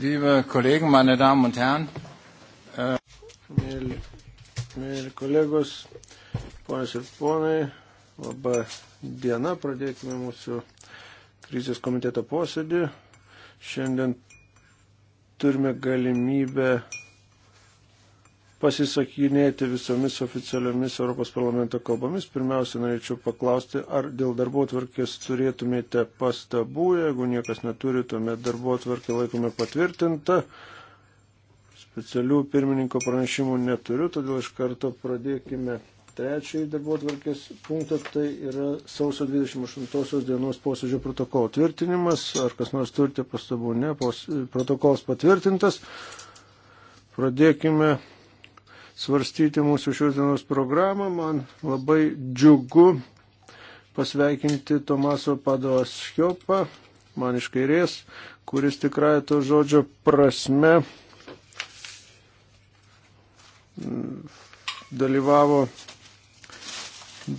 liebe Kollegen, meine Damen und Herren. Äh, mėly, mėly kolegos, ponės ir ponai, laba diena, pradėkime mūsų krizės komiteto posėdį. Šiandien turime galimybę pasisakinėti visomis oficialiomis Europos parlamento kalbomis. Pirmiausia, norėčiau paklausti, ar dėl darbo tvarkės turėtumėte pastabų, jeigu niekas neturi, tuomet darbo tvarkė laikome patvirtinta. Specialių pirmininko pranešimų neturiu, todėl iš karto pradėkime trečiąjį darbo tvarkės punktą, tai yra sausio 28 dienos posėdžio protokolo tvirtinimas. Ar kas nors turite pastabų? Ne, pos, protokolas patvirtintas. Pradėkime svarstyti mūsų šios dienos programą. Man labai džiugu pasveikinti Tomaso Padovas Šiopą, man iš kairės, kuris tikrai to žodžio prasme dalyvavo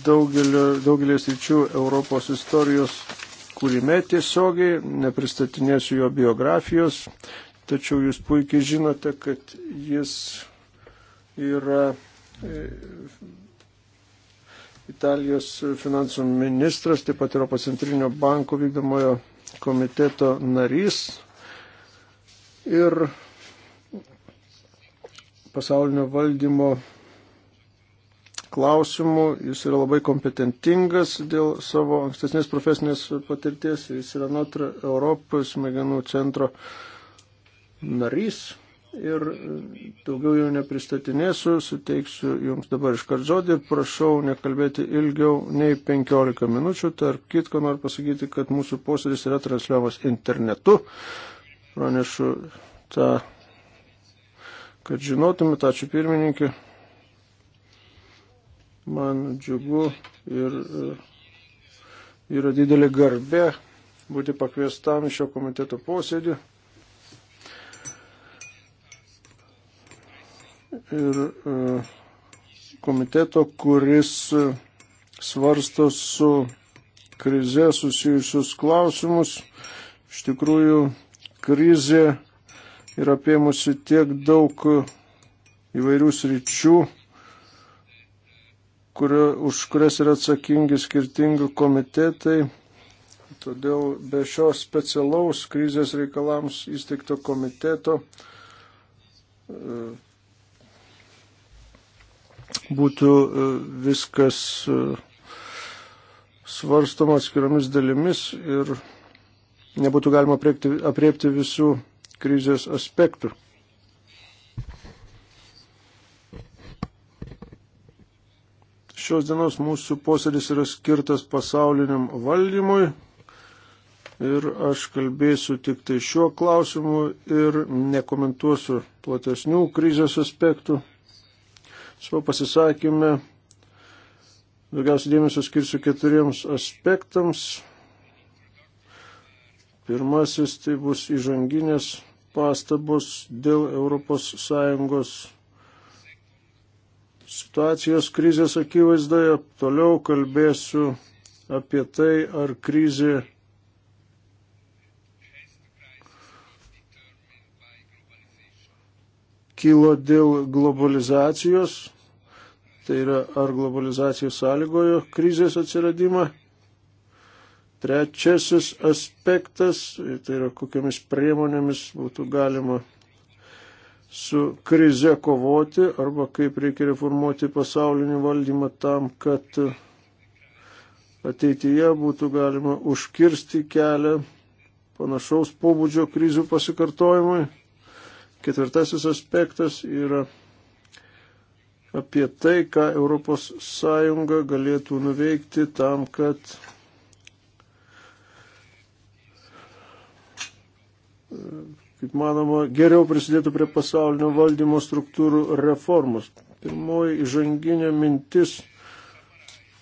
daugelio, daugelio sričių Europos istorijos kūrime tiesiogiai, nepristatinėsiu jo biografijos, tačiau jūs puikiai žinote, kad jis yra e, Italijos finansų ministras, taip pat Europos centrinio banko vykdomojo komiteto narys ir pasaulinio valdymo klausimų. Jis yra labai kompetentingas dėl savo ankstesnės profesinės patirties. Jis yra Notre Europos smegenų centro narys ir e, daugiau jau nepristatinėsiu, suteiksiu jums dabar iškart žodį, prašau nekalbėti ilgiau nei 15 minučių, tarp kitko noriu pasakyti, kad mūsų posėdis yra transliuojamas internetu, pranešu tą, kad žinotumėte, ačiū pirmininkė, man džiugu ir e, yra didelė garbė būti pakviestam šio komiteto posėdį. ir e, komiteto, kuris e, svarsto su krize susijusius klausimus. Iš tikrųjų, krizė yra apėmusi tiek daug įvairių sričių, kurio, už kurias yra atsakingi skirtingi komitetai. Todėl be šios specialaus krizės reikalams įsteigto komiteto e, būtų e, viskas e, svarstoma atskiromis dalimis ir nebūtų galima apriepti, apriepti visų krizės aspektų. Šios dienos mūsų posėdis yra skirtas pasauliniam valdymui ir aš kalbėsiu tik tai šiuo klausimu ir nekomentuosiu platesnių krizės aspektų. Savo pasisakymę daugiausiai dėmesio skirsiu keturiems aspektams. Pirmasis tai bus įžanginės pastabos dėl ES situacijos krizės akivaizdoje. Toliau kalbėsiu apie tai, ar krizė kilo dėl globalizacijos, tai yra ar globalizacijos sąlygojo krizės atsiradimą. Trečiasis aspektas, tai yra kokiamis priemonėmis būtų galima su krize kovoti arba kaip reikia reformuoti pasaulinį valdymą tam, kad ateityje būtų galima užkirsti kelią panašaus pobūdžio krizių pasikartojimui. Ketvirtasis aspektas yra apie tai, ką ES galėtų nuveikti tam, kad kaip manoma, geriau prisidėtų prie pasaulinio valdymo struktūrų reformos. Pirmoji įžanginė mintis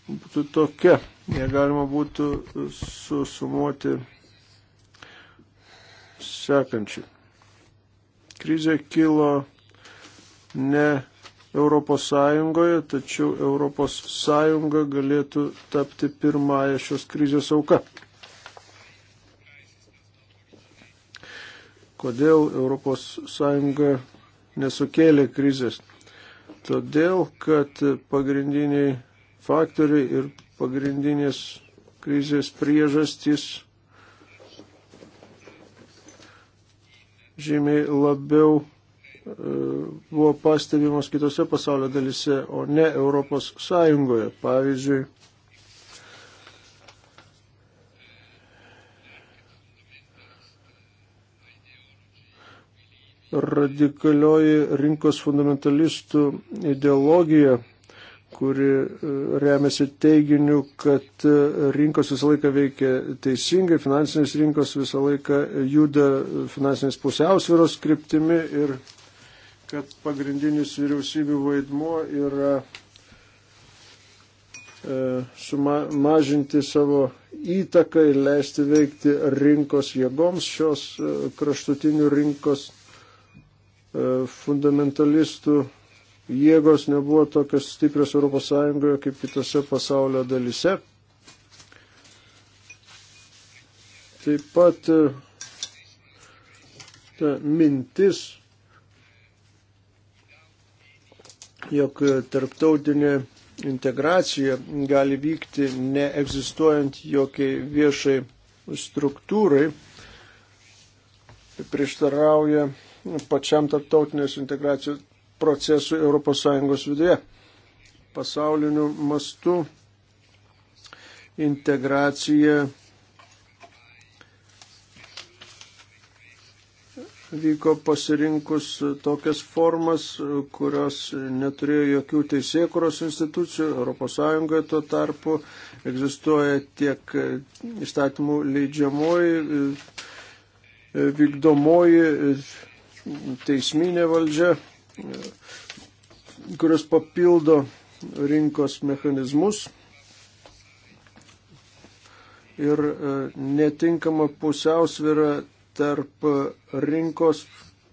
būtų tokia. Negalima būtų susumuoti sekančiai. Krizė kilo ne Europos Sąjungoje, tačiau Europos Sąjunga galėtų tapti pirmąją šios krizės auka. Kodėl Europos Sąjunga nesukėlė krizės? Todėl, kad pagrindiniai faktoriai ir pagrindinės krizės priežastys žymiai labiau e, buvo pastebimos kitose pasaulio dalise, o ne Europos Sąjungoje. Pavyzdžiui, radikalioji rinkos fundamentalistų ideologija kuri e, remiasi teiginiu, kad e, rinkos visą laiką veikia teisingai, finansinės rinkos visą laiką juda finansinės pusiausvėros kryptimi ir kad pagrindinis vyriausybių vaidmuo yra e, sumažinti savo įtaką ir leisti veikti rinkos jėgoms šios kraštutinių rinkos fundamentalistų jėgos nebuvo tokios stiprios ES kaip kitose pasaulio dalise. Taip pat e, ta mintis, jog tarptautinė integracija gali vykti neegzistuojant jokiai viešai struktūrai, prieštarauja pačiam tarptautinės integracijos procesų ES viduje. Pasauliniu mastu integracija vyko pasirinkus tokias formas, kurios neturėjo jokių teisėkuros institucijų. ES tuo tarpu egzistuoja tiek įstatymų leidžiamoji, vykdomoji teisminė valdžia kurios papildo rinkos mechanizmus ir e, netinkama pusiausvėra tarp rinkos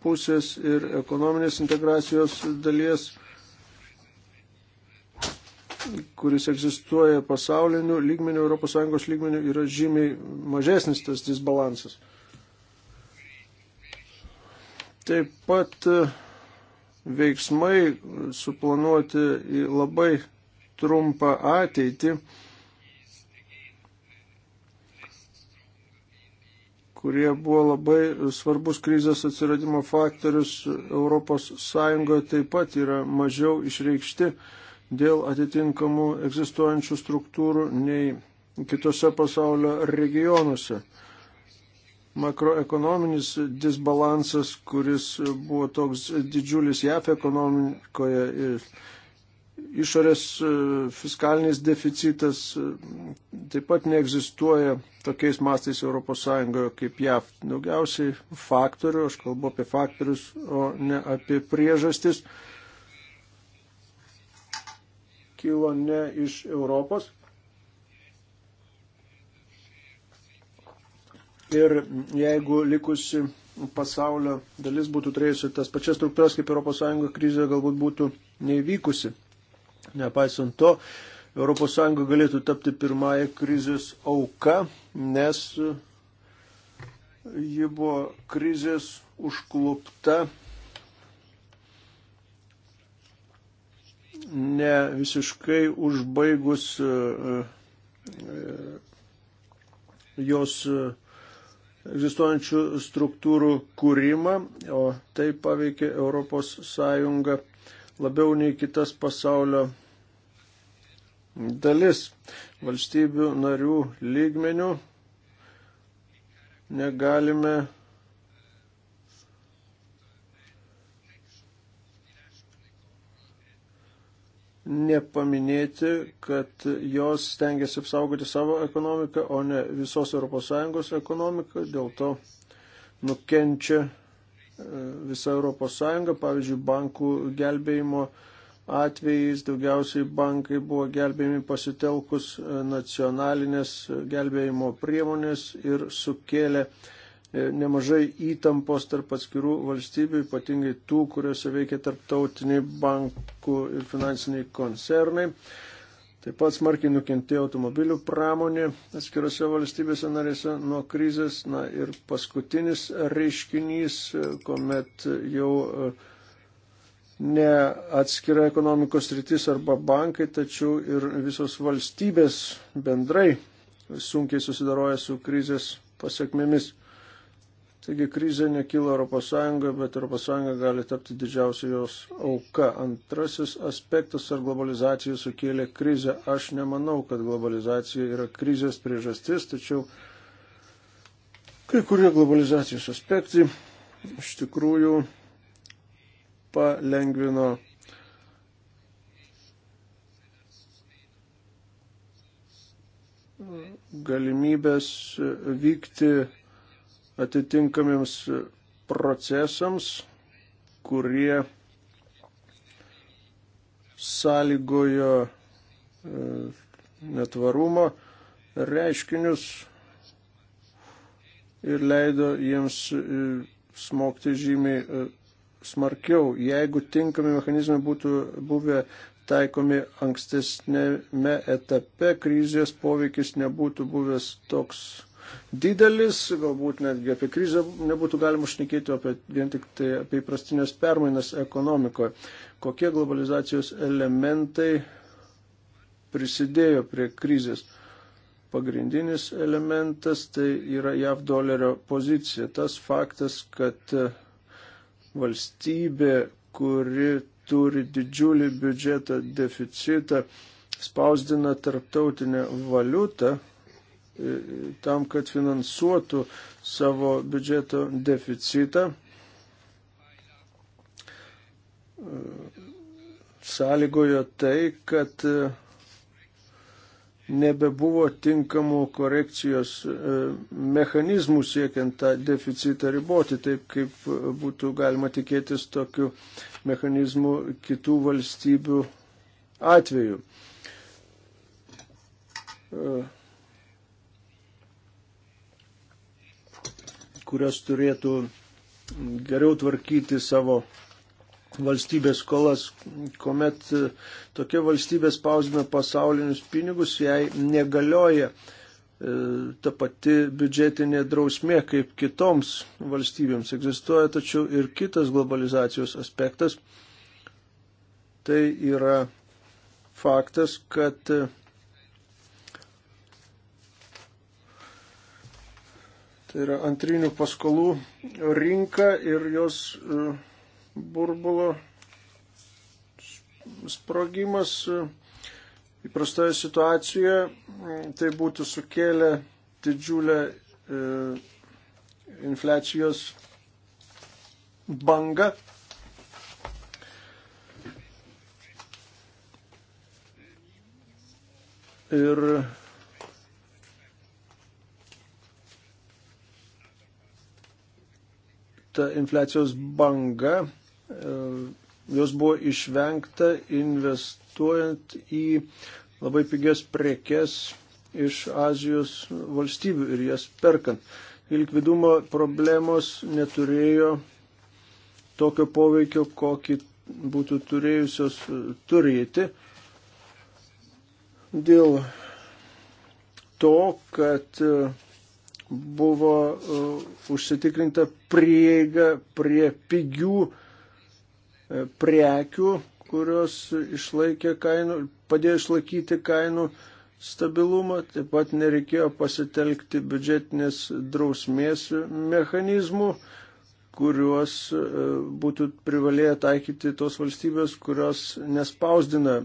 pusės ir ekonominės integracijos dalies, kuris egzistuoja pasauliniu lygmeniu, ES lygmeniu, yra žymiai mažesnis tas disbalansas. Taip pat uh, veiksmai suplanuoti į labai trumpą ateitį, kurie buvo labai svarbus krizės atsiradimo faktorius Europos Sąjungoje, taip pat yra mažiau išreikšti dėl atitinkamų egzistuojančių struktūrų nei kitose pasaulio regionuose makroekonominis disbalansas, kuris buvo toks didžiulis JAF ekonomikoje ir išorės e, fiskalinis deficitas e, taip pat neegzistuoja tokiais mastais ES kaip JAV. Daugiausiai faktorių, aš kalbu apie faktorius, o ne apie priežastis, kilo ne iš Europos. ir jeigu likusi pasaulio dalis būtų turėjusi tas pačias struktūras kaip ES, krizė galbūt būtų neįvykusi. Nepaisant to, ES galėtų tapti pirmąją krizės auką, nes e, ji buvo krizės užklupta ne visiškai užbaigus e, e, jos egzistuojančių struktūrų kūrimą, o tai paveikė ES labiau nei kitas pasaulio dalis. Valstybių narių lygmenių negalime nepaminėti, kad jos stengiasi apsaugoti savo ekonomiką, o ne visos ES ekonomiką, dėl to nukenčia e, visa ES, pavyzdžiui, bankų gelbėjimo atvejais daugiausiai bankai buvo gelbėjami pasitelkus e, nacionalinės gelbėjimo priemonės ir sukėlė uh, E, nemažai įtampos tarp atskirų valstybių, ypatingai tų, kuriuose veikia tarptautiniai bankų ir finansiniai koncernai. Taip pat smarkiai nukentėjo automobilių pramonė atskirose valstybėse narėse nuo krizės. Na ir paskutinis reiškinys, e, kuomet jau e, ne atskira ekonomikos rytis arba bankai, tačiau ir visos valstybės bendrai sunkiai susidaroja su krizės pasiekmėmis. Taigi krizė nekyla ES, bet ES gali tapti didžiausia jos auka. Antrasis aspektas, ar globalizacija sukėlė krizę. Aš nemanau, kad globalizacija yra krizės priežastis, tačiau kai kurie globalizacijos aspektai iš tikrųjų palengvino galimybės vykti atitinkamiems procesams, kurie sąlygojo e, netvarumo reiškinius ir leido jiems e, smokti žymiai e, smarkiau. Jeigu tinkami mechanizmai būtų buvę taikomi ankstesnėme etape, krizės poveikis nebūtų buvęs toks didelis, galbūt netgi apie krizę nebūtų galima šnekėti, o apie, vien tik tai apie įprastinės permainas ekonomikoje. Kokie globalizacijos elementai prisidėjo prie krizės? Pagrindinis elementas tai yra JAV dolerio pozicija. Tas faktas, kad e, valstybė, kuri turi didžiulį biudžeto deficitą, spausdina tarptautinę valiutą, E, tam, kad finansuotų savo biudžeto deficitą. E, sąlygojo tai, kad e, nebebuvo tinkamų korekcijos mechanizmų siekiant tą deficitą riboti, taip kaip būtų galima tikėtis tokių mechanizmų kitų valstybių atveju. kurios turėtų geriau tvarkyti savo valstybės skolas, kuomet e, tokia valstybė spausime pasaulinius pinigus, jai negalioja e, ta pati biudžetinė drausmė kaip kitoms valstybėms egzistuoja, tačiau ir kitas globalizacijos aspektas. Tai yra faktas, kad e, tai yra antrinių paskolų rinka ir jos e, burbulo sprogimas e, įprastoje situacijoje tai būtų sukėlę didžiulę e, infliacijos bangą. Ir ta infliacijos banga, e, jos buvo išvengta investuojant į labai pigias prekes iš Azijos valstybių ir jas perkant. Likvidumo problemos neturėjo tokio poveikio, kokį būtų turėjusios turėti dėl to, kad e, buvo e, užsitikrinta prieiga prie pigių e, prekių, kurios išlaikė kainų, padėjo išlaikyti kainų stabilumą, taip pat nereikėjo pasitelkti biudžetinės drausmės mechanizmų, kuriuos e, būtų privalėję taikyti tos valstybės, kurios nespausdina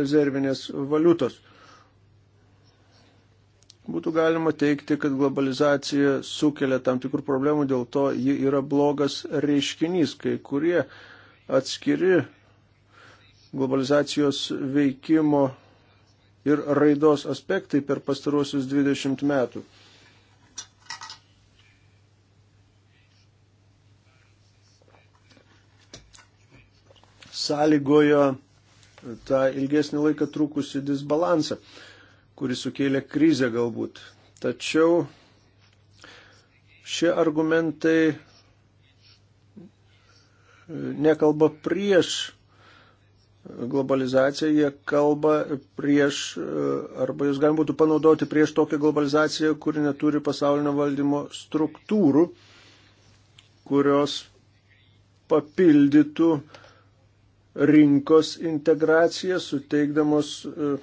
rezervinės valiutos. Būtų galima teikti, kad globalizacija sukelia tam tikrų problemų, dėl to ji yra blogas reiškinys. Kai kurie atskiri globalizacijos veikimo ir raidos aspektai per pastaruosius 20 metų. Sąlygojo tą ilgesnį laiką trukusi disbalansą kuris sukėlė krizę galbūt. Tačiau šie argumentai nekalba prieš globalizaciją, jie kalba prieš, arba jūs galima būtų panaudoti prieš tokią globalizaciją, kuri neturi pasaulinio valdymo struktūrų, kurios papildytų rinkos integraciją, suteikdamos uh,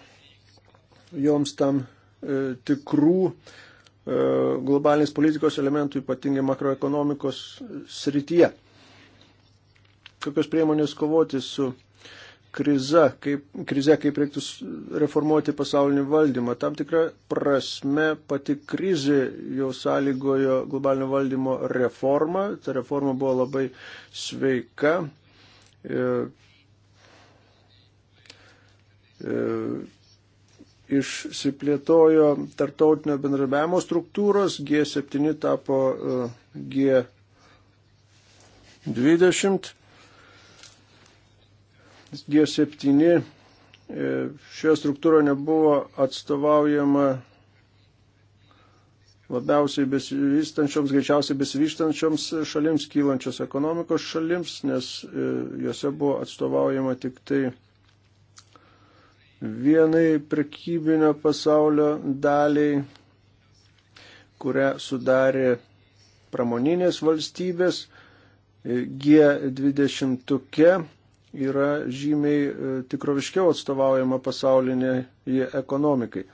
joms tam e, tikrų e, globalinės politikos elementų, ypatingai makroekonomikos srityje. Kokios priemonės kovoti su krize, kaip, krize, kaip reiktų reformuoti pasaulinį valdymą. Tam tikrą prasme pati krizė jau sąlygojo globalinio valdymo reformą. Ta reforma buvo labai sveika. E, e, išsiplėtojo tartautinio bendrabiavimo struktūros, G7 tapo G20. E, G7 e, šioje struktūroje nebuvo atstovaujama labiausiai besivystančioms, greičiausiai besivystančioms šalims, kylančios ekonomikos šalims, nes e, juose buvo atstovaujama tik tai vienai prekybinio pasaulio daliai, kurią sudarė pramoninės valstybės, e, G20 yra žymiai e, tikroviškiau atstovaujama pasaulinėje ekonomikai.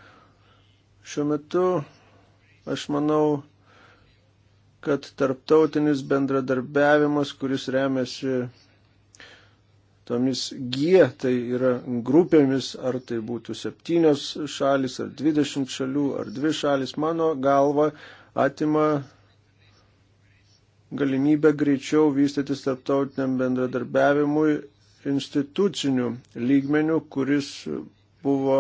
Šiuo metu aš manau, kad tarptautinis bendradarbiavimas, kuris remiasi tomis G, tai yra grupėmis, ar tai būtų septynios šalis, ar dvidešimt šalių, ar dvi šalis, mano galva atima galimybę greičiau vystytis tarptautiniam bendradarbiavimui institucinių lygmenių, kuris buvo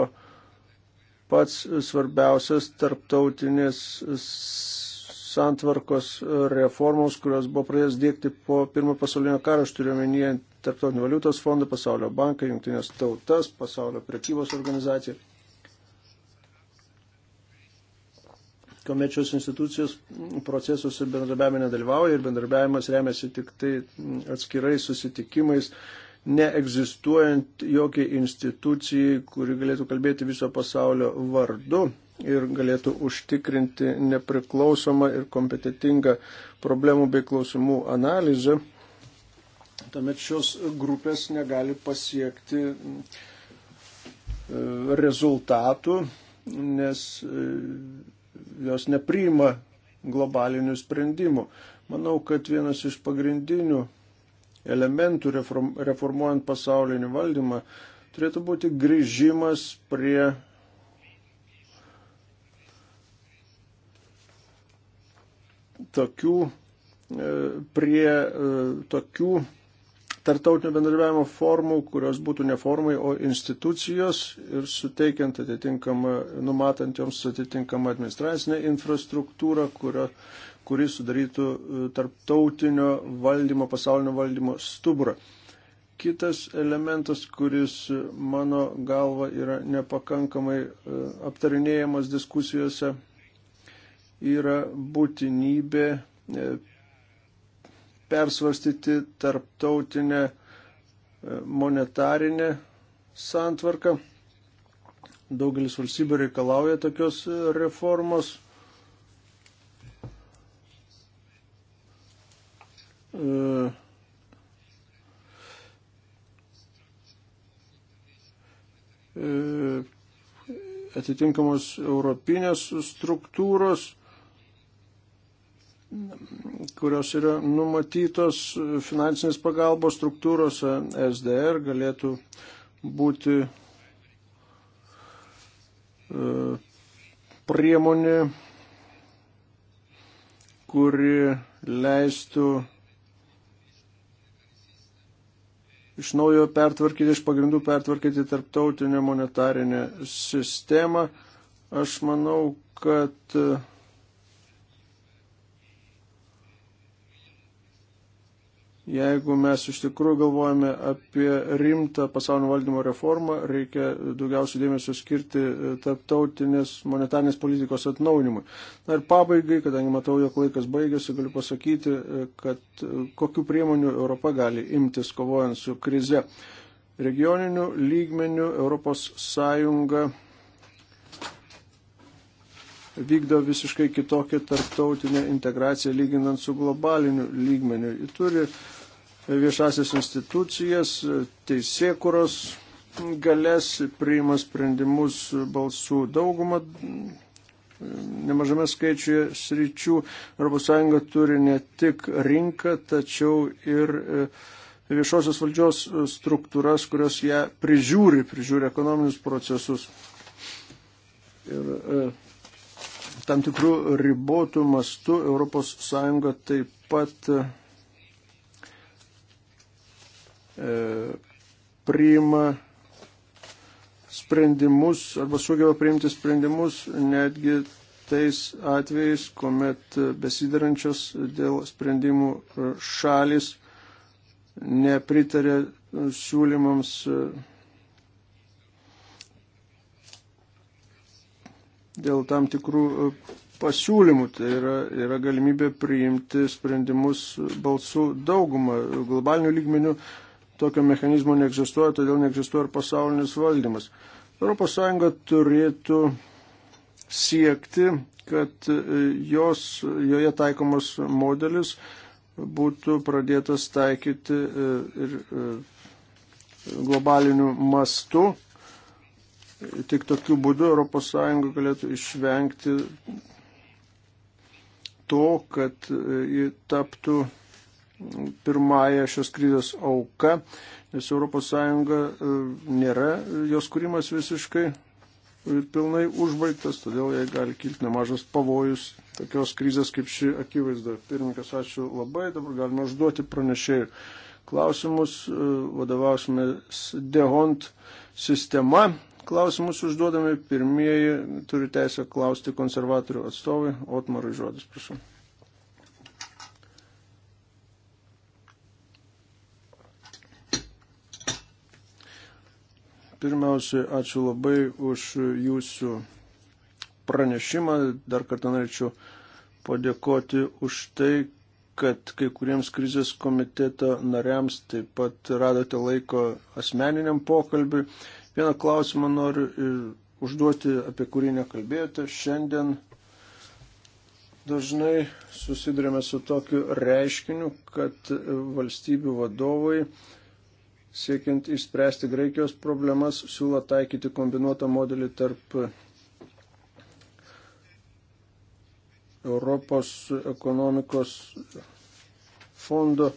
pats svarbiausias tarptautinės santvarkos reformos, kurios buvo pradės dėkti po pirmo pasaulinio karo, aš turiu menyje Tarptautinį valiutos fondą, Pasaulio banką, Junktinės tautas, Pasaulio prekybos organizaciją. Komerčios institucijos procesuose bendradarbiavime nedalyvauja ir bendradarbiavimas remiasi tik tai atskirais susitikimais, neegzistuojant jokiai institucijai, kuri galėtų kalbėti viso pasaulio vardu ir galėtų užtikrinti nepriklausomą ir kompetitingą problemų bei klausimų analizę tuomet šios grupės negali pasiekti mm, e, rezultatų, nes e, jos nepriima globalinių sprendimų. Manau, kad vienas iš pagrindinių elementų reformuojant pasaulinį valdymą turėtų būti grįžimas prie tokių, e, prie tokių tartautinio bendradarbiavimo formų, kurios būtų ne formai, o institucijos ir suteikiant atitinkamą, numatant joms atitinkamą administracinę infrastruktūrą, kurio, kuri sudarytų e, tarptautinio valdymo, pasaulinio valdymo stuburą. Kitas elementas, kuris mano galva yra nepakankamai e, aptarinėjamas diskusijose, yra būtinybė e, persvarstyti tarptautinę e, monetarinę santvarką. Daugelis valstybių reikalauja tokios e, reformos. E, atitinkamos europinės struktūros kurios yra numatytos finansinės pagalbos struktūros SDR galėtų būti e, priemonė, kuri leistų iš naujo pertvarkyti, iš pagrindų pertvarkyti tarptautinę monetarinę sistemą. Aš manau, kad uh, Jeigu mes iš tikrųjų galvojame apie rimtą pasaulio valdymo reformą, reikia daugiausiai dėmesio skirti e, tarptautinės monetarnės politikos atnaunimui. Na ir pabaigai, kadangi matau, jog laikas baigėsi, galiu pasakyti, e, kad e, kokiu priemonių Europa gali imtis kovojant su krize. Regioniniu lygmeniu Europos Sąjunga vykdo visiškai kitokią tarptautinę integraciją lyginant su globaliniu lygmeniu. Ji turi viešasias institucijas, teisėkuros galės, priima sprendimus balsų daugumą. Nemažame skaičiuje sričių ES turi ne tik rinką, tačiau ir e, viešosios valdžios struktūras, kurios ją prižiūri, prižiūri ekonominius procesus. Ir e, tam tikrų ribotų mastų ES taip pat e, E, priima sprendimus arba sugeba priimti sprendimus netgi tais atvejais, kuomet besidarančios dėl sprendimų šalis nepritarė siūlymams e, dėl tam tikrų e, pasiūlymų. Tai yra, yra galimybė priimti sprendimus balsų daugumą. Globalinių lygmenių tokio mechanizmo neegzistuoja, todėl neegzistuoja ir pasaulinis valdymas. ES turėtų siekti, kad e, jos, joje taikomas modelis būtų pradėtas taikyti e, ir e, globaliniu mastu. Tik tokiu būdu ES galėtų išvengti to, kad ji taptų pirmąją šios krizės auka, nes ES e, nėra jos kūrimas visiškai e, pilnai užbaigtas, todėl jai gali kilti nemažas pavojus tokios krizės kaip ši akivaizda. Pirmininkas, ačiū labai, dabar galime užduoti pranešėjų klausimus, e, vadovausime Dehont sistema. Klausimus užduodami pirmieji turi teisę klausti konservatorių atstovai. Otmarai žodis, prašau. Pirmiausia, ačiū labai už jūsų pranešimą. Dar kartą norėčiau padėkoti už tai, kad kai kuriems krizės komiteto nariams taip pat radote laiko asmeniniam pokalbiui. Vieną klausimą noriu ir užduoti, apie kurį nekalbėjote. Šiandien dažnai susidurėme su tokiu reiškiniu, kad valstybių vadovai siekiant išspręsti Graikijos problemas, siūlo taikyti kombinuotą modelį tarp Europos ekonomikos fondo,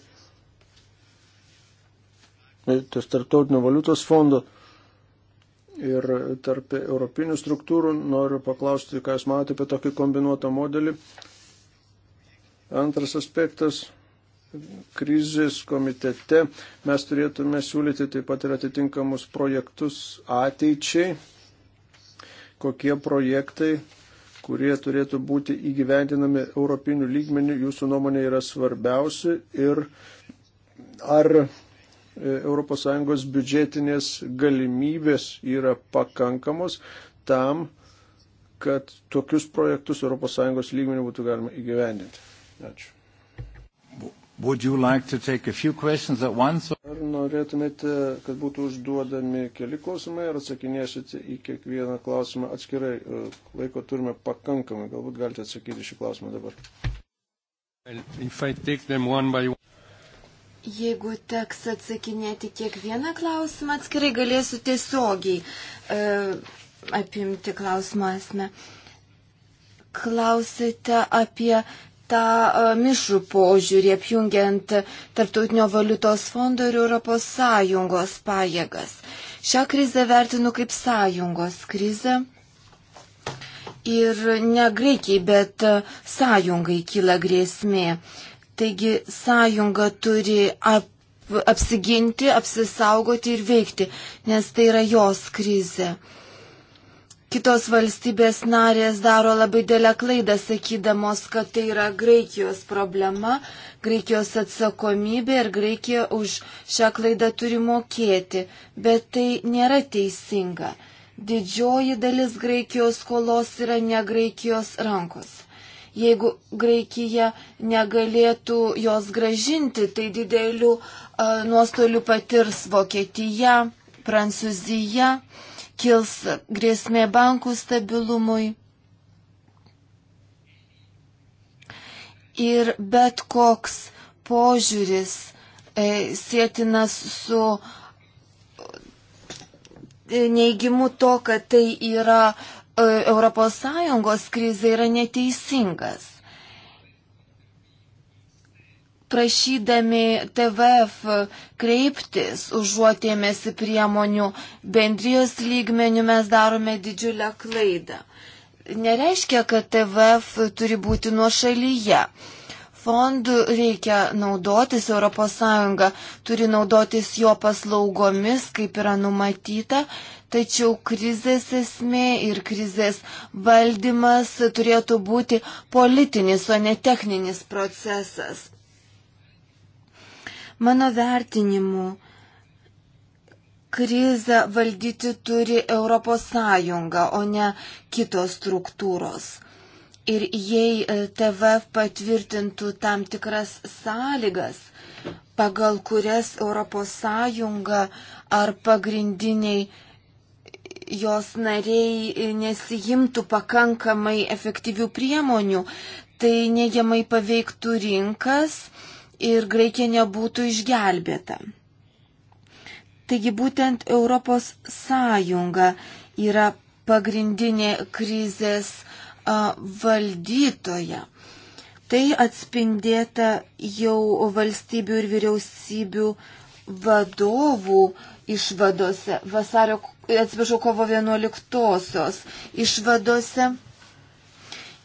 e, tas tarptautinio valiutos fondo ir tarp europinių struktūrų. Noriu paklausti, ką Jūs matote apie tokį kombinuotą modelį. Antras aspektas krizės komitete mes turėtume siūlyti taip pat ir atitinkamus projektus ateičiai, kokie projektai, kurie turėtų būti įgyvendinami europinių lygmenių, jūsų nuomonė yra svarbiausi ir ar ES biudžetinės galimybės yra pakankamos tam, kad tokius projektus ES lygmenių būtų galima įgyvendinti. Ačiū. Would you like to take a few questions at once? Ar norėtumėte, kad būtų užduodami keli klausimai ir atsakinėsite į kiekvieną klausimą atskirai? E, laiko turime pakankamai, galbūt galite atsakyti šį klausimą dabar. One one. Jeigu teks atsakinėti kiekvieną klausimą atskirai, galėsiu tiesiogiai e, apimti klausimą esmę. Klausite apie tą e, mišrų požiūrį, apjungiant Tarptautinio valiutos fondo ir Europos Sąjungos pajėgas. Šią krizę vertinu kaip sąjungos krizę. Ir ne Graikijai, bet sąjungai kyla grėsmė. Taigi sąjunga turi ap, apsiginti, apsisaugoti ir veikti, nes tai yra jos krizė. Kitos valstybės narės daro labai dėlę klaidą, sakydamos, kad tai yra Graikijos problema, Graikijos atsakomybė ir Graikija už šią klaidą turi mokėti, bet tai nėra teisinga. Didžioji dalis Graikijos skolos yra ne Graikijos rankos. Jeigu Graikija negalėtų jos gražinti, tai didelių uh, nuostolių patirs Vokietija, Prancūzija. Uh, kils grėsmė bankų stabilumui. Ir bet koks požiūris e, sėtinas su e, neįgimu to, kad tai yra e, ES krizė, yra neteisingas prašydami TVF kreiptis užuotėmėsi priemonių bendrijos lygmenių mes darome didžiulę klaidą. Nereiškia, kad TVF turi būti nuo šalyje. Fondų reikia naudotis, ES turi naudotis jo paslaugomis, kaip yra numatyta, tačiau krizės esmė ir krizės valdymas turėtų būti politinis, o ne techninis procesas Mano vertinimu, krizę valdyti turi Europos Sąjunga, o ne kitos struktūros. Ir jei e, TVF patvirtintų tam tikras sąlygas, pagal kurias Europos Sąjunga ar pagrindiniai jos nariai e, nesijimtų pakankamai efektyvių priemonių, tai neigiamai paveiktų rinkas ir Graikija nebūtų išgelbėta. Taigi būtent Europos Sąjunga yra pagrindinė krizės a, valdytoja. Tai atspindėta jau valstybių ir vyriausybių vadovų išvadose, vasario, atsiprašau, kovo 11-osios išvadose.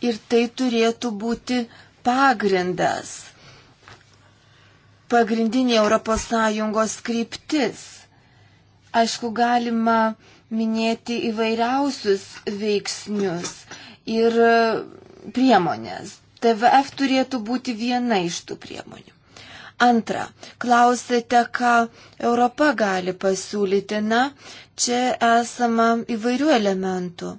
Ir tai turėtų būti pagrindas pagrindinė ES kryptis. Aišku, galima minėti įvairiausius veiksnius ir priemonės. TVF turėtų būti viena iš tų priemonių. Antra, klausėte, ką Europa gali pasiūlyti. Na, čia esama įvairių elementų.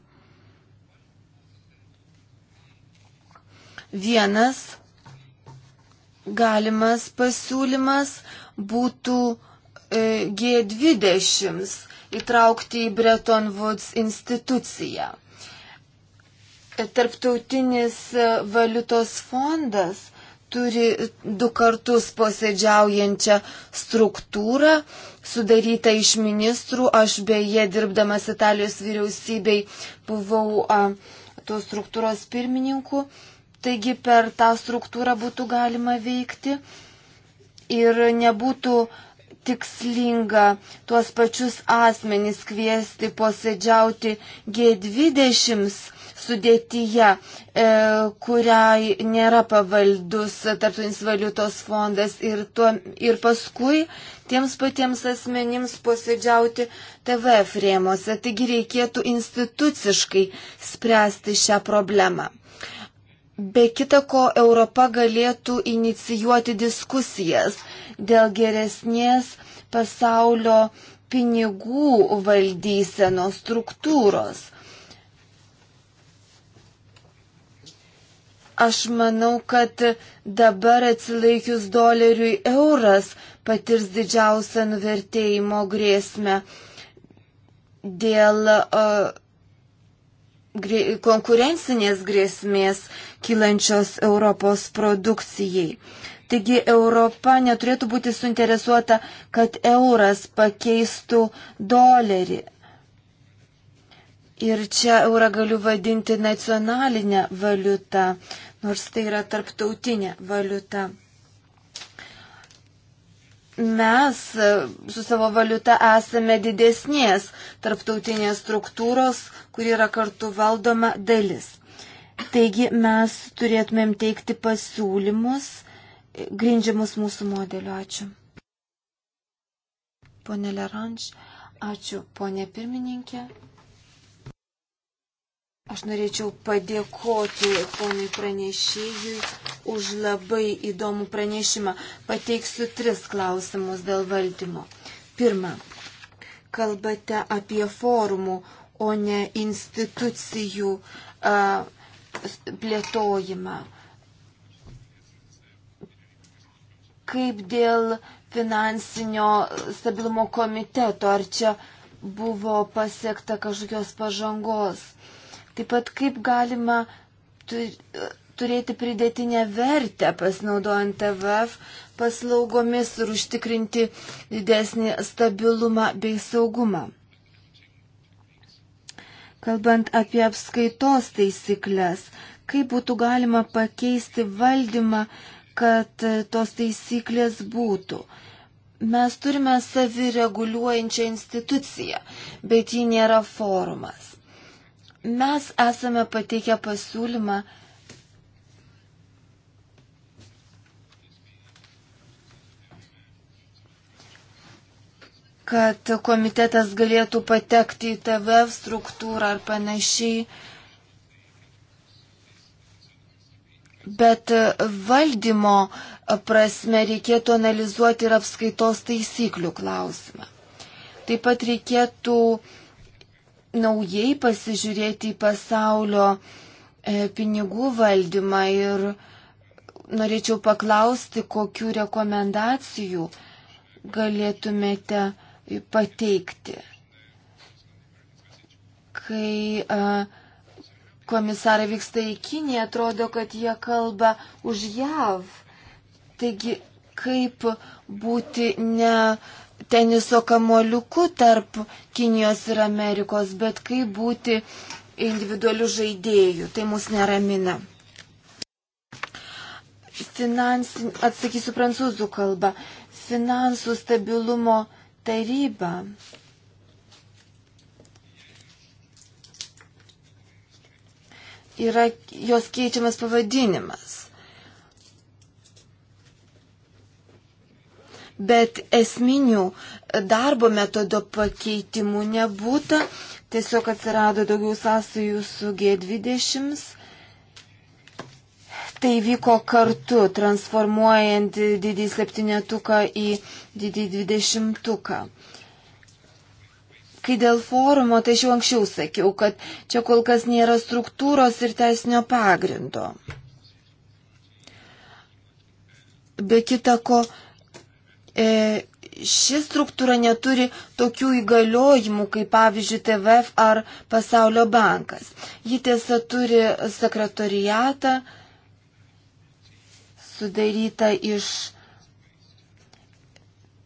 Vienas Galimas pasiūlymas būtų e, G20 įtraukti į Bretton Woods instituciją. E, tarptautinis e, valiutos fondas turi du kartus posėdžiaujančią struktūrą, sudarytą iš ministrų. Aš beje, dirbdamas Italijos vyriausybei, buvau a, tos struktūros pirmininku. A, Taigi per tą struktūrą būtų galima veikti ir nebūtų tikslinga tuos pačius asmenys kviesti posėdžiauti G20 sudėtyje, e, kuriai nėra pavaldus Tartunis valiutos fondas ir, tuo, ir paskui tiems patiems asmenims posėdžiauti TVF rėmose. Taigi reikėtų instituciškai spręsti šią problemą. Be kita ko, Europa galėtų inicijuoti diskusijas dėl geresnės pasaulio pinigų valdysenos struktūros. Aš manau, kad dabar atsilaikius doleriui euras patirs didžiausią nuvertėjimo grėsmę dėl uh, grė, konkurencinės grėsmės kylančios Europos produkcijai. Taigi Europa neturėtų būti suinteresuota, kad euras pakeistų dolerį. Ir čia eurą galiu vadinti nacionalinę valiutą, nors tai yra tarptautinė valiuta mes su savo valiuta esame didesnės tarptautinės struktūros, kuri yra kartu valdoma dalis. Taigi mes turėtumėm teikti pasiūlymus, grindžiamus mūsų modeliu. Ačiū. Pone Leranž, ačiū, ponė pirmininkė. Aš norėčiau padėkoti ponui pranešėjui už labai įdomų pranešimą. Pateiksiu tris klausimus dėl valdymo. Pirma, kalbate apie forumų, o ne institucijų a, plėtojimą. Kaip dėl finansinio stabilumo komiteto, ar čia buvo pasiekta kažkokios pažangos. Taip pat kaip galima turėti pridėtinę vertę pasinaudojant TVF paslaugomis ir užtikrinti didesnį stabilumą bei saugumą. Kalbant apie apskaitos taisyklės, kaip būtų galima pakeisti valdymą, kad e, tos taisyklės būtų. Mes turime savireguliuojančią instituciją, bet ji nėra forumas. Mes esame pateikę pasiūlymą kad komitetas galėtų patekti į TVF struktūrą ar panašiai. Bet valdymo prasme reikėtų analizuoti ir apskaitos taisyklių klausimą. Taip pat reikėtų naujai pasižiūrėti į pasaulio e, pinigų valdymą ir norėčiau paklausti, kokiu rekomendacijų galėtumėte pateikti. Kai a, komisarai vyksta į Kiniją, atrodo, kad jie kalba už JAV. Taigi, kaip būti ne teniso kamoliuku tarp Kinijos ir Amerikos, bet kaip būti individualių žaidėjų. Tai mus neramina. Finansin... Atsakysiu prancūzų kalbą. Finansų stabilumo taryba yra jos keičiamas pavadinimas. Bet esminių darbo metodo pakeitimų nebūta, tiesiog atsirado daugiau sąsajų su G20 tai vyko kartu, transformuojant didį septynetuką į didį dvidešimtuką. Kai dėl forumo, tai jau anksčiau sakiau, kad čia kol kas nėra struktūros ir teisinio pagrindo. Be kita ko, e, ši struktūra neturi tokių įgaliojimų, kaip pavyzdžiui TVF ar Pasaulio bankas. Ji tiesa turi sekretoriatą, e, sudaryta iš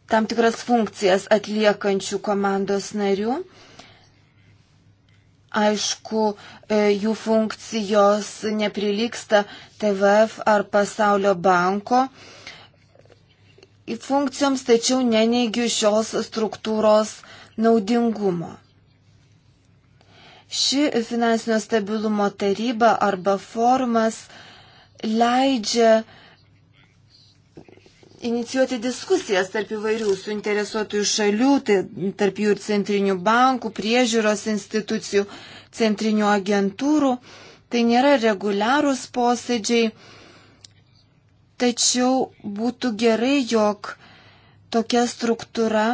tam tikras funkcijas atliekančių komandos narių. Aišku, e, jų funkcijos neprilyksta TVF ar Pasaulio banko funkcijoms, tačiau neneigiu šios struktūros naudingumo. Ši finansinio stabilumo taryba arba formas leidžia uh, inicijuoti diskusijas tarp įvairių suinteresuotųjų šalių, tai tarp jų ir centrinių bankų, priežiūros institucijų, centrinių agentūrų. Tai nėra reguliarūs posėdžiai, tačiau būtų gerai, jog tokia struktūra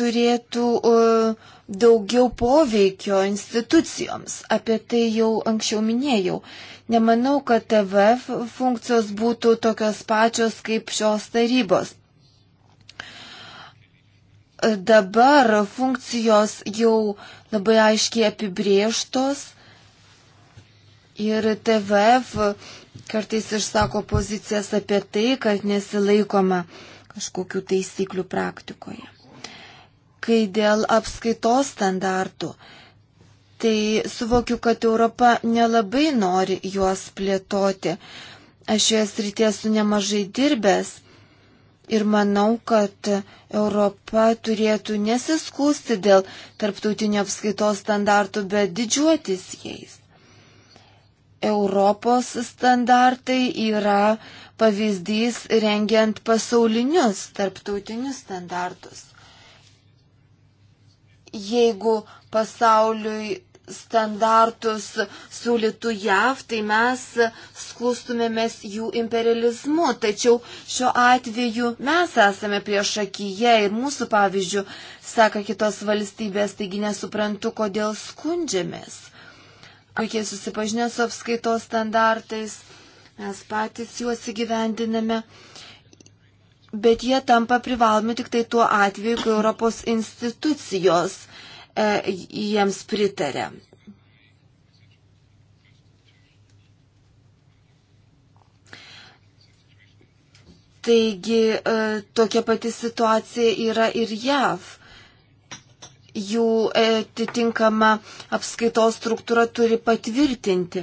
turėtų uh, daugiau poveikio institucijoms. Apie tai jau anksčiau minėjau. Nemanau, kad TVF funkcijos būtų tokios pačios kaip šios tarybos. Dabar funkcijos jau labai aiškiai apibrieštos ir TVF kartais išsako pozicijas apie tai, kad nesilaikoma kažkokių taisyklių praktikoje. Kai dėl apskaitos standartų, tai suvokiu, kad Europa nelabai nori juos plėtoti. Aš šioje srityje esu nemažai dirbęs ir manau, kad Europa turėtų nesiskūsti dėl tarptautinio apskaitos standartų, bet didžiuotis jais. Europos standartai yra pavyzdys rengiant pasaulinius tarptautinius standartus jeigu pasauliui standartus siūlytų JAV, tai mes sklustumėmės jų imperializmu. Tačiau šiuo atveju mes esame prieš akiją ir mūsų pavyzdžių seka kitos valstybės, taigi nesuprantu, kodėl skundžiamės. Puikiai susipažinę su apskaitos standartais, mes patys juos įgyvendiname bet jie tampa privalomi tik tai tuo atveju, kai Europos institucijos e, jiems pritarė. Taigi e, tokia pati situacija yra ir JAV jų atitinkama apskaitos struktūra turi patvirtinti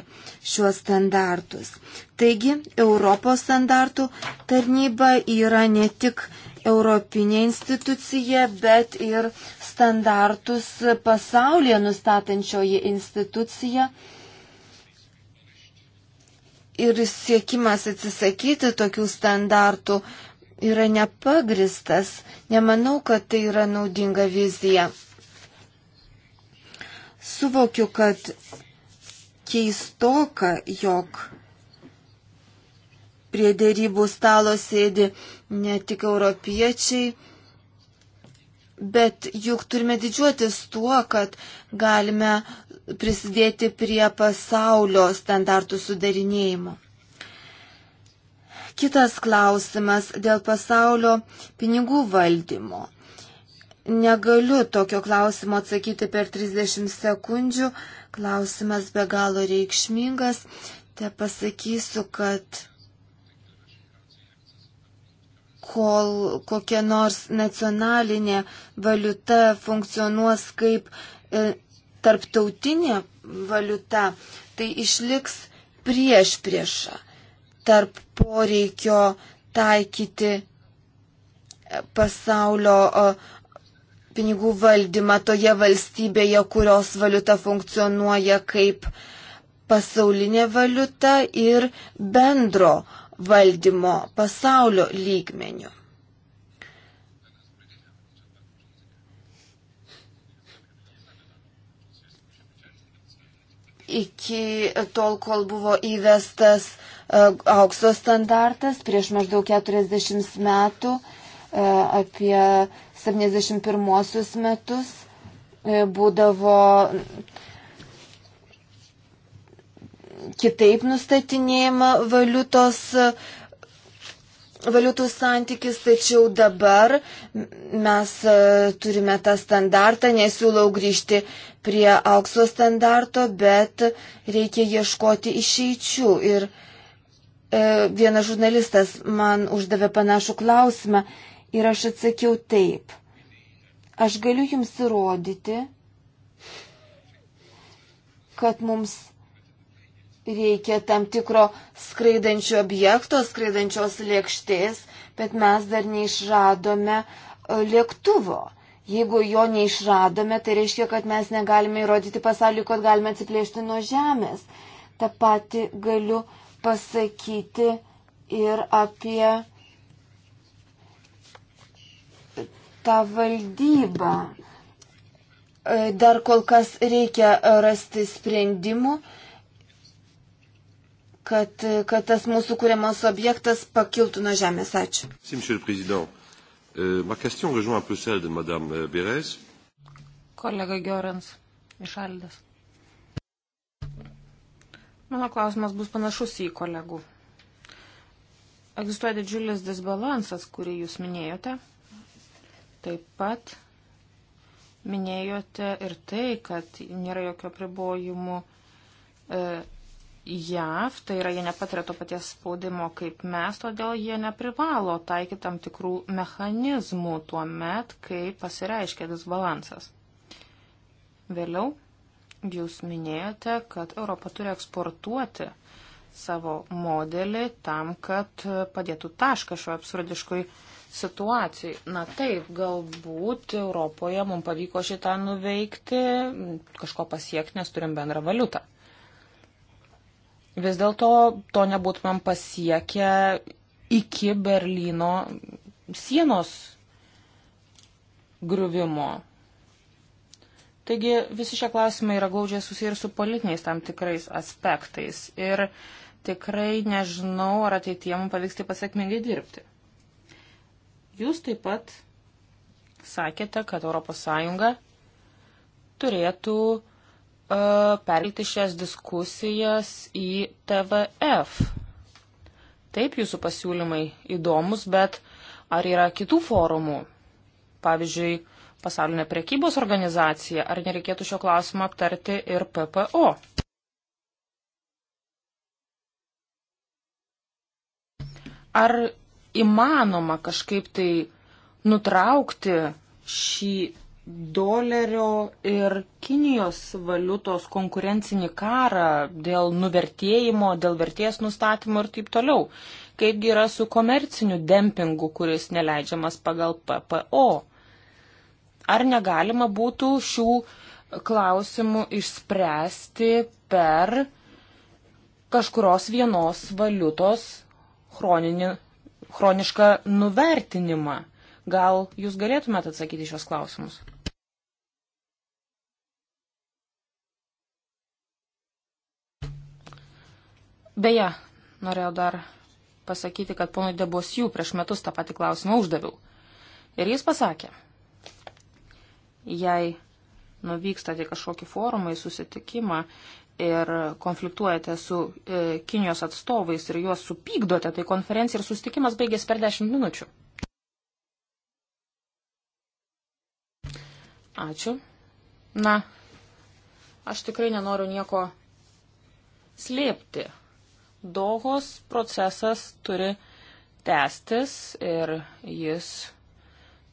šiuos standartus. Taigi, Europos standartų tarnyba yra ne tik europinė institucija, bet ir standartus pasaulyje nustatančioji institucija. Ir siekimas atsisakyti tokių standartų yra nepagristas. Nemanau, kad tai yra naudinga vizija. Suvokiu, kad keistoka, jog prie dėrybų stalo sėdi ne tik europiečiai, bet juk turime didžiuotis tuo, kad galime prisidėti prie pasaulio standartų sudarinėjimo. Kitas klausimas dėl pasaulio pinigų valdymo. Negaliu tokio klausimo atsakyti per 30 sekundžių. Klausimas be galo reikšmingas. Te pasakysiu, kad kol kokia nors nacionalinė valiuta funkcionuos kaip e, tarptautinė valiuta, tai išliks prieš priešą tarp poreikio taikyti pasaulio o, pinigų valdymą toje valstybėje, kurios valiuta funkcionuoja kaip pasaulinė valiuta ir bendro valdymo pasaulio lygmenių. iki tol, kol buvo įvestas e, aukso standartas prieš maždaug 40 metų e, apie 71 metus e, būdavo kitaip nustatinėjama valiutos, valiutų santykis, tačiau dabar mes e, turime tą standartą, nesiūlau grįžti prie aukso standarto, bet reikia ieškoti išeičių. Ir e, vienas žurnalistas man uždavė panašų klausimą Ir aš atsakiau taip. Aš galiu jums įrodyti, kad mums reikia tam tikro skraidančio objekto, skraidančios lėkštės, bet mes dar neišradome e, lėktuvo. Jeigu jo neišradome, tai reiškia, kad mes negalime įrodyti pasauliu, kad galime atsiplėšti nuo žemės. Ta pati galiu pasakyti ir apie tą valdybą. E, dar kol kas reikia e, rasti sprendimų, kad, e, kad tas mūsų kuriamas objektas pakiltų nuo žemės. Ačiū. Euh, euh, Kolega Giorans iš Aldės. Mano klausimas bus panašus į kolegų. Egzistuoja didžiulis disbalansas, kurį jūs minėjote, Taip pat minėjote ir tai, kad nėra jokio pribojimų e, JAV, tai yra jie nepatiria to paties spaudimo kaip mes, todėl jie neprivalo taikyti tam tikrų mechanizmų tuo met, kai pasireiškia disbalansas. Vėliau jūs minėjote, kad Europa turi eksportuoti savo modelį tam, kad padėtų tašką šio absurdiškui situacijai. Na taip, galbūt Europoje mums pavyko šitą nuveikti, kažko pasiekti, nes turim bendrą valiutą. Vis dėlto to nebūtumėm pasiekę iki Berlyno sienos griuvimo. Taigi visi šie klausimai yra glaudžiai susiję ir su politiniais tam tikrais aspektais. Ir tikrai nežinau, ar ateitie mums pavyks taip pasiekmingai dirbti. Jūs taip pat sakėte, kad ES turėtų uh, perkelti šias diskusijas į TVF. Taip, jūsų pasiūlymai įdomus, bet ar yra kitų forumų? Pavyzdžiui, pasaulinė prekybos organizacija, ar nereikėtų šio klausimą aptarti ir PPO? Ar įmanoma kažkaip tai nutraukti šį dolerio ir Kinijos valiutos konkurencinį karą dėl nuvertėjimo, dėl vertės nustatymo ir taip toliau. Kaipgi yra su komerciniu dempingu, kuris neleidžiamas pagal PPO? Ar negalima būtų šių klausimų išspręsti per kažkurios vienos valiutos chroninį chronišką nuvertinimą. Gal jūs galėtumėte atsakyti šios klausimus? Beje, norėjau dar pasakyti, kad ponui Debosijų prieš metus tą patį klausimą uždaviau. Ir jis pasakė, jei nuvykstate kažkokį forumą į susitikimą ir konfliktuojate su e, Kinijos atstovais ir juos supykdote, tai konferencija ir sustikimas baigės per 10 minučių. Ačiū. Na, aš tikrai nenoriu nieko slėpti. Dohos procesas turi tęstis ir jis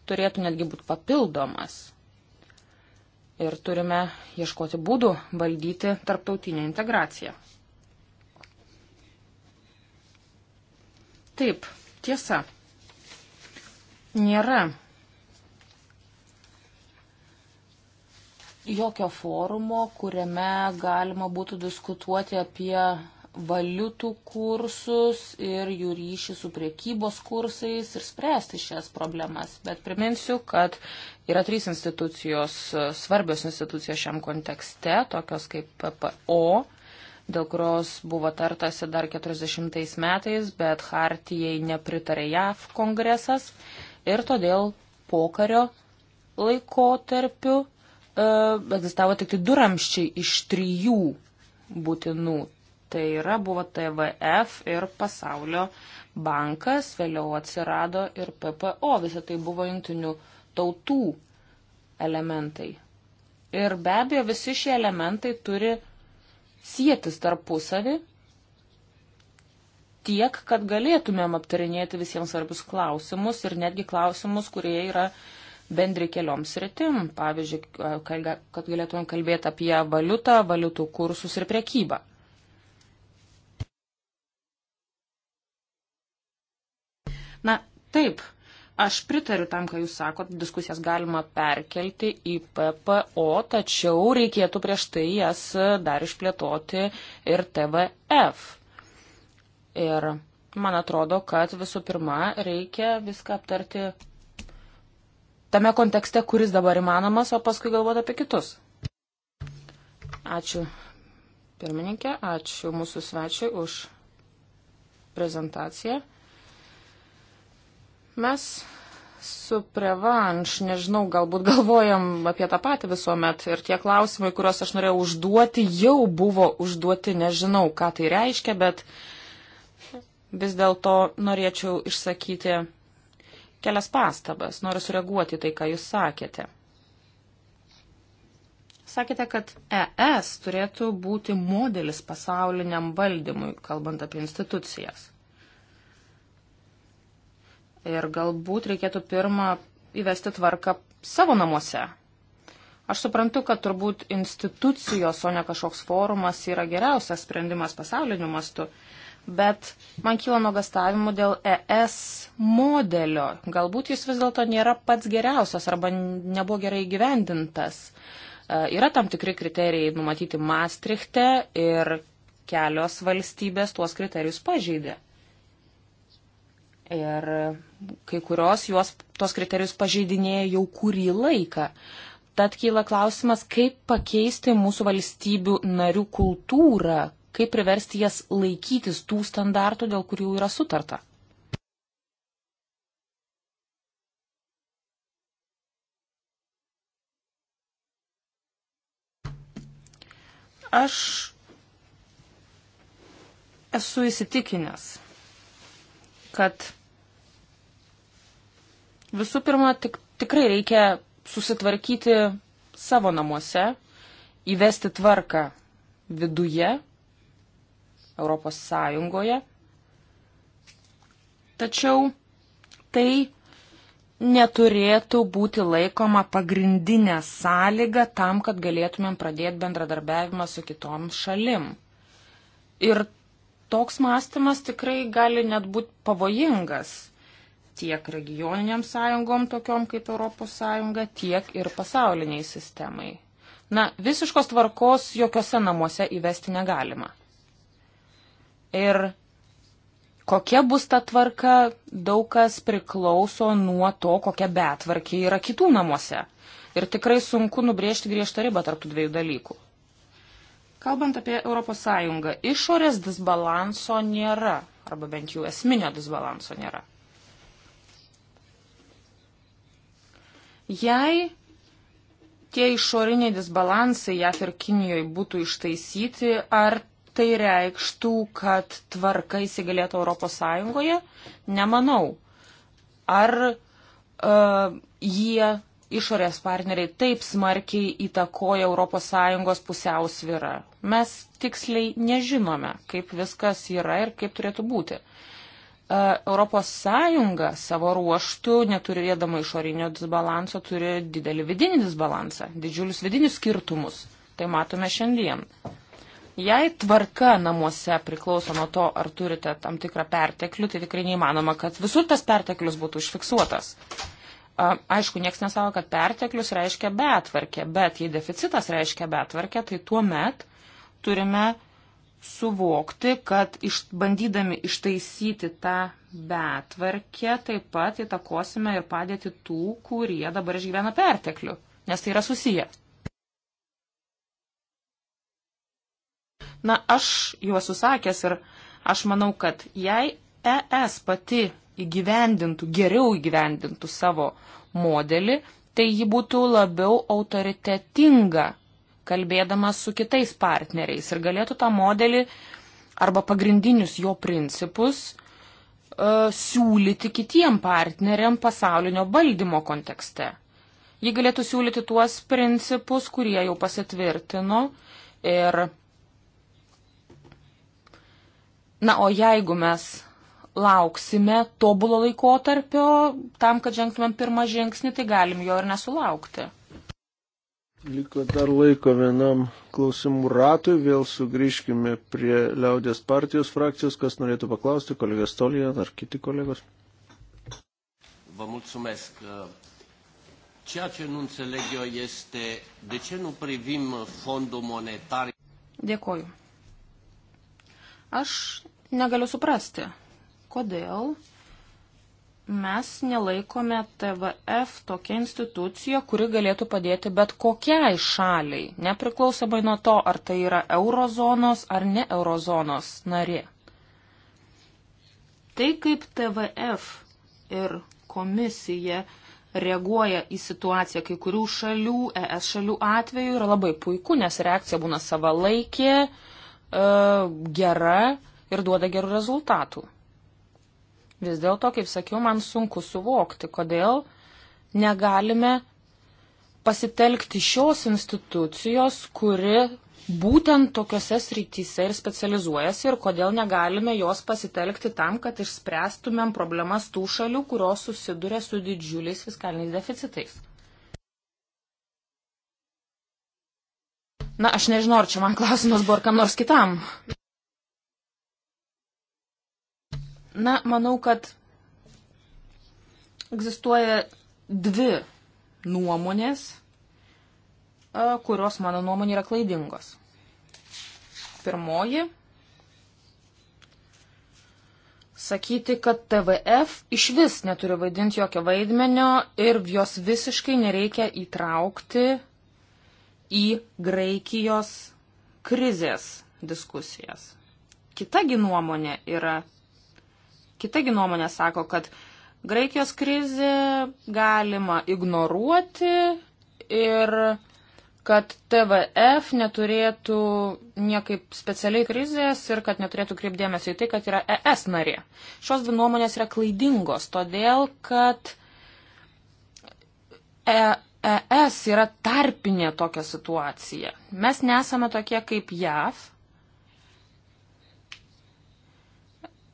turėtų netgi būti papildomas ir turime ieškoti būdų valdyti tarptautinę integraciją. Taip, tiesa, nėra jokio forumo, kuriame galima būtų diskutuoti apie valiutų kursus ir jų ryšį su priekybos kursais ir spręsti šias problemas. Bet priminsiu, kad yra trys institucijos, svarbios institucijos šiam kontekste, tokios kaip PPO, dėl kurios buvo tartasi dar 40 metais, bet Hartijai nepritarė JAV kongresas ir todėl pokario laikotarpiu e, egzistavo tik tai du ramščiai iš trijų būtinų. Tai yra buvo TVF ir pasaulio bankas, vėliau atsirado ir PPO, visą tai buvo jungtinių tautų elementai. Ir be abejo, visi šie elementai turi sėtis tarpusavį tiek, kad galėtumėm aptarinėti visiems svarbius klausimus ir netgi klausimus, kurie yra bendri kelioms rytim. Pavyzdžiui, kad galėtumėm kalbėti apie valiutą, valiutų kursus ir priekybą. Na, taip, aš pritariu tam, ką jūs sakot, diskusijas galima perkelti į PPO, tačiau reikėtų prieš tai jas dar išplėtoti ir TVF. Ir man atrodo, kad visų pirma reikia viską aptarti tame kontekste, kuris dabar įmanomas, o paskui galvoti apie kitus. Ačiū pirmininkė, ačiū mūsų svečiui už prezentaciją. Mes su prevanš, nežinau, galbūt galvojam apie tą patį visuomet ir tie klausimai, kuriuos aš norėjau užduoti, jau buvo užduoti, nežinau, ką tai reiškia, bet vis dėlto norėčiau išsakyti kelias pastabas, noriu sureaguoti tai, ką jūs sakėte. Sakėte, kad ES turėtų būti modelis pasauliniam valdymui, kalbant apie institucijas. Ir galbūt reikėtų pirmą įvesti tvarką savo namuose. Aš suprantu, kad turbūt institucijos, o ne kažkoks forumas yra geriausias sprendimas pasauliniu mastu, bet man kyla nuogastavimų dėl ES modelio. Galbūt jis vis dėlto nėra pats geriausias arba nebuvo gerai gyvendintas. E, yra tam tikri kriterijai numatyti Maastrichte ir kelios valstybės tuos kriterijus pažeidė ir kai kurios juos tos kriterijus pažeidinėja jau kurį laiką. Tad kyla klausimas, kaip pakeisti mūsų valstybių narių kultūrą, kaip priversti jas laikytis tų standartų, dėl kurių yra sutarta. Aš esu įsitikinęs, kad Visų pirma, tik, tikrai reikia susitvarkyti savo namuose, įvesti tvarką viduje, Europos Sąjungoje. Tačiau tai neturėtų būti laikoma pagrindinė sąlyga tam, kad galėtumėm pradėti bendradarbiavimą su kitom šalim. Ir toks mąstymas tikrai gali net būti pavojingas tiek regioniniam sąjungom, tokiom kaip Europos sąjunga, tiek ir pasauliniai sistemai. Na, visiškos tvarkos jokiose namuose įvesti negalima. Ir kokia bus ta tvarka, daug kas priklauso nuo to, kokia betvarkė yra kitų namuose. Ir tikrai sunku nubrėžti griežtą ribą tarptų dviejų dalykų. Kalbant apie ES, išorės disbalanso nėra, arba bent jau esminio disbalanso nėra. Jei tie išoriniai disbalansai JAF ir Kinijoje būtų ištaisyti, ar tai reikštų, kad tvarka įsigalėtų Europos Sąjungoje? Nemanau. Ar uh, jie, išorės partneriai, taip smarkiai įtakoja Europos Sąjungos pusiausvyrą? Mes tiksliai nežinome, kaip viskas yra ir kaip turėtų būti. Uh, E, Europos Sąjunga savo ruoštų, neturėdama išorinio disbalanso, turi didelį vidinį disbalansą, didžiulius vidinius skirtumus. Tai matome šiandien. Jei tvarka namuose priklauso nuo to, ar turite tam tikrą perteklių, tai tikrai neįmanoma, kad visur tas perteklius būtų užfiksuotas. E, aišku, nieks nesavo, kad perteklius reiškia betvarkė, bet jei deficitas reiškia betvarkė, tai tuo met turime suvokti, kad iš, bandydami ištaisyti tą betvarkę, taip pat įtakosime ir padėti tų, kurie dabar išgyvena perteklių, nes tai yra susiję. Na, aš jau esu sakęs ir aš manau, kad jei ES pati įgyvendintų, geriau įgyvendintų savo modelį, tai ji būtų labiau autoritetinga kalbėdamas su kitais partneriais ir galėtų tą modelį arba pagrindinius jo principus e, siūlyti kitiem partneriam pasaulinio valdymo kontekste. Ji galėtų siūlyti tuos principus, kurie jau pasitvirtino ir Na, o jeigu mes lauksime tobulo laikotarpio tam, kad žengtumėm pirmą žingsnį, tai galim jo ir nesulaukti. Liko dar laiko vienam klausimų ratui, vėl sugrįžkime prie liaudės partijos frakcijos, kas norėtų paklausti, kolegas Tolija ar kiti kolegos. Vă mulțumesc. Ceea ce nu înțeleg eu este de ce nu privim fondul monetar. Dėkoju. Aš negaliu suprasti, kodėl mes nelaikome TVF tokia institucija, kuri galėtų padėti bet kokiai šaliai, nepriklausomai nuo to, ar tai yra eurozonos ar ne eurozonos narė. Tai kaip TVF ir komisija reaguoja į situaciją kai kurių šalių, ES šalių atveju yra labai puiku, nes reakcija būna savalaikė, e, gera ir duoda gerų rezultatų. Vis dėlto, kaip sakiau, man sunku suvokti, kodėl negalime pasitelkti šios institucijos, kuri būtent tokiuose srityse ir specializuojasi ir kodėl negalime jos pasitelkti tam, kad išspręstumėm problemas tų šalių, kurios susiduria su didžiuliais fiskaliniais deficitais. Na, aš nežinau, ar čia man klausimas buvo ar kam nors kitam. Na, manau, kad egzistuoja dvi nuomonės, e, kurios, mano nuomonė, yra klaidingos. Pirmoji - sakyti, kad TVF iš vis neturi vaidinti jokio vaidmenio ir jos visiškai nereikia įtraukti į Graikijos krizės diskusijas. Kitagi nuomonė yra kitagi nuomonė sako, kad Graikijos krizė galima ignoruoti ir kad TVF neturėtų niekaip specialiai krizės ir kad neturėtų kreipdėmėsio į tai, kad yra ES narė. Šios dvi nuomonės yra klaidingos, todėl kad e ES yra tarpinė tokia situacija. Mes nesame tokie kaip JAV,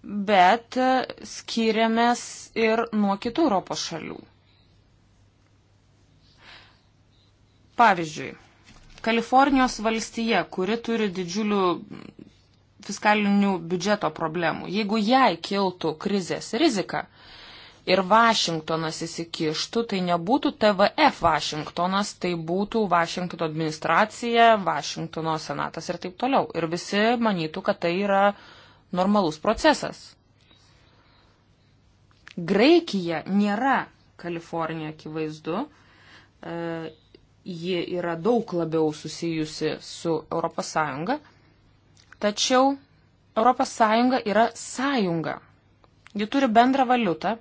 bet e, skiriamės ir nuo kitų Europos šalių. Pavyzdžiui, Kalifornijos valstija, kuri turi didžiulių fiskalinių biudžeto problemų, jeigu jai kiltų krizės rizika ir Vašingtonas įsikištų, tai nebūtų TVF Vašingtonas, tai būtų Vašingtono administracija, Vašingtono senatas ir taip toliau. Ir visi manytų, kad tai yra uh, normalus procesas. Graikija nėra Kalifornija akivaizdu, e, ji yra daug labiau susijusi su ES, tačiau ES yra sąjunga. Ji turi bendrą valiutą,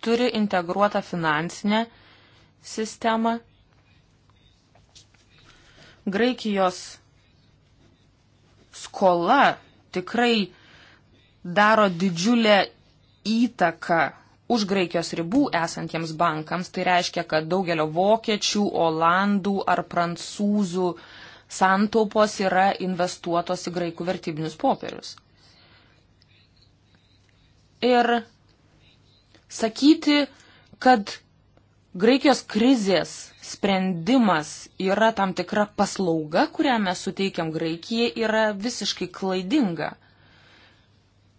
turi integruotą finansinę sistemą. Graikijos skola tikrai daro didžiulę įtaką už Graikijos ribų esantiems bankams. Tai reiškia, kad daugelio vokiečių, olandų ar prancūzų santaupos yra investuotos į graikų vertybinius popierius. Ir sakyti, kad Graikijos krizės sprendimas yra tam tikra paslauga, kurią mes suteikiam Graikijai, yra visiškai klaidinga.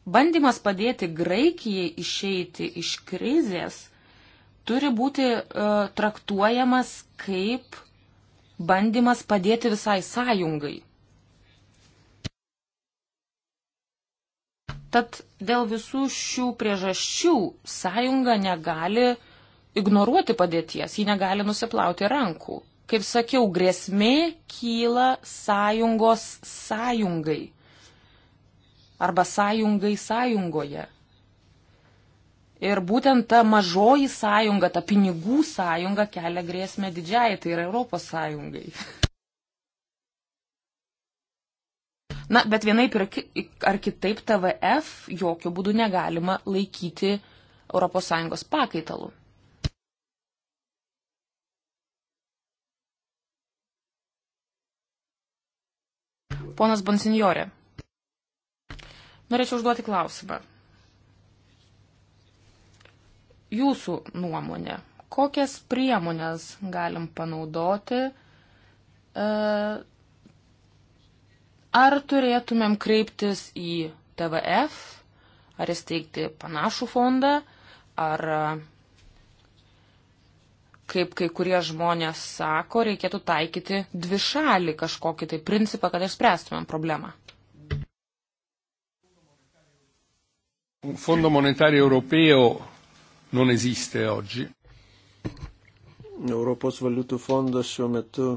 Bandymas padėti Graikijai išeiti iš krizės turi būti uh, traktuojamas kaip bandymas padėti visai sąjungai. Tad dėl visų šių priežasčių sąjunga negali uh, ignoruoti padėties, ji negali nusiplauti rankų. Kaip sakiau, grėsmė kyla sąjungos sąjungai arba sąjungai sąjungoje. Ir būtent ta mažoji sąjunga, ta pinigų sąjunga kelia grėsmę didžiai, tai yra Europos sąjungai. Na, bet vienaip ar kitaip TVF jokių būdų negalima laikyti ES pakaitalu. Ponas Bonsignorė. Norėčiau užduoti klausimą. Jūsų nuomonė, kokias priemonės galim panaudoti, e, ar turėtumėm kreiptis į TVF, ar įsteigti panašų fondą, ar kaip kai kurie žmonės sako, reikėtų taikyti dvi šalį kažkokį tai principą, kad išspręstumėm problemą. Un fondo monetario europeo non esiste oggi. Europos valiutų fondas šiuo metu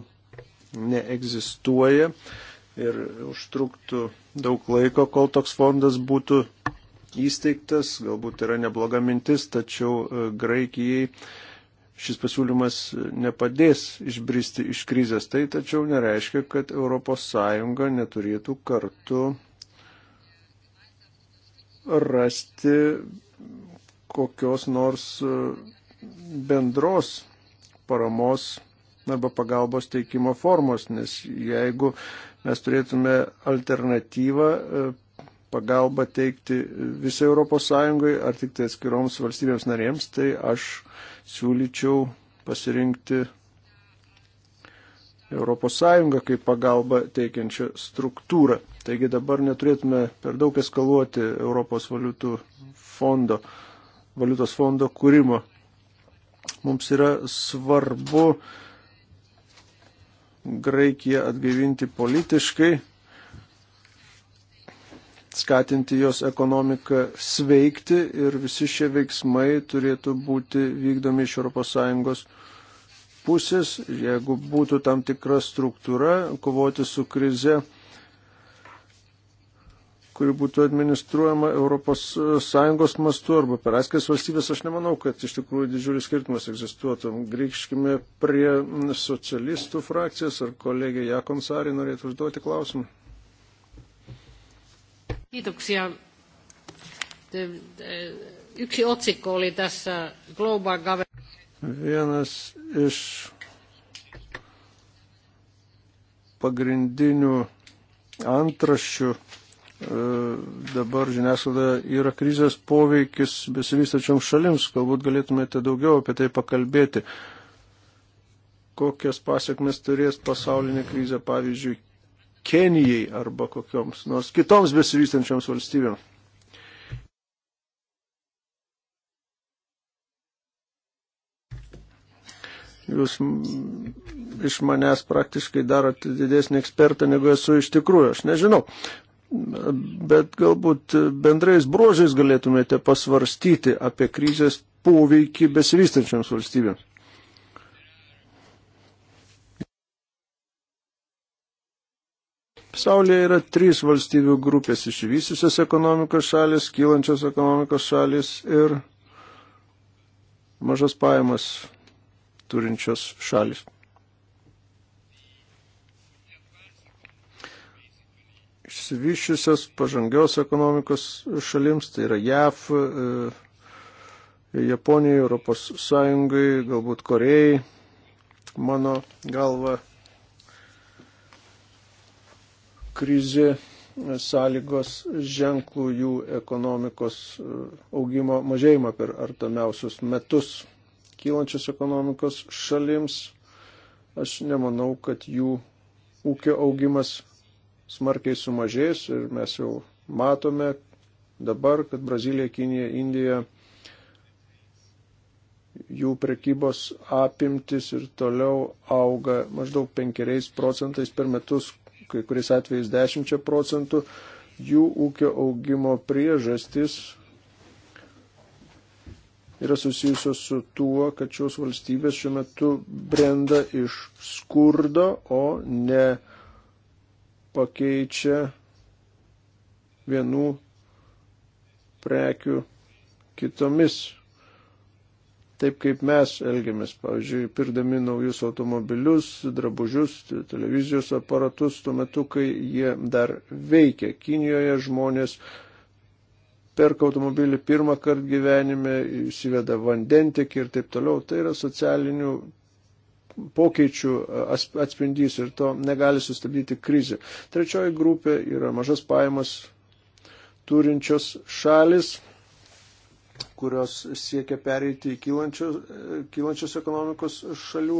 neegzistuoja ir užtruktų daug laiko, kol toks fondas būtų įsteigtas. Galbūt yra nebloga mintis, tačiau e, Graikijai šis pasiūlymas nepadės išbristi iš krizės. Tai tačiau nereiškia, kad ES neturėtų kartu rasti kokios nors e, bendros paramos arba pagalbos teikimo formos, nes jeigu mes turėtume alternatyvą e, pagalbą teikti visai ES ar tik tai atskiroms valstybėms narėms, tai aš uh, siūlyčiau pasirinkti ES kaip pagalba teikiančią struktūrą. Taigi dabar neturėtume per daug eskaluoti Europos valiutų fondo, valiutos fondo kūrimo. Mums yra svarbu Graikiją atgaivinti politiškai skatinti jos ekonomiką sveikti ir visi šie veiksmai turėtų būti vykdomi iš ES pusės, jeigu būtų tam tikra struktūra kovoti su krize kuri būtų administruojama ES mastu arba per atskiras valstybės, aš nemanau, kad iš tikrųjų didžiulis skirtumas egzistuotų. Grįžkime prie socialistų frakcijos, ar kolegė Jakonsari norėtų užduoti klausimą. Kiitoksia. Yksi otsikko oli tässä Global Governance. Vienas iš pagrindinių antraščių e, dabar žiniasklaida yra krizės poveikis besivystačioms šalims. Galbūt galėtumėte daugiau apie tai pakalbėti. Kokias pasiekmes turės pasaulinė krizė, pavyzdžiui, Kenijai arba kokioms nors kitoms besivystančioms valstybėms. Jūs iš manęs praktiškai darote didesnį ekspertą, negu esu iš tikrųjų, aš nežinau. Bet galbūt bendrais bruožais galėtumėte pasvarstyti apie krizės poveikį besivystančiams valstybėms. Pasaulyje yra trys valstybių grupės išvysiusios ekonomikos šalis, kylančios ekonomikos šalis ir mažas pajamas turinčios šalis. Išsivyščiusios pažangios ekonomikos šalims, tai yra JAF, e, Japonijai, Europos Sąjungai, galbūt Korejai, mano galva krizė sąlygos ženklų jų ekonomikos e, augimo mažėjimą per artimiausius metus kylančios ekonomikos šalims. Aš nemanau, kad jų ūkio augimas smarkiai sumažės ir mes jau matome dabar, kad Brazilija, Kinija, Indija jų prekybos apimtis ir toliau auga maždaug 5 procentais per metus, kai kuriais atvejais 10 procentų, jų ūkio augimo priežastis yra susijusios su tuo, kad šios valstybės šiuo metu brenda iš skurdo, o ne pakeičia vienų prekių kitomis taip kaip mes elgiamės, pavyzdžiui, pirdami naujus automobilius, drabužius, televizijos aparatus, tuo metu, kai jie dar veikia. Kinijoje žmonės perka automobilį pirmą kartą gyvenime, įsiveda vandentikį ir taip toliau. Tai yra socialinių pokyčių atspindys ir to negali sustabdyti krizė. Trečioji grupė yra mažas pajamas turinčios šalis kurios siekia pereiti į kylančios, kylančios ekonomikos šalių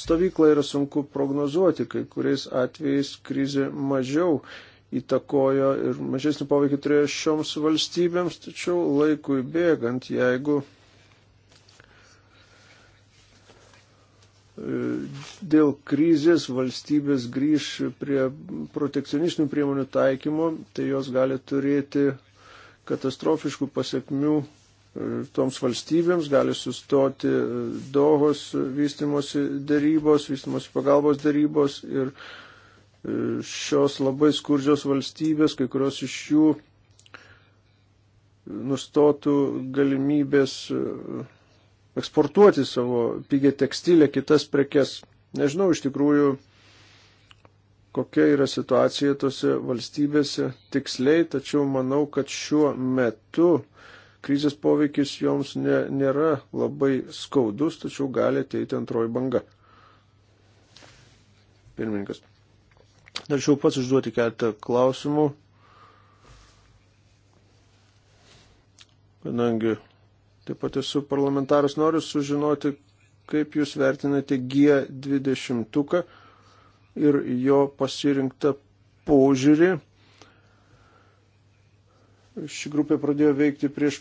stovyklą, yra sunku prognozuoti. Kai kuriais atvejais krizė mažiau įtakojo ir mažesnį poveikį turėjo šioms valstybėms, tačiau laikui bėgant, jeigu e, dėl krizės valstybės grįž prie protekcionistinių priemonių taikymo, tai jos gali turėti katastrofiškų pasiekmių toms valstybėms, gali sustoti Dohos vystimosi darybos, vystimosi pagalbos darybos ir e, šios labai skurdžios valstybės, kai kurios iš jų nustotų galimybės e, eksportuoti savo pigę tekstilę, kitas prekes. Nežinau iš tikrųjų, kokia yra situacija tose valstybėse tiksliai, tačiau manau, kad šiuo metu uh, krizės poveikis joms ne, nėra labai skaudus, tačiau gali ateiti antroji banga. Pirmininkas. Tačiau pats užduoti keletą klausimų, kadangi taip pat esu parlamentaras, noriu sužinoti, kaip jūs vertinate G20 ir jo pasirinktą požiūrį ši grupė pradėjo veikti prieš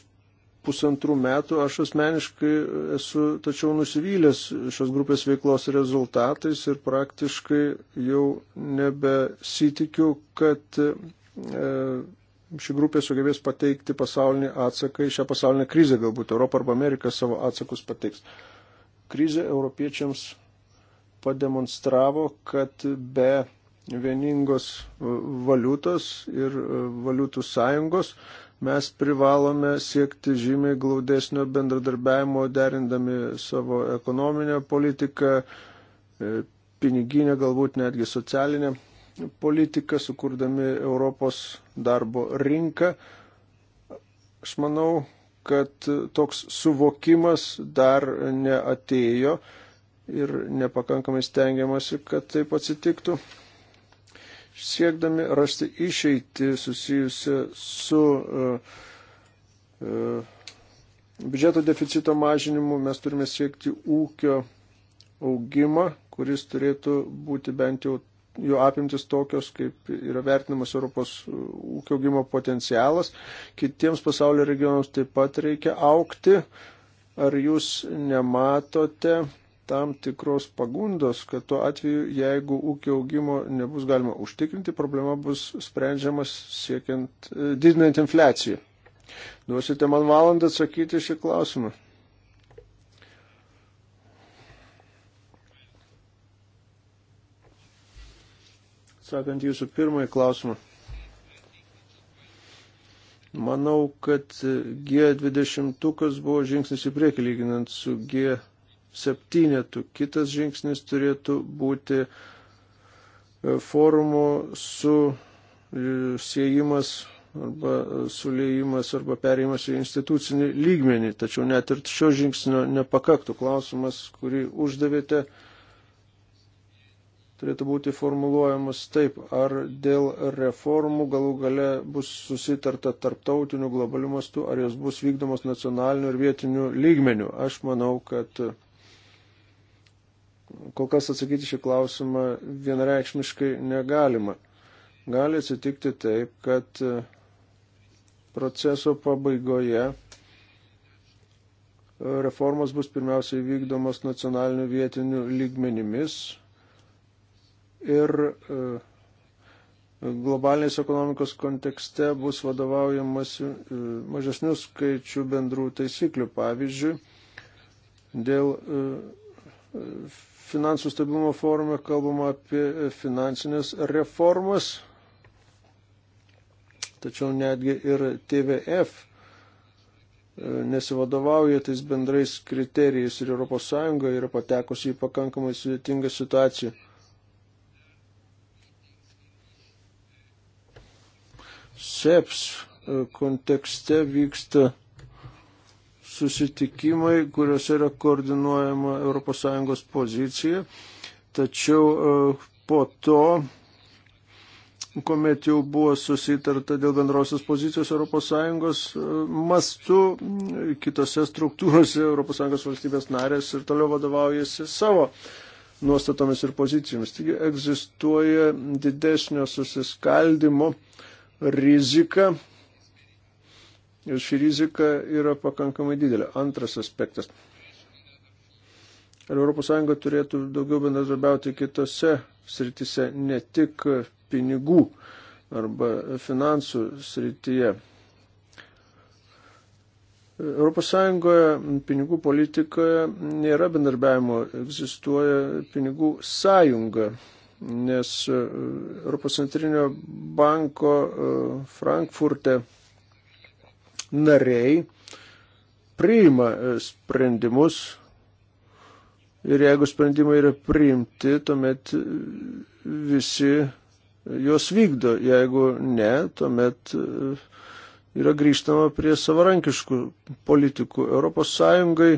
pusantrų metų aš asmeniškai esu tačiau nusivylęs šios grupės veiklos rezultatais ir praktiškai jau nebesitikiu, kad e, ši grupė sugebės pateikti pasaulinį atsaką į šią pasaulinę krizę, galbūt Europą arba Ameriką savo atsakus pateiks. Krizė europiečiams pademonstravo, kad be vieningos e, valiutos ir e, valiutų sąjungos mes privalome siekti žymiai glaudesnio bendradarbiavimo, derindami savo ekonominę politiką, e, piniginę, galbūt netgi socialinę politiką, sukurdami Europos darbo rinką. Aš manau, kad toks suvokimas dar neatėjo ir nepakankamai stengiamasi, kad taip atsitiktų siekdami rasti išeitį susijusią su uh, uh, biudžeto deficito mažinimu, mes turime siekti ūkio augimą, kuris turėtų būti bent jau jo apimtis tokios, kaip yra vertinamas Europos ūkio augimo potencialas. Kitiems pasaulio regionams taip pat reikia aukti. Ar jūs nematote tam tikros pagundos, kad tuo atveju, jeigu ūkio augimo nebus galima užtikrinti, problema bus sprendžiamas siekiant, e, didinant infliaciją. Duosite man valandą atsakyti šį klausimą. Sakant jūsų pirmąjį klausimą. Manau, kad G20 buvo žingsnis į priekį lyginant su G20 septynetų. Kitas žingsnis turėtų būti e, forumo su e, siejimas arba e, sulėjimas arba perėjimas į institucinį lygmenį. Tačiau net ir šio žingsnio nepakaktų. Klausimas, kurį uždavėte, turėtų būti formuluojamas taip, ar dėl reformų galų gale bus susitarta tarptautiniu globaliu mastu, ar jos bus vykdomos nacionaliniu ir vietiniu lygmeniu. Aš manau, kad kol kas atsakyti šį klausimą vienareikšmiškai negalima. Gali atsitikti taip, kad e, proceso pabaigoje e, reformos bus pirmiausiai vykdomos nacionaliniu vietiniu lygmenimis ir e, globalinės ekonomikos kontekste bus vadovaujamas mažesnių skaičių bendrų taisyklių. Pavyzdžiui, dėl Finansų stabilumo forume kalbama apie finansinės reformas, tačiau netgi ir TVF e, nesivadovauja tais bendrais kriterijais ir ES yra patekusi į pakankamai sudėtingą situaciją. SEPS e e, kontekste vyksta susitikimai, kuriuose yra koordinuojama ES pozicija. Tačiau e, po to, kuomet jau buvo susitarta dėl bendrosios pozicijos ES e, mastu, kitose struktūrose ES valstybės narės ir toliau vadovaujasi savo nuostatomis ir pozicijomis. Taigi egzistuoja didesnio susiskaldimo rizika Ir ši rizika yra pakankamai didelė. Antras aspektas. Ar ES turėtų daugiau bendradarbiauti kitose sritise, ne tik pinigų arba finansų srityje. ES pinigų politikoje nėra bendarbiavimo, egzistuoja pinigų sąjunga, nes ES banko e, Frankfurte nariai priima e, sprendimus ir jeigu sprendimai yra priimti, tuomet e, visi juos vykdo, jeigu ne, tuomet e, yra grįžtama prie savarankiškų politikų. Europos Sąjungai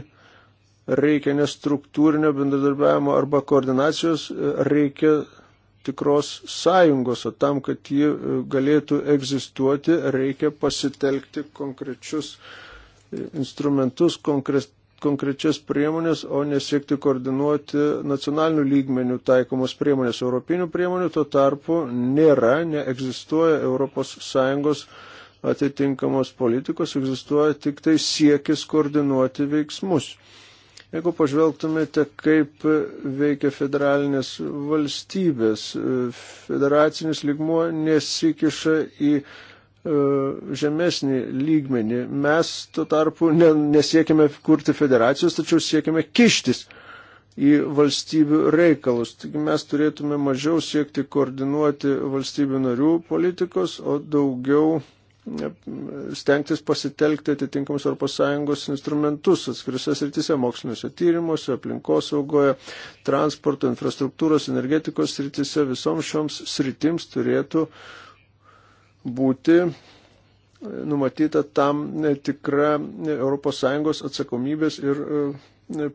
reikia nestruktūrinio bendradarbiavimo arba koordinacijos, reikia tikros sąjungos, o tam, kad ji e, galėtų egzistuoti, reikia pasitelkti konkrečius e, instrumentus, konkre, konkrečias priemonės, o nesiekti koordinuoti nacionalinių lygmenių taikomos priemonės. Europinių priemonių tuo tarpu nėra, neegzistuoja ES atitinkamos politikos, egzistuoja tik tai siekis koordinuoti veiksmus. Jeigu pažvelgtumėte, kaip veikia federalinės valstybės, federacinis lygmuo nesikiša į e, žemesnį lygmenį. Mes tuo tarpu nesiekime kurti federacijos, tačiau siekime kištis į valstybių reikalus. Taigi mes turėtume mažiau siekti koordinuoti valstybių narių politikos, o daugiau stengtis pasitelkti atitinkamus ES instrumentus atskirose srityse, moksliniuose tyrimuose, aplinkosaugoje, transporto, infrastruktūros, energetikos srityse, visoms šioms sritims turėtų būti e, numatyta tam tikra ES atsakomybės ir e,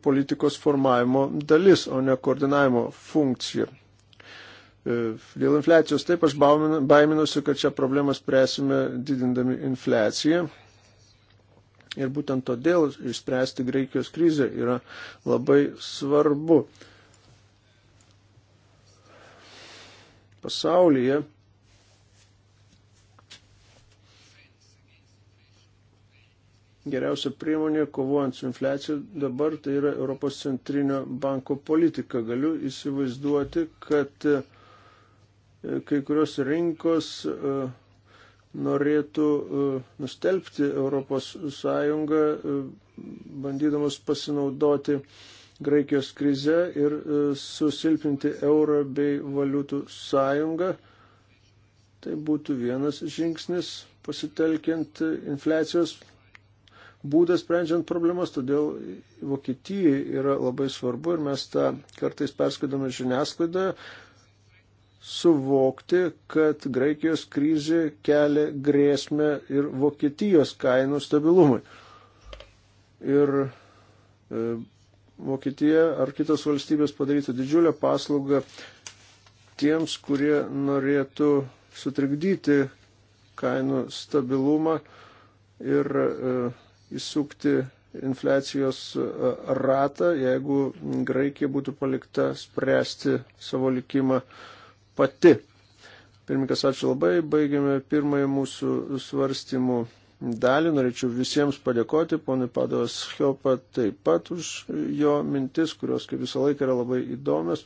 politikos formavimo dalis, o ne koordinavimo funkcija. E, dėl infliacijos taip aš baiminuosi, kad šią problemą spręsime didindami infliaciją. Ir būtent todėl išspręsti Graikijos krizę yra labai svarbu. Pasaulyje geriausia priemonė kovojant su infliacija dabar tai yra Europos centrinio banko politika. Galiu įsivaizduoti, kad kai kurios rinkos e, norėtų e, nustelbti Europos Sąjungą, e, bandydamas pasinaudoti Graikijos krize ir susilpinti eurą bei valiutų sąjungą. Tai būtų vienas žingsnis pasitelkiant infliacijos būdą sprendžiant problemas, todėl Vokietijai yra labai svarbu ir mes tą kartais perskaidome žiniasklaidoje, suvokti, kad Graikijos krizė kelia grėsmę ir Vokietijos kainų stabilumui. Ir e, Vokietija ar kitos valstybės padarytų didžiulę paslaugą tiems, kurie norėtų sutrikdyti kainų stabilumą ir e, įsukti infliacijos e, ratą, jeigu Graikija būtų palikta spręsti savo likimą pati. Pirmininkas, ačiū labai. Baigėme pirmąją mūsų svarstymų dalį. Norėčiau visiems padėkoti, ponui Padovas Hiopa taip pat už jo mintis, kurios kaip visą laiką yra labai įdomios.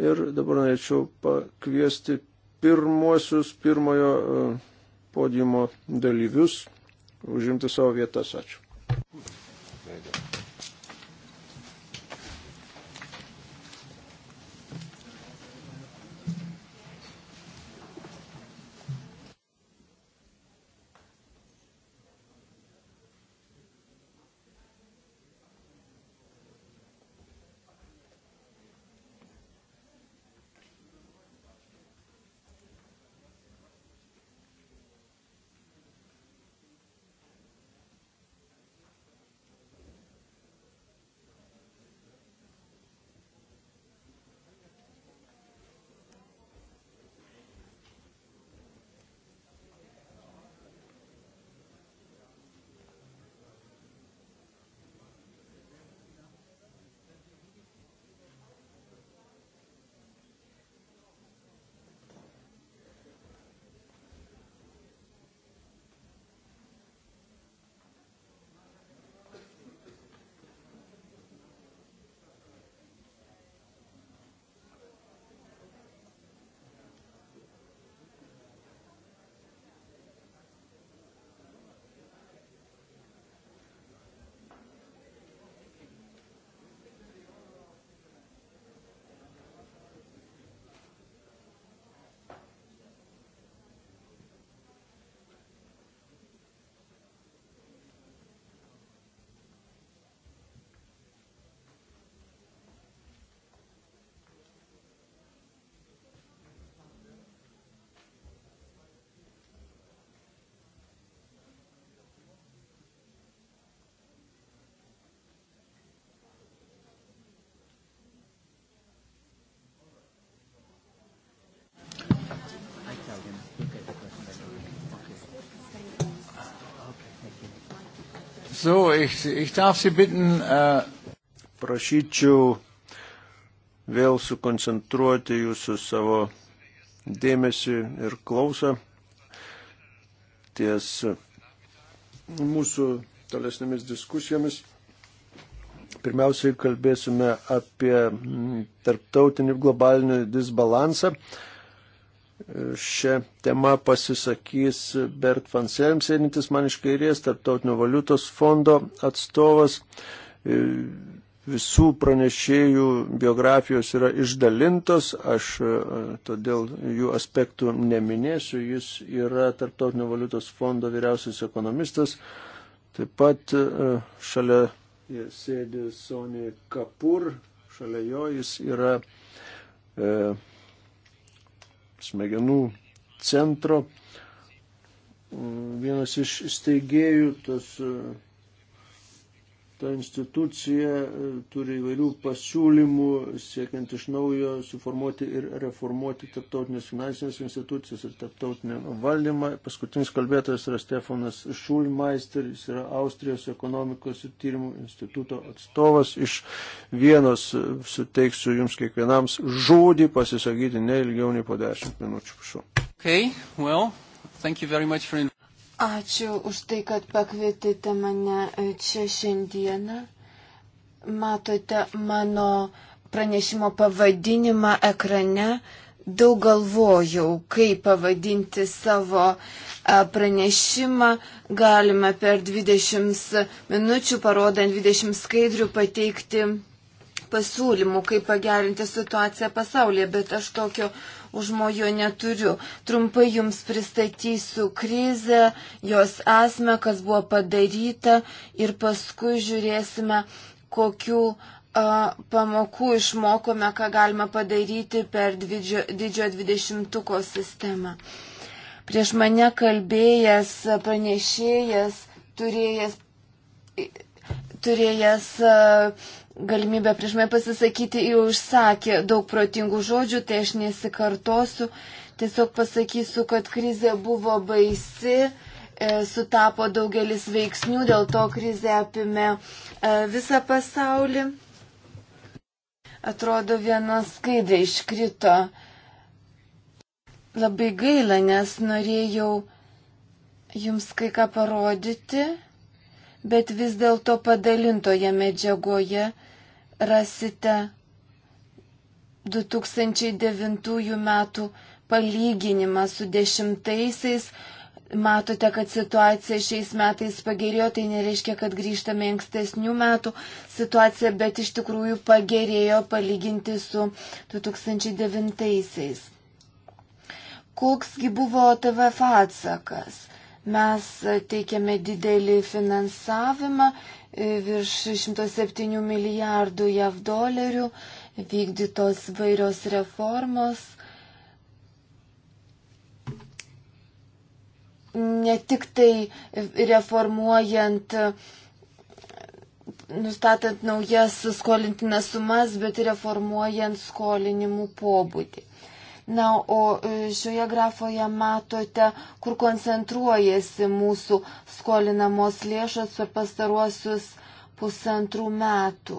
Ir dabar norėčiau pakviesti pirmuosius pirmojo e, podiumo dalyvius užimti savo vietas. Ačiū. Thank you. So, ich, ich darf Sie bitten, uh... Prašyčiau vėl sukoncentruoti jūsų savo dėmesį ir klausą ties mūsų tolesnėmis diskusijomis. Pirmiausiai kalbėsime apie tarptautinį globalinį disbalansą. Uh, šią temą pasisakys Bert van Selm, sėdintis man iš kairės, Tarptautinio valiutos fondo atstovas. Visų pranešėjų biografijos yra išdalintos, aš e, todėl jų aspektų neminėsiu. Jis yra Tarptautinio valiutos fondo vyriausias ekonomistas. Taip pat e, šalia sėdi Sonė Kapur, šalia jo jis yra e, smegenų centro mm, vienas iš steigėjų, tas e, ta institucija e, turi įvairių pasiūlymų, siekiant iš naujo suformuoti ir reformuoti tarptautinės finansinės institucijas ir tarptautinę valdymą. Paskutinis kalbėtojas yra Stefanas Šulmeister, jis yra Austrijos ekonomikos ir tyrimų instituto atstovas. Iš vienos e, suteiksiu jums kiekvienams žodį pasisakyti ne ilgiau nei po dešimt minučių. Prašau. Okay, well, Ačiū už tai, kad pakvietėte mane e, čia šiandieną. Matote mano pranešimo pavadinimą ekrane. Daug galvojau, kaip pavadinti savo e, pranešimą. Galime per 20 minučių, parodant 20 skaidrių, pateikti pasiūlymų, kaip pagerinti situaciją pasaulyje, bet aš tokio užmojo neturiu. Trumpai jums pristatysiu krizę, jos esmę, kas buvo padaryta ir paskui žiūrėsime, kokiu pamokų išmokome, ką galima padaryti per didžio, didžio dvidešimtuko sistemą. Prieš mane kalbėjęs pranešėjas, turėjęs, turėjęs galimybę prieš mane pasisakyti, jau išsakė daug protingų žodžių, tai aš nesikartosiu. Tiesiog pasakysiu, kad krizė buvo baisi, e, sutapo daugelis veiksnių, dėl to krizė apimė e, visą pasaulį. Atrodo, viena skaidė iškrito. Labai gaila, nes norėjau jums kai ką parodyti bet vis dėlto padalintoje medžiagoje rasite 2009 metų palyginimą su dešimtaisiais. Matote, kad situacija šiais metais pagerėjo, tai nereiškia, kad grįžtame ankstesnių metų situaciją, bet iš tikrųjų pagerėjo palyginti su 2009-aisiais. Koksgi buvo TVF atsakas? Mes teikėme didelį finansavimą virš 107 milijardų jav dolerių, vykdytos vairios reformos. Ne tik tai reformuojant, nustatant naujas skolintinas sumas, bet ir reformuojant skolinimų pobūdį. Na, o e, šioje grafoje matote, kur koncentruojasi mūsų skolinamos lėšos per pastaruosius pusantrų metų.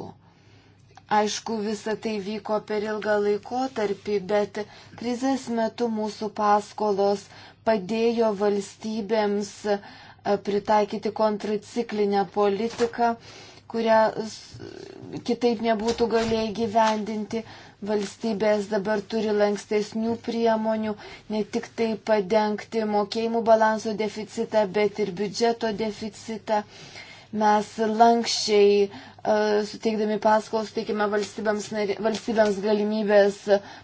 Aišku, visa tai vyko per ilgą laikotarpį, bet krizės metu mūsų paskolos padėjo valstybėms e, pritaikyti kontraciklinę politiką kurią kitaip nebūtų galėję gyvendinti. Valstybės dabar turi lankstesnių priemonių, ne tik tai padengti mokėjimų balanso deficitą, bet ir biudžeto deficitą. Mes lankščiai e, suteikdami paskolas teikime valstybėms, valstybėms galimybės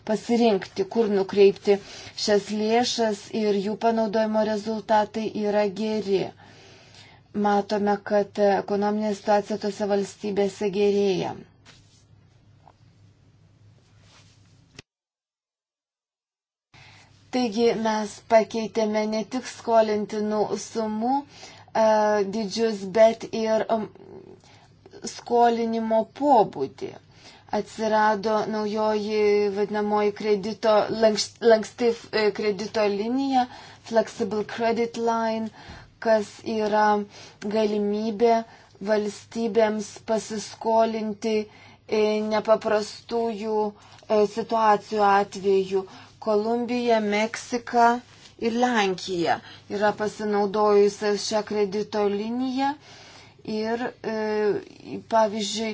pasirinkti, kur nukreipti šias lėšas ir jų panaudojimo rezultatai yra geri matome, kad ekonominė situacija tose valstybėse gerėja. Taigi mes pakeitėme ne tik skolintinų sumų e, dydžius, bet ir skolinimo pobūdį. Atsirado naujoji vadinamoji kredito, lanksti e, kredito linija, flexible credit line, kas yra galimybė valstybėms pasiskolinti e, nepaprastųjų e, situacijų atveju. Kolumbija, Meksika ir Lenkija yra pasinaudojusios šią kredito liniją ir, e, pavyzdžiui,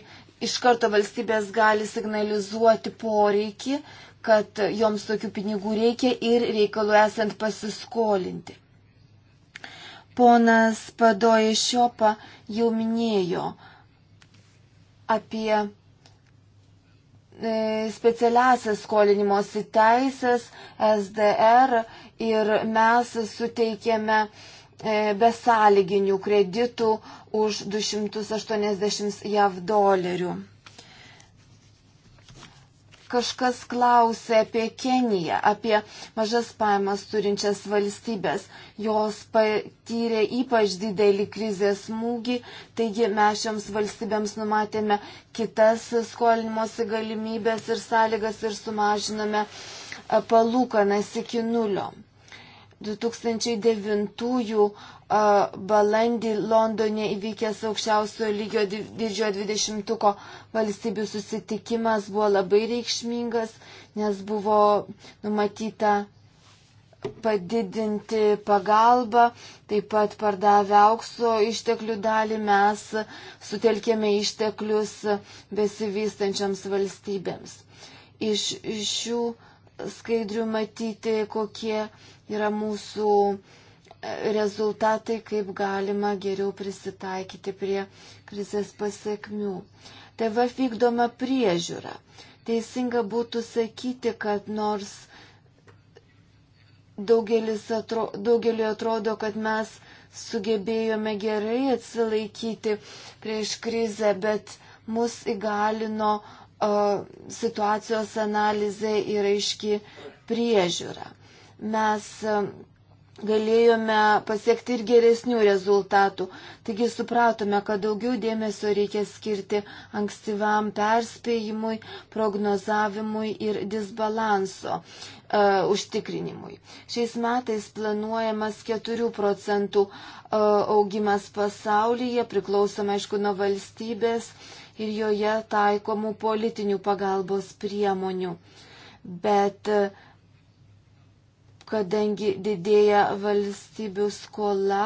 iš karto valstybės gali signalizuoti poreikį, kad joms tokių pinigų reikia ir reikalų esant pasiskolinti. Ponas Padoja Šiopa jau minėjo apie e, specialiasias skolinimosi teisės SDR ir mes suteikėme e, besąlyginių kreditų už 280 JAV dolerių. Kažkas klausė apie Keniją, apie mažas pajamas turinčias valstybės. Jos patyrė ypač didelį krizės smūgį, taigi mes šioms valstybėms numatėme kitas skolinimosi galimybės ir sąlygas ir sumažinome e, palūkanas iki nulio. 2009 balandį Londone įvykęs aukščiausio lygio didžiojo dvidešimtuko valstybių susitikimas buvo labai reikšmingas, nes buvo numatyta padidinti pagalbą, taip pat pardavę aukso išteklių dalį mes sutelkėme išteklius besivystančiams valstybėms. Iš šių skaidrių matyti, kokie yra mūsų uh, rezultatai, kaip galima geriau prisitaikyti prie krizės pasiekmių. TV vykdoma priežiūra. Teisinga būtų sakyti, kad nors atro, daugeliu atrodo, kad mes sugebėjome gerai atsilaikyti prieš krizę, bet mus įgalino uh, situacijos analizė ir aiški priežiūra. Mes uh, galėjome pasiekti ir geresnių rezultatų. Taigi supratome, kad daugiau dėmesio reikia skirti ankstyvam perspėjimui, prognozavimui ir disbalanso e, užtikrinimui. Šiais metais planuojamas 4 procentų e, augimas pasaulyje, priklausoma aišku nuo valstybės ir joje taikomų politinių pagalbos priemonių. Bet e, kadangi didėja valstybių skola.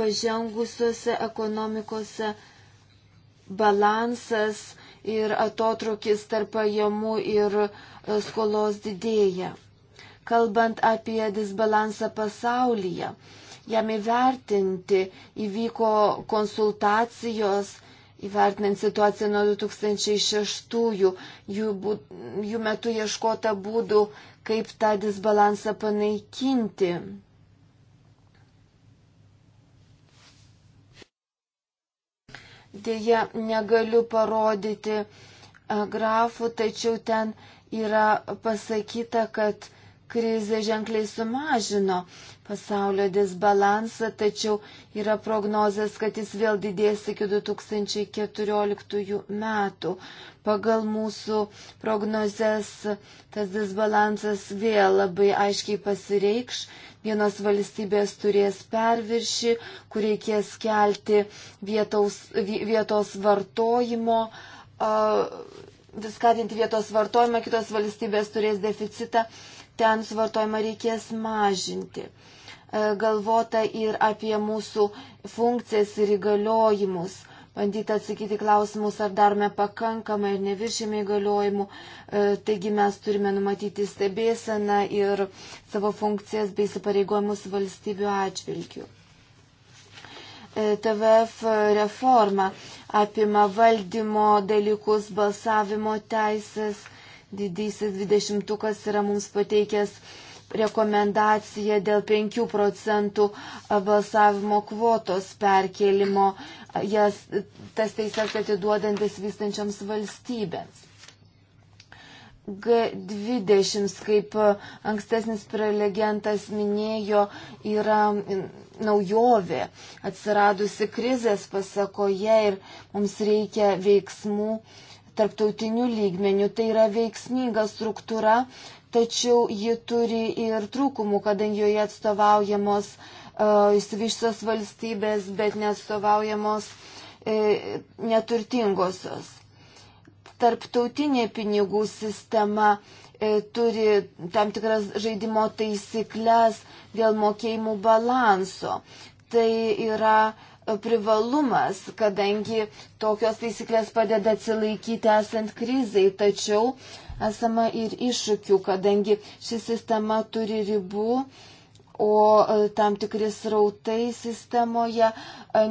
Pažengusiuose ekonomikose balansas ir atotrukis tarp pajamų ir e, skolos didėja. Kalbant apie disbalansą pasaulyje, jam įvertinti įvyko konsultacijos Įvertinant situaciją nuo 2006-ųjų, jų, jų metu ieškota būdų, kaip tą disbalansą panaikinti. Deja, negaliu parodyti grafų, tačiau ten yra pasakyta, kad krizė ženkliai sumažino pasaulio disbalansą, tačiau yra prognozės, kad jis vėl didės iki 2014 metų. Pagal mūsų prognozes tas disbalansas vėl labai aiškiai pasireikš. Vienos valstybės turės perviršį, kur reikės kelti vietos, vietos vartojimo. Uh, skatinti vietos vartojimą, kitos valstybės turės deficitą. Uh, ten suvartojimą reikės mažinti. E, galvota ir apie mūsų funkcijas ir įgaliojimus. Bandyti atsakyti klausimus, ar darome pakankamai ir neviršėme įgaliojimų. E, taigi mes turime numatyti stebėseną ir savo funkcijas bei įsipareigojimus valstybių atžvilgių. E, TVF reforma apima valdymo dalykus, balsavimo teisės didysis dvidešimtukas yra mums pateikęs rekomendaciją dėl 5 procentų balsavimo kvotos perkelimo, jas, tas teisės atiduodantis vystančiams valstybėms. G20, kaip ankstesnis prelegentas minėjo, yra naujovė, atsiradusi krizės pasakoje ir mums reikia veiksmų, uh, tarptautiniu lygmeniu. Tai yra veiksminga struktūra, tačiau ji turi ir trūkumų, kadangi joje atstovaujamos e, išsivyščios uh, valstybės, bet neatstovaujamos uh, neturtingosios. Tarptautinė pinigų sistema uh, turi tam tikras žaidimo taisyklės dėl mokėjimų balanso. Tai yra uh, privalumas, kadangi tokios taisyklės padeda atsilaikyti esant krizai, tačiau esama ir iššūkių, kadangi ši sistema turi ribų, o e, tam tikri srautai sistemoje e,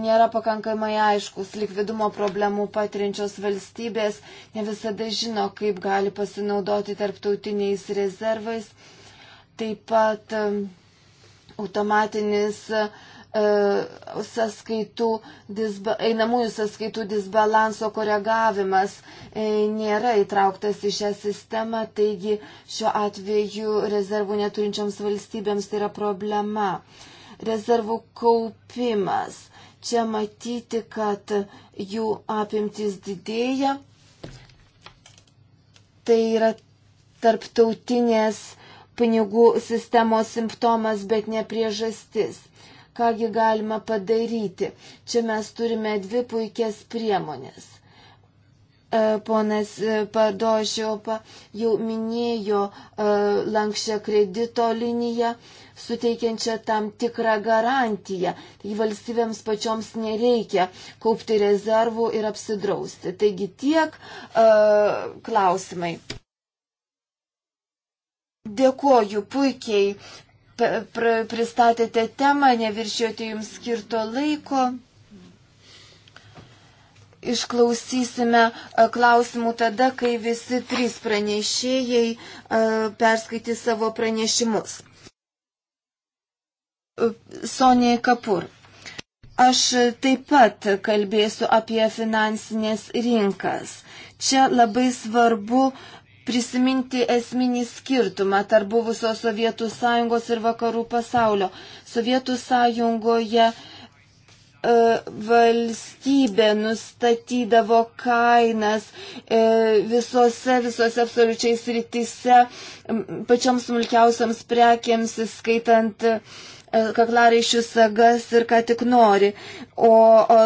nėra pakankamai aiškus. Likvidumo problemų patirinčios valstybės ne visada žino, kaip gali pasinaudoti tarptautiniais rezervais. Taip pat e, automatinis uh, E, sąskaitų, disba, einamųjų sąskaitų disbalanso koregavimas e, nėra įtrauktas į šią sistemą, taigi šiuo atveju rezervų neturinčioms valstybėms tai yra problema. Rezervų kaupimas. Čia matyti, kad jų apimtis didėja. Tai yra tarptautinės pinigų sistemos simptomas, bet ne priežastis kągi galima padaryti. Čia mes turime dvi puikias priemonės. E, ponas Padošiopa jau minėjo e, lankščią kredito liniją, suteikiančią tam tikrą garantiją. Tai valstybėms pačioms nereikia kaupti rezervų ir apsidrausti. Taigi tiek uh, klausimai. Dėkuoju, puikiai pristatėte temą, neviršiuoti jums skirto laiko. Išklausysime e, klausimų tada, kai visi trys pranešėjai e, perskaitys savo pranešimus. E, Sonė Kapur. Aš taip pat kalbėsiu apie finansinės rinkas. Čia labai svarbu prisiminti esminį skirtumą tarp buvusios Sovietų sąjungos ir vakarų pasaulio. Sovietų sąjungoje e, valstybė nustatydavo kainas e, visose, visose absoliučiai sritise, pačioms smulkiausiams prekiams, skaitant kaklaraiščių sagas ir ką tik nori, o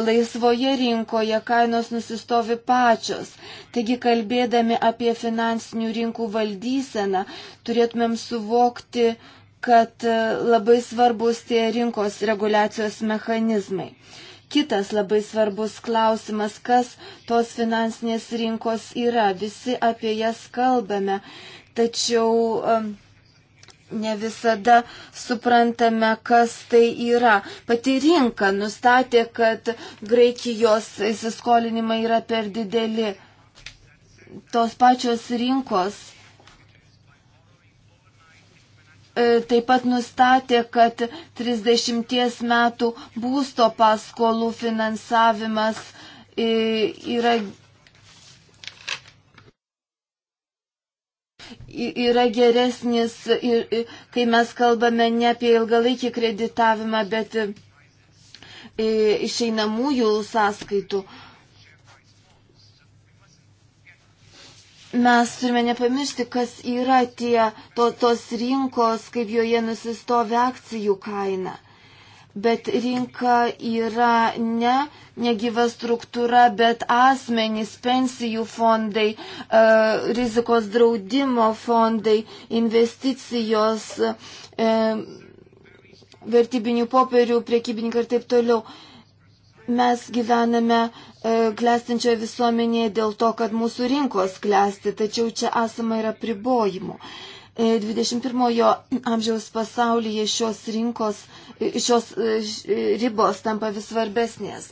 laisvoje rinkoje kainos nusistovi pačios. Taigi, kalbėdami apie finansinių rinkų valdyseną, turėtumėm suvokti, kad e, labai svarbus tie rinkos reguliacijos mechanizmai. Kitas labai svarbus klausimas, kas tos finansinės rinkos yra. Visi apie jas kalbame, tačiau ne visada suprantame, kas tai yra. Pati rinka nustatė, kad Graikijos įsiskolinimai yra per dideli. Tos pačios rinkos e, taip pat nustatė, kad 30 metų būsto paskolų finansavimas e, yra yra geresnis, ir, kai mes kalbame ne apie ilgalaikį kreditavimą, bet išeinamųjų sąskaitų. Mes turime nepamiršti, kas yra tie to, tos rinkos, kaip joje nusistovi akcijų kaina bet rinka yra ne negyva struktūra, bet asmenys, pensijų fondai, e, rizikos draudimo fondai, investicijos, e, vertybinių popierių, priekybininkai ir taip toliau mes gyvename e, klestinčioje visuomenėje dėl to, kad mūsų rinkos klesti, tačiau čia esama yra pribojimų. 21 e, amžiaus pasaulyje šios rinkos, e, šios e, ribos tampa vis svarbesnės.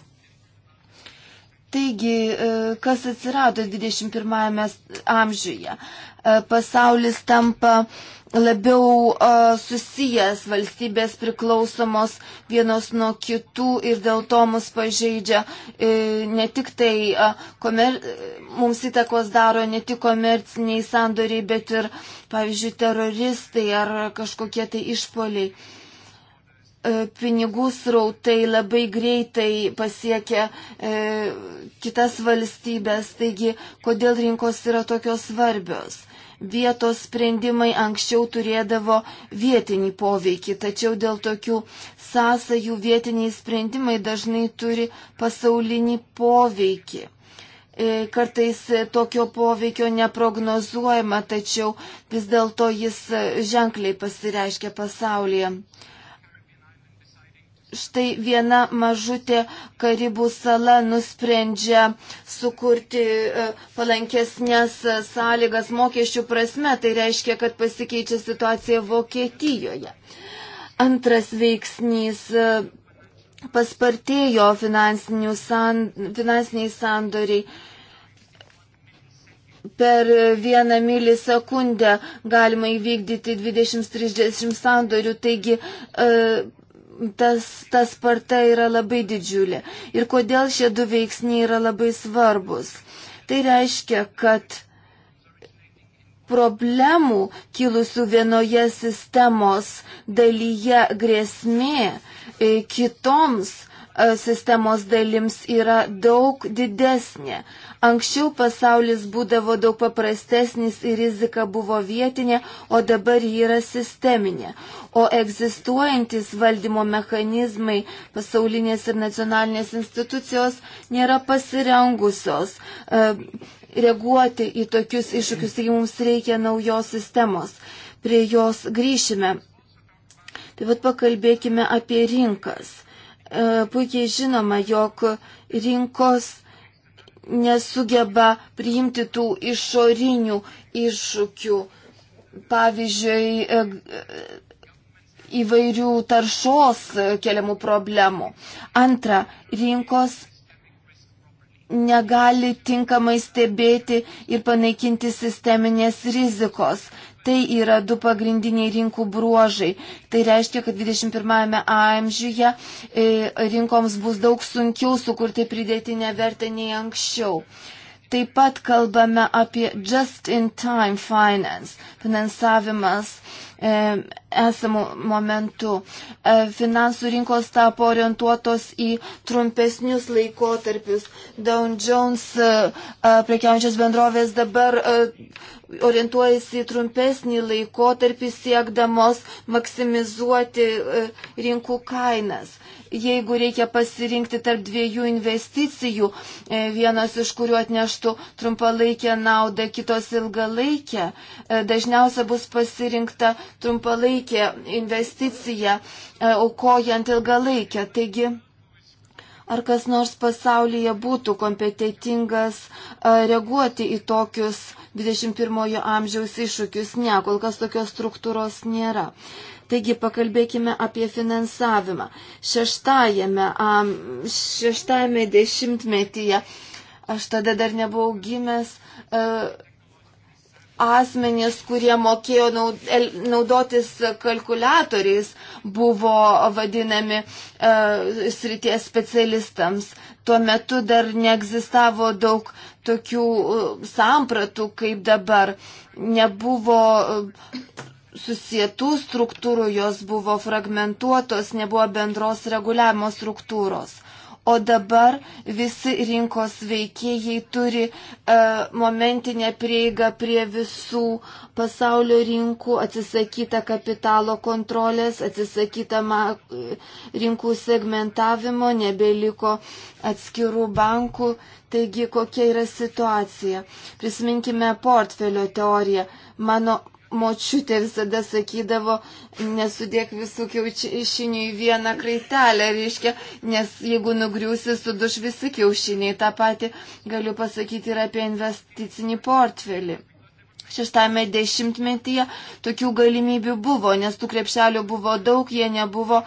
Taigi, e, kas atsirado 21 amžiuje? E, pasaulis tampa labiau e, susijęs, valstybės priklausomos vienos nuo kitų ir dėl to mus pažeidžia ne tik tai, komer... mums įtakos daro ne tik komerciniai sandoriai, bet ir, pavyzdžiui, teroristai ar kažkokie tai išpoliai. E, pinigų srautai labai greitai pasiekia e, kitas valstybės, taigi kodėl rinkos yra tokios svarbios. Vietos sprendimai anksčiau turėdavo vietinį poveikį, tačiau dėl tokių sąsajų vietiniai sprendimai dažnai turi pasaulinį poveikį. E, kartais tokio poveikio neprognozuojama, tačiau vis dėlto jis ženkliai pasireiškia pasaulyje. E, štai viena mažutė Karibų sala nusprendžia sukurti e, palankesnės e, sąlygas mokesčių prasme, tai reiškia, kad pasikeičia situacija Vokietijoje. Antras veiksnys e, paspartėjo san, finansiniai sandoriai per vieną milisekundę galima įvykdyti 20-30 sandorių, taigi e, tas, ta sparta yra labai didžiulė. Ir kodėl šie du veiksniai yra labai svarbus. Tai reiškia, kad problemų kilusių vienoje sistemos dalyje grėsmė e, kitoms e, sistemos dalims yra daug didesnė. Anksčiau pasaulis būdavo daug paprastesnis ir rizika buvo vietinė, o dabar ji yra sisteminė. O egzistuojantis valdymo mechanizmai pasaulinės ir nacionalinės institucijos nėra pasirengusios e, reaguoti į tokius iššūkius, taigi mums reikia naujos sistemos. Prie jos grįšime. Taip pat pakalbėkime apie rinkas. E, puikiai žinoma, jog rinkos nesugeba priimti tų išorinių iššūkių, pavyzdžiui, e, e, įvairių taršos keliamų problemų. Antra, rinkos negali tinkamai stebėti ir panaikinti sisteminės rizikos. Tai yra du pagrindiniai rinkų bruožai. Tai reiškia, kad 21-ame amžiuje e, rinkoms bus daug sunkiau sukurti pridėtinę vertę nei anksčiau. Taip pat kalbame apie just-in-time finance, finansavimas e, esamų momentų. E, finansų rinkos tapo orientuotos į trumpesnius laikotarpius. Down Jones e, prekiaujančios bendrovės dabar orientuojasi į trumpesnį laikotarpį siekdamos maksimizuoti rinkų kainas jeigu reikia pasirinkti tarp dviejų investicijų, e, vienas iš kurių atneštų trumpalaikę naudą, kitos ilgalaikę, e, dažniausia bus pasirinkta trumpalaikė investicija, e, aukojant ilgalaikę. Taigi, ar kas nors pasaulyje būtų kompetitingas reaguoti į tokius 21 amžiaus iššūkius. Ne, kol kas tokios struktūros nėra. Taigi pakalbėkime apie finansavimą. Šeštajame, šeštajame dešimtmetyje, aš tada dar nebuvau gimęs, e, asmenys, kurie mokėjo naudotis kalkulatoriais, buvo vadinami e, srities specialistams. Tuo metu dar neegzistavo daug tokių e, sampratų kaip dabar. Nebuvo susietų struktūrų, jos buvo fragmentuotos, nebuvo bendros reguliavimo struktūros. O dabar visi rinkos veikėjai turi e, momentinę prieigą prie visų pasaulio rinkų, atsisakyta kapitalo kontrolės, atsisakyta ma, e, rinkų segmentavimo, nebeliko atskirų bankų. Taigi, kokia yra situacija? Prisiminkime portfelio teoriją. Mano močiutė visada sakydavo, nesudėk visų kiaušinių į vieną kraitelę, reiškia, nes jeigu nugriusi, suduš visi kiaušiniai. Ta pati galiu pasakyti ir apie investicinį portfelį šeštame dešimtmetyje tokių galimybių buvo, nes tų krepšelių buvo daug, jie nebuvo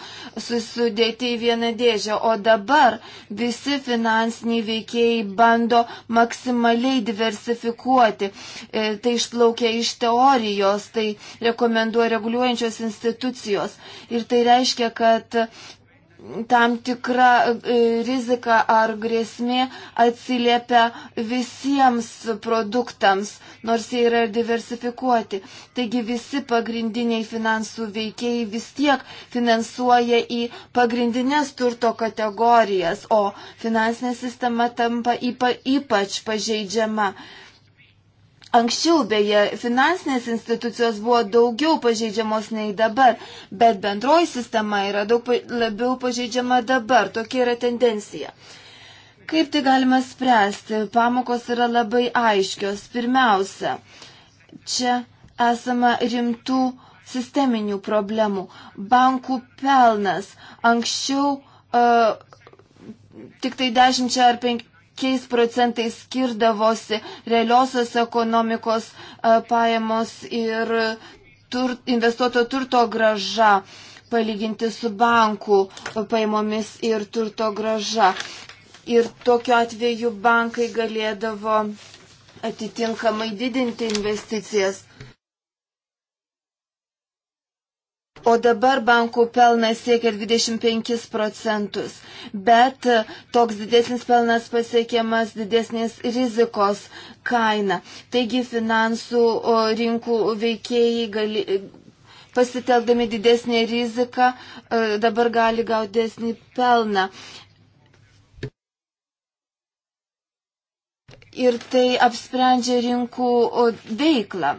susidėti į vieną dėžę. O dabar visi finansiniai veikėjai bando maksimaliai diversifikuoti. E, tai išplaukia iš teorijos, tai rekomenduoja reguliuojančios institucijos. Ir tai reiškia, kad tam tikra e, rizika ar grėsmė atsiliepia visiems produktams, nors jie yra diversifikuoti. Taigi visi pagrindiniai finansų veikėjai vis tiek finansuoja į pagrindinės turto kategorijas, o finansinė sistema tampa ypa, ypač pažeidžiama. Uh, Anksčiau beje finansinės institucijos buvo daugiau pažeidžiamos nei dabar, bet bendroji sistema yra daug pa labiau pažeidžiama dabar. Tokia yra tendencija. Kaip tai galima spręsti? Pamokos yra labai aiškios. Pirmiausia, čia esama rimtų sisteminių problemų. Bankų pelnas anksčiau uh, tik tai 10 ar 15 kokiais procentais skirdavosi realiosios ekonomikos e, pajamos ir tur, investuoto turto graža palyginti su bankų pajamomis ir turto graža. Ir tokiu atveju bankai galėdavo atitinkamai didinti investicijas. O dabar bankų pelnas siekia 25 procentus, bet toks didesnis pelnas pasiekiamas didesnės rizikos kaina. Taigi finansų rinkų veikėjai gali, pasiteldami didesnį riziką e, dabar gali gauti didesnį pelną. Ir tai apsprendžia rinkų veiklą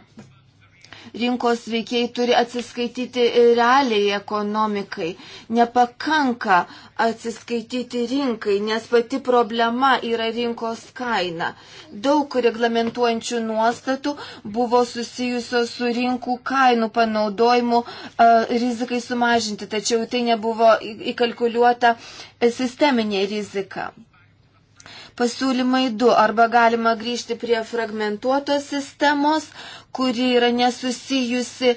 rinkos veikiai turi atsiskaityti realiai ekonomikai. Nepakanka atsiskaityti rinkai, nes pati problema yra rinkos kaina. Daug reglamentuojančių nuostatų buvo susijusios su rinkų kainų panaudojimu rizikai sumažinti, tačiau tai nebuvo įkalkuliuota sisteminė rizika pasiūlymai du. Arba galima grįžti prie fragmentuotos sistemos, kuri yra nesusijusi,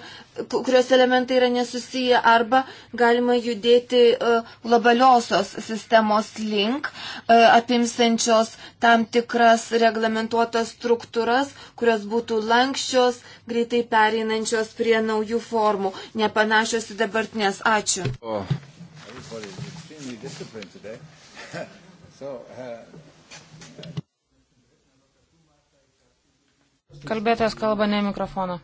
kurios elementai yra nesusiję, arba galima judėti e, globaliosios sistemos link, e, apimsančios tam tikras reglamentuotas struktūras, kurios būtų lankščios, greitai pereinančios prie naujų formų, nepanašios į dabartinės. Ačiū. Oh. So, uh, Kalbėtojas kalba ne mikrofoną.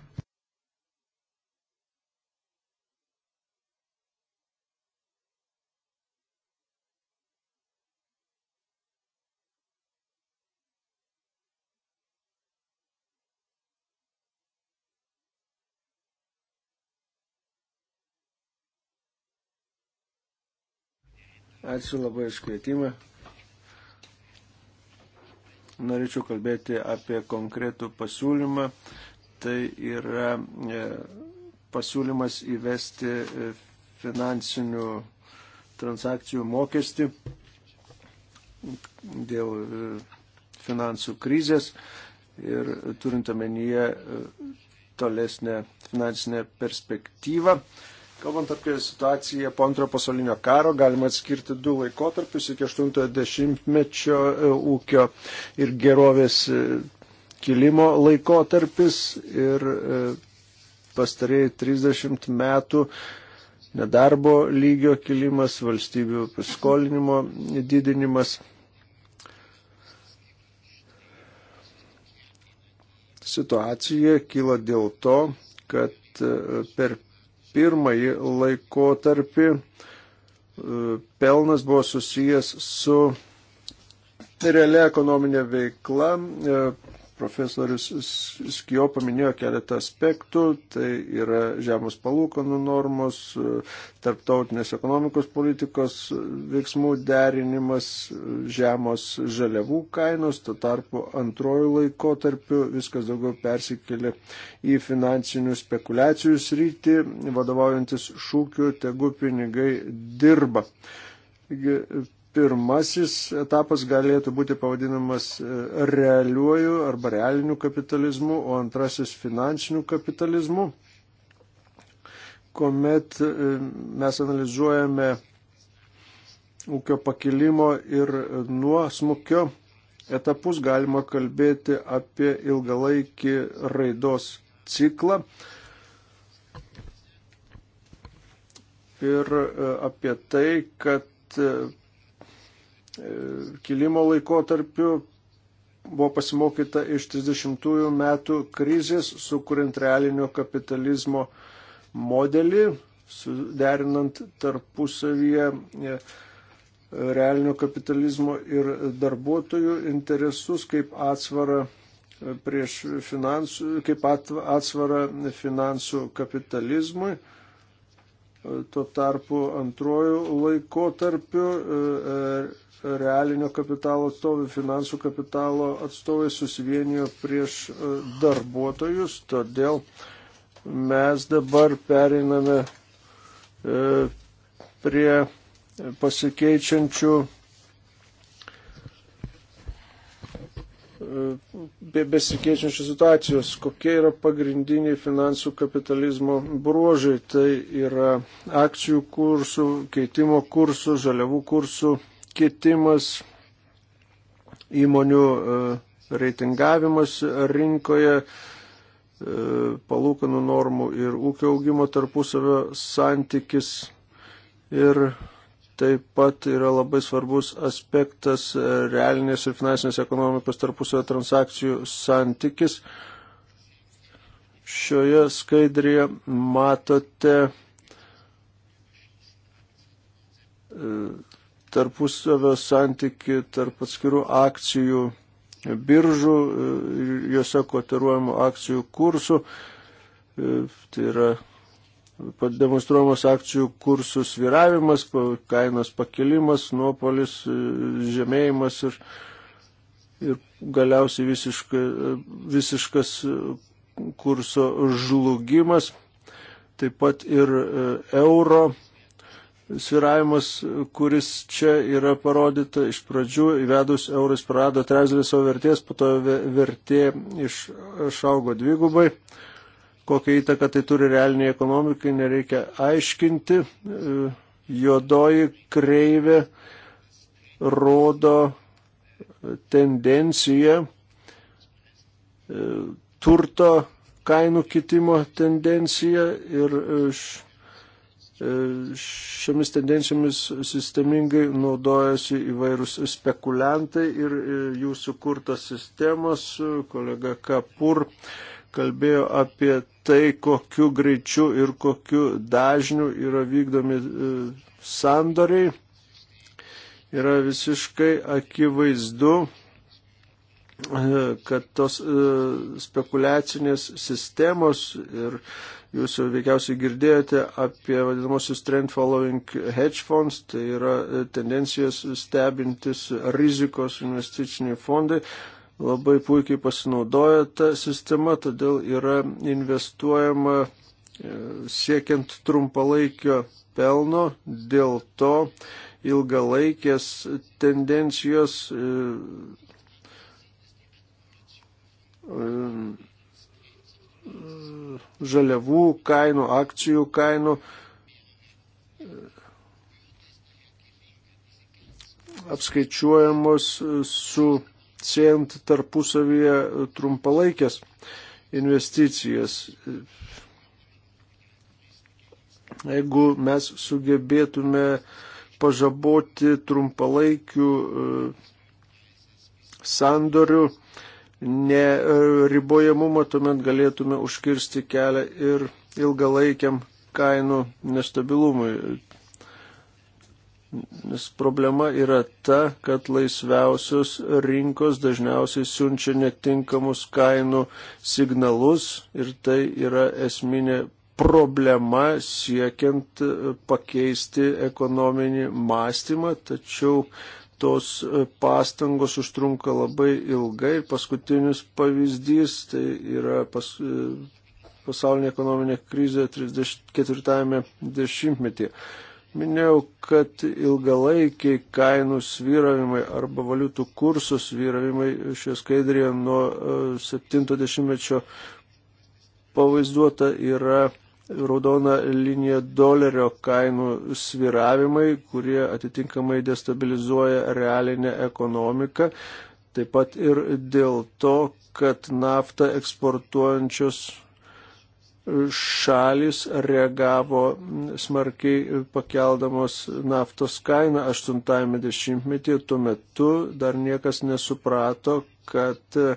Ačiū labai iš kvietimą norėčiau kalbėti apie konkretų pasiūlymą. Tai yra e, pasiūlymas įvesti e, finansinių transakcijų mokestį dėl e, finansų krizės ir turint omenyje tolesnę finansinę perspektyvą. Kalbant apie situaciją po antrojo pasaulinio karo, galima atskirti du laikotarpius iki 80-mečio e, ūkio ir gerovės e, kilimo laikotarpis ir e, pastarėjai 30 metų nedarbo lygio kilimas, valstybių paskolinimo didinimas. Situacija kilo dėl to, kad per pirmąjį laikotarpį e, pelnas buvo susijęs su realia ekonominė veikla, e, profesorius Skio paminėjo keletą aspektų, tai yra žemos palūkanų normos, tarptautinės ekonomikos politikos veiksmų derinimas, žemos žaliavų kainos, to tarpu antrojų laikotarpių viskas daugiau persikėlė į finansinių spekulacijų sritį, vadovaujantis šūkiu, tegu pinigai dirba. Taigi, pirmasis etapas galėtų būti pavadinamas e, realiuoju arba realiniu kapitalizmu, o antrasis finansiniu kapitalizmu, kuomet e, mes analizuojame ūkio pakilimo ir nuosmukio etapus, galima kalbėti apie ilgalaikį raidos ciklą. Ir e, apie tai, kad E, kilimo laikotarpiu buvo pasimokyta iš 30-ųjų metų krizės, sukuriant realinio kapitalizmo modelį, suderinant tarpusavyje e, realinio kapitalizmo ir darbuotojų interesus kaip atsvarą e, prieš finansų, kaip atsvarą finansų kapitalizmui. Tuo tarpu antrojų laikotarpių realinio kapitalo atstovai, finansų kapitalo atstovai susivienijo prieš e, darbuotojus, todėl mes dabar periname e, prie pasikeičiančių e, be besikeičiančios situacijos, kokie yra pagrindiniai finansų kapitalizmo bruožai. Tai yra akcijų kursų, keitimo kursų, žaliavų kursų kitimas, įmonių e, reitingavimas rinkoje, e, palūkanų normų ir ūkio augimo tarpusavio santykis ir taip pat yra labai svarbus aspektas e, realinės ir finansinės ekonomikos tarpusavio transakcijų santykis. Šioje skaidrėje matote tarpusavio santyki tarp atskirų akcijų biržų, e, juose kotiruojamų akcijų kursų. E, tai yra demonstruojamas akcijų kursų sviravimas, kainos pakilimas, nuopolis, e, žemėjimas ir, ir galiausiai visiška, visiškas kurso žlugimas. Taip pat ir euro sviravimas, kuris čia yra parodyta iš pradžių, įvedus eurus prarado trečdalį savo vertės, po to vertė išaugo dvigubai. Kokią įtaką tai turi realiniai ekonomikai, nereikia aiškinti. Jodoji kreivė rodo tendenciją turto kainų kitimo tendencija ir š E, šiomis tendencijomis sistemingai naudojasi įvairūs spekuliantai ir e, jų sukurtas sistemas. Kolega Kapur kalbėjo apie tai, kokiu greičiu ir kokiu dažniu yra vykdomi e, sandoriai. Yra visiškai akivaizdu, kad tos spekuliacinės sistemos ir uh, Jūs jau veikiausiai girdėjote apie vadinamosius trend following hedge funds, tai yra e, tendencijos stebintis rizikos investiciniai fondai. Labai puikiai pasinaudoja ta sistema, todėl yra investuojama e, siekiant trumpalaikio pelno, dėl to ilgalaikės tendencijos e, žaliavų kainų, akcijų kainų. apskaičiuojamos su siejant tarpusavyje trumpalaikės investicijas. Jeigu mes sugebėtume pažaboti trumpalaikių e, sandorių, neribojamumo, tuomet galėtume užkirsti kelią ir ilgalaikiam kainų nestabilumui. Nes problema yra ta, kad laisviausios rinkos dažniausiai siunčia netinkamus kainų signalus ir tai yra esminė problema siekiant pakeisti ekonominį mąstymą, tačiau uh, tos e, pastangos užtrunka labai ilgai. Paskutinis pavyzdys tai yra pas, e, pasaulinė ekonominė krizė 34-ame dešimtmetyje. Minėjau, kad ilgalaikiai kainų svyravimai arba valiutų kursų svyravimai šioje skaidrėje nuo 70-mečio e, pavaizduota yra raudona linija dolerio kainų sviravimai, kurie atitinkamai destabilizuoja realinę ekonomiką. Taip pat ir dėl to, kad naftą eksportuojančios šalis reagavo smarkiai pakeldamos naftos kainą 80-metį. Tuo metu dar niekas nesuprato, kad e,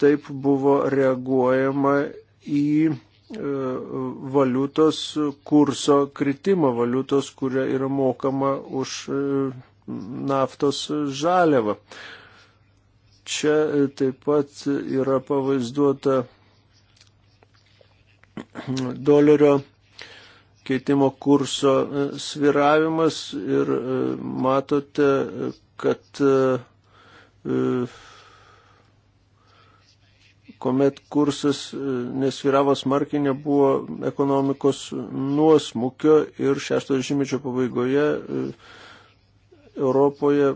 taip buvo reaguojama į E, valiutos kurso kritimo, valiutos, kuria yra mokama už e, naftos žaliavą. Čia e, taip pat yra pavaizduota dolerio keitimo kurso sviravimas ir matote, kad kuomet kursas e, nesviravo smarkiai, nebuvo ekonomikos nuosmukio ir 60-mečio pabaigoje e, Europoje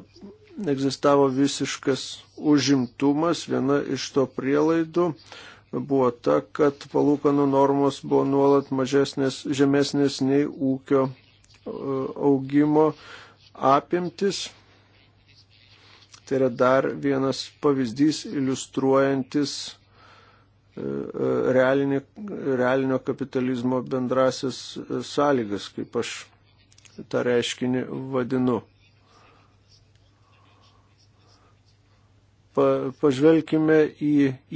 egzistavo visiškas užimtumas. Viena iš to prielaidų buvo ta, kad palūkanų normos buvo nuolat mažesnės, žemesnės nei ūkio e, augimo apimtis. Tai yra dar vienas pavyzdys iliustruojantis E, e, realinį, realinio kapitalizmo bendrasis e, sąlygas, kaip aš tą reiškinį vadinu. Pa, pažvelkime į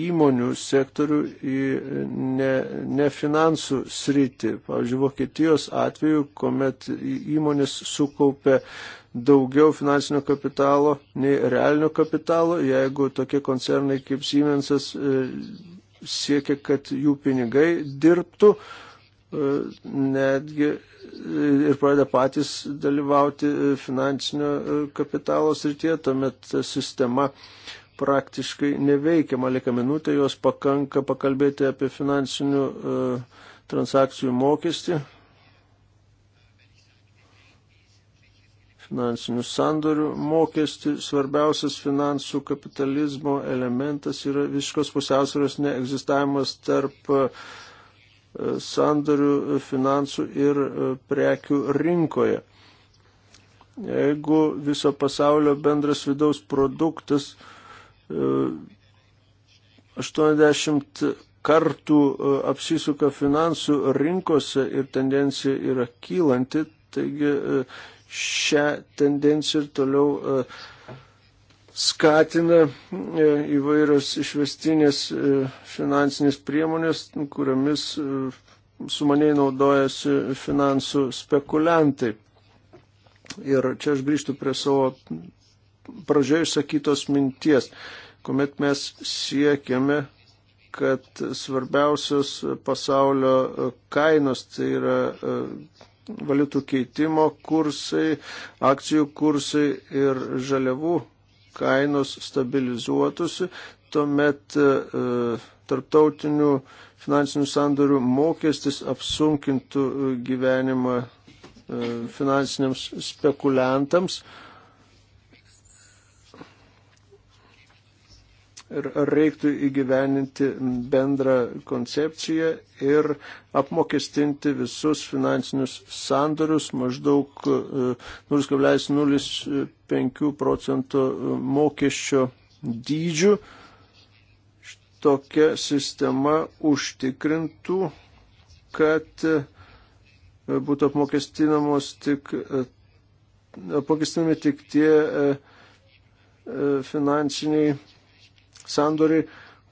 įmonių sektorių, į ne, ne finansų sritį. Pavyzdžiui, Vokietijos atveju, kuomet įmonės sukaupė daugiau finansinio kapitalo nei realinio kapitalo, jeigu tokie koncernai kaip Siemensas e, siekia, kad jų pinigai dirbtų e, netgi e, ir pradeda patys dalyvauti e, finansinio kapitalo srityje, tuomet sistema praktiškai neveikia. Malika minutė, jos pakanka pakalbėti apie finansinių transakcijų mokestį, finansinių sandorių mokestį. Svarbiausias finansų kapitalizmo elementas yra visiškos pusiausvėros neegzistavimas tarp e, sandorių e, finansų ir e, prekių rinkoje. Jeigu viso pasaulio bendras vidaus produktas 80 kartų apsisuka finansų rinkose ir tendencija yra kylanti, taigi šią tendenciją ir toliau e, skatina e, įvairios išvestinės e, finansinės priemonės, kuriamis sumaniai naudojasi finansų spekuliantai. Ir čia aš grįžtu prie savo pradžioje išsakytos minties, kuomet mes siekiame, kad svarbiausios pasaulio kainos, tai yra valiutų keitimo kursai, akcijų kursai ir žaliavų kainos stabilizuotųsi, tuomet e, tarptautinių finansinių sandorių mokestis apsunkintų gyvenimą e, finansiniams spekuliantams. E, ir ar reiktų įgyveninti bendrą koncepciją ir apmokestinti visus finansinius sandorius maždaug 0,05 e, procento mokesčio dydžių. Tokia sistema užtikrintų, kad e, būtų apmokestinamos tik, e, apmokestinami tik tie finansiniai sandoriai,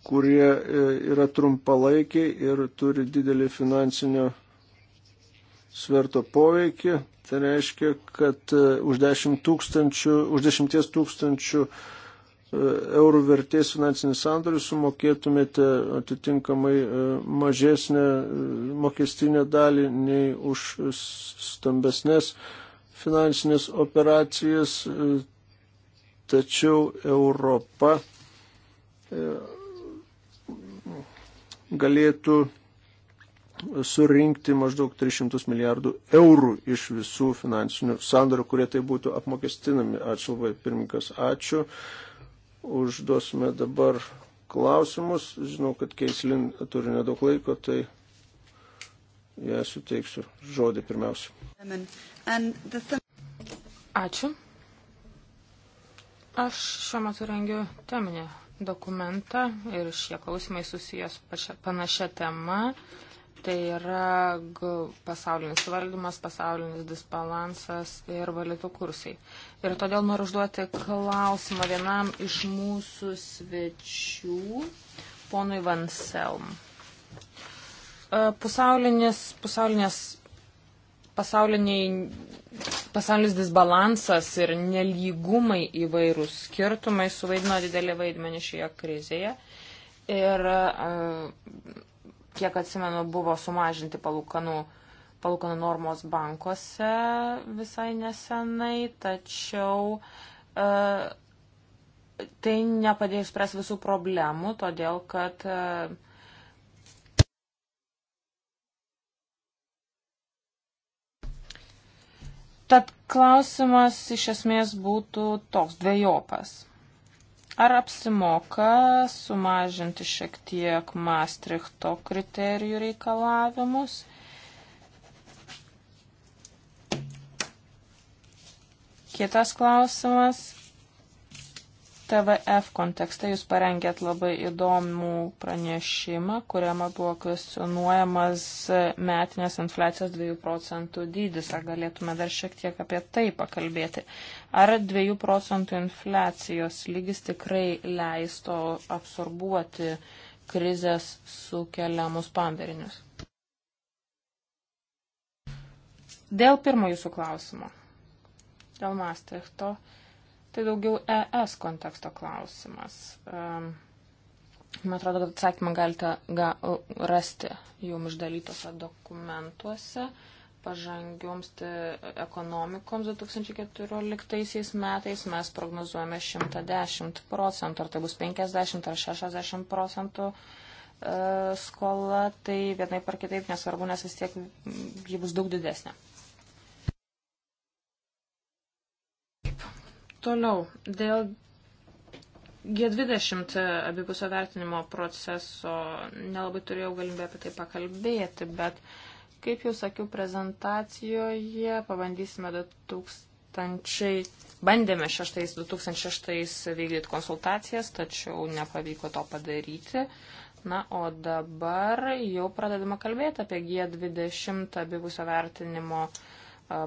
kurie e, yra trumpalaikiai ir turi didelį finansinio sverto poveikį. Tai reiškia, kad e, už, 10 tūkstančių, už 10 tūkstančių e, eurų vertės finansinį sandorį sumokėtumėte atitinkamai mažesnę mokestinę dalį nei už stambesnės finansinės operacijas. Tačiau Europa galėtų surinkti maždaug 300 milijardų eurų iš visų finansinių sandorių, kurie tai būtų apmokestinami. Ačiū labai, pirmininkas, ačiū. Užduosime dabar klausimus. Žinau, kad Keislin turi nedaug laiko, tai ją suteiksiu žodį pirmiausia. Ačiū. Aš šiuo metu rengiu teminę dokumentą ir šie klausimai susijęs panašia tema. Tai yra pasaulinis valdymas, pasaulinis disbalansas ir valiutų kursai. Ir todėl noriu užduoti klausimą vienam iš mūsų svečių, ponui Vanselm. E, pasaulinis, pasaulinės pasaulinis disbalansas ir nelygumai įvairūs skirtumai suvaidino didelį vaidmenį šioje krizėje. Ir e, kiek atsimenu, buvo sumažinti palūkanų, palūkanų normos bankuose visai nesenai, tačiau e, tai nepadėjo spręs visų problemų, todėl kad uh, Tad klausimas iš esmės būtų toks dviejopas. Ar apsimoka sumažinti šiek tiek Maastrichto kriterijų reikalavimus? Kitas klausimas. TVF kontekste jūs parengėt labai įdomų pranešimą, kuriame buvo kvestionuojamas metinės infliacijos 2 procentų dydis. Ar galėtume dar šiek tiek apie tai pakalbėti? Ar 2 procentų infliacijos lygis tikrai leisto absorbuoti krizės sukeliamus pandarinius? Dėl pirmo jūsų klausimo. Dėl Maastrichto tai daugiau ES konteksto klausimas. Man atrodo, kad atsakymą galite ga, rasti jums išdalytose dokumentuose pažangioms ekonomikoms 2014 metais mes prognozuojame 110 procentų, ar tai bus 50 ar 60 procentų e, skola, tai vienai par kitaip nesvarbu, nes vis tiek ji bus daug didesnė. Toliau, dėl G20 abipusio vertinimo proceso nelabai turėjau galimybę apie tai pakalbėti, bet kaip jau sakiau prezentacijoje, pabandysime 2000, bandėme 6, 2006 vykdyti konsultacijas, tačiau nepavyko to padaryti. Na, o dabar jau pradedama kalbėti apie G20 abipusio vertinimo proceso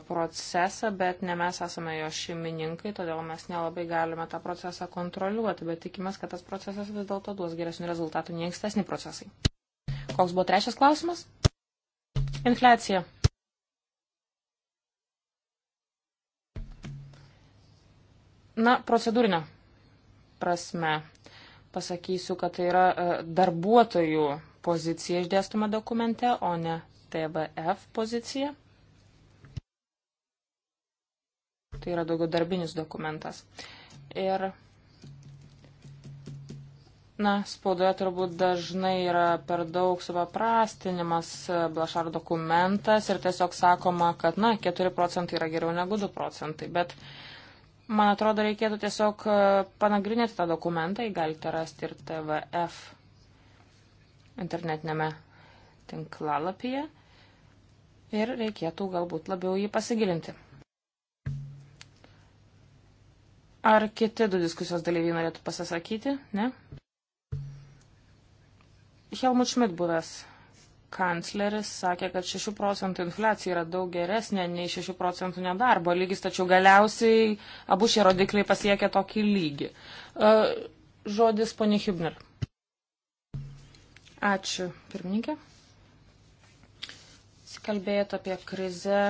procesą, bet ne mes esame jo šeimininkai, todėl mes nelabai galime tą procesą kontroliuoti, bet tikimės, kad tas procesas vis dėlto duos geresnių rezultatų nei ankstesni procesai. Koks buvo trečias klausimas? Infliacija. Na, procedūrinė prasme pasakysiu, kad tai yra e, darbuotojų pozicija išdėstoma dokumente, o ne TVF pozicija. Tai yra daugiau darbinis dokumentas. Ir, na, spaudoje turbūt dažnai yra per daug supaprastinimas e, Blašar dokumentas ir tiesiog sakoma, kad, na, 4 procentai yra geriau negu 2 procentai. Bet Man atrodo, reikėtų tiesiog e, panagrinėti tą dokumentą, jį galite rasti ir TVF internetinėme tinklalapyje ir reikėtų galbūt labiau jį pasigilinti. Ar kiti du diskusijos dalyviai norėtų pasisakyti? Ne? Helmut Schmidt buvęs kancleris sakė, kad 6 procentų infliacija yra daug geresnė nei 6 procentų nedarbo lygis, tačiau galiausiai abu šie rodikliai pasiekia tokį lygį. E, žodis ponė Hibner. Ačiū, pirmininkė. Kalbėjot apie krizę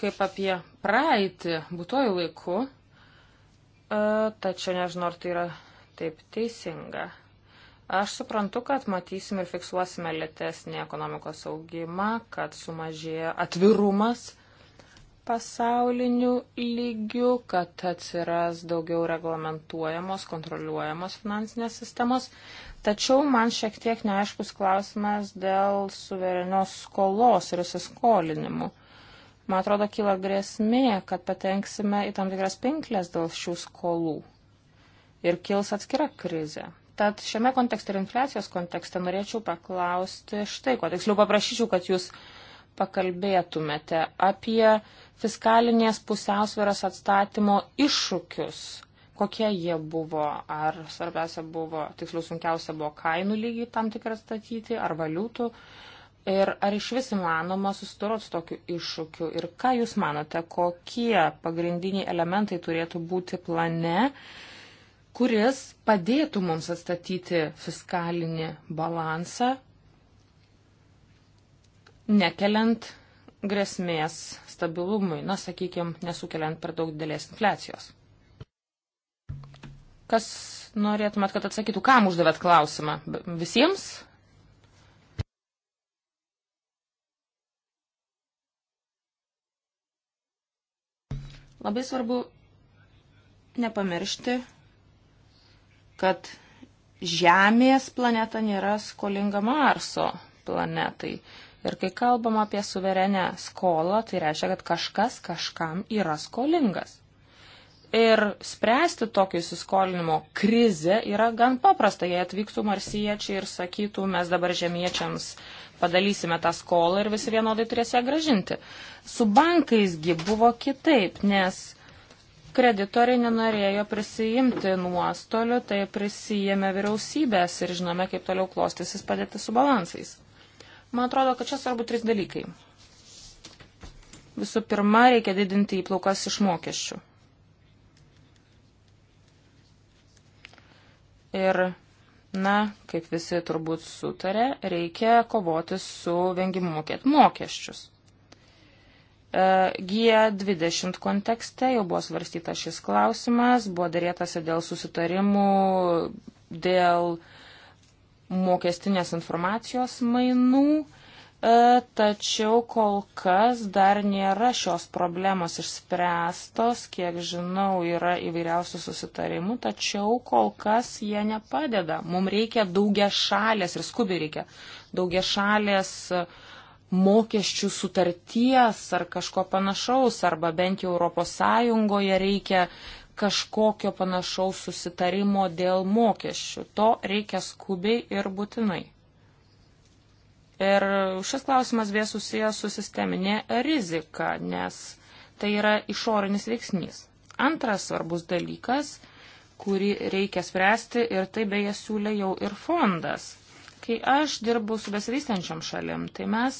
kaip apie praeitį būtojų laiku tačiau nežinau, ar tai yra taip teisinga. Aš suprantu, kad matysime ir fiksuosime lėtesnį ekonomikos augimą, kad sumažėja atvirumas pasauliniu lygiu, kad atsiras daugiau reglamentuojamos, kontroliuojamos finansinės sistemos. Tačiau man šiek tiek neaiškus klausimas dėl suverenios skolos ir įsiskolinimų. Man atrodo, kyla grėsmė, kad patenksime į tam tikras pinklės dėl šių skolų ir kils atskira krizė. Tad šiame kontekste ir infliacijos kontekste norėčiau paklausti štai ko. Tiksliau paprašyčiau, kad jūs pakalbėtumėte apie fiskalinės pusiausvėros atstatymo iššūkius. Kokie jie buvo? Ar svarbiausia buvo, tiksliau sunkiausia buvo kainų lygiai tam tikrą statyti, ar valiutų? Uh, Ir ar iš vis įmanoma susidoroti su tokiu iššūkiu? Ir ką Jūs manote, kokie pagrindiniai elementai turėtų būti plane, kuris padėtų mums atstatyti fiskalinį balansą, nekeliant grėsmės stabilumui, na, sakykime, nesukeliant per daug didelės infliacijos? Kas norėtumėt, kad atsakytų, kam uždavėt klausimą? Visiems? Labai svarbu nepamiršti, kad Žemės planeta nėra skolinga Marso planetai. Ir kai kalbam apie suverenę skolą, tai reiškia, kad kažkas kažkam yra skolingas. Ir spręsti tokį įsiskolinimo krizę yra gan paprasta. Jei atvyktų marsiečiai ir sakytų, mes dabar žemiečiams uh, padalysime tą skolą ir visi vienodai turės ją gražinti. Su bankaisgi buvo kitaip, nes kreditoriai nenorėjo prisijimti nuostolių, tai prisijėmė vyriausybės ir žinome, kaip toliau klostysis padėti su balansais. Man atrodo, kad čia svarbu trys dalykai. Visų pirma, reikia didinti įplaukas iš mokesčių. Ir Na, kaip visi turbūt sutarė, reikia kovoti su vengimu mokėti mokesčius. E, G20 kontekste jau buvo svarstyta šis klausimas, buvo darėtasi dėl susitarimų, dėl mokestinės informacijos mainų E, tačiau kol kas dar nėra šios problemos išspręstos, kiek žinau, yra įvairiausių susitarimų, tačiau kol kas jie nepadeda. Mums reikia daugia šalės ir skubiai reikia daugia šalės mokesčių sutarties ar kažko panašaus, arba bent jau ES reikia kažkokio panašaus susitarimo dėl mokesčių. To reikia skubiai ir būtinai. Ir šis klausimas vėl susijęs su sisteminė rizika, nes tai yra išorinis veiksnys. Antras svarbus dalykas, kurį reikia spręsti ir tai beje siūlė jau ir fondas. Kai aš dirbu su besivystančiam šalim, tai mes,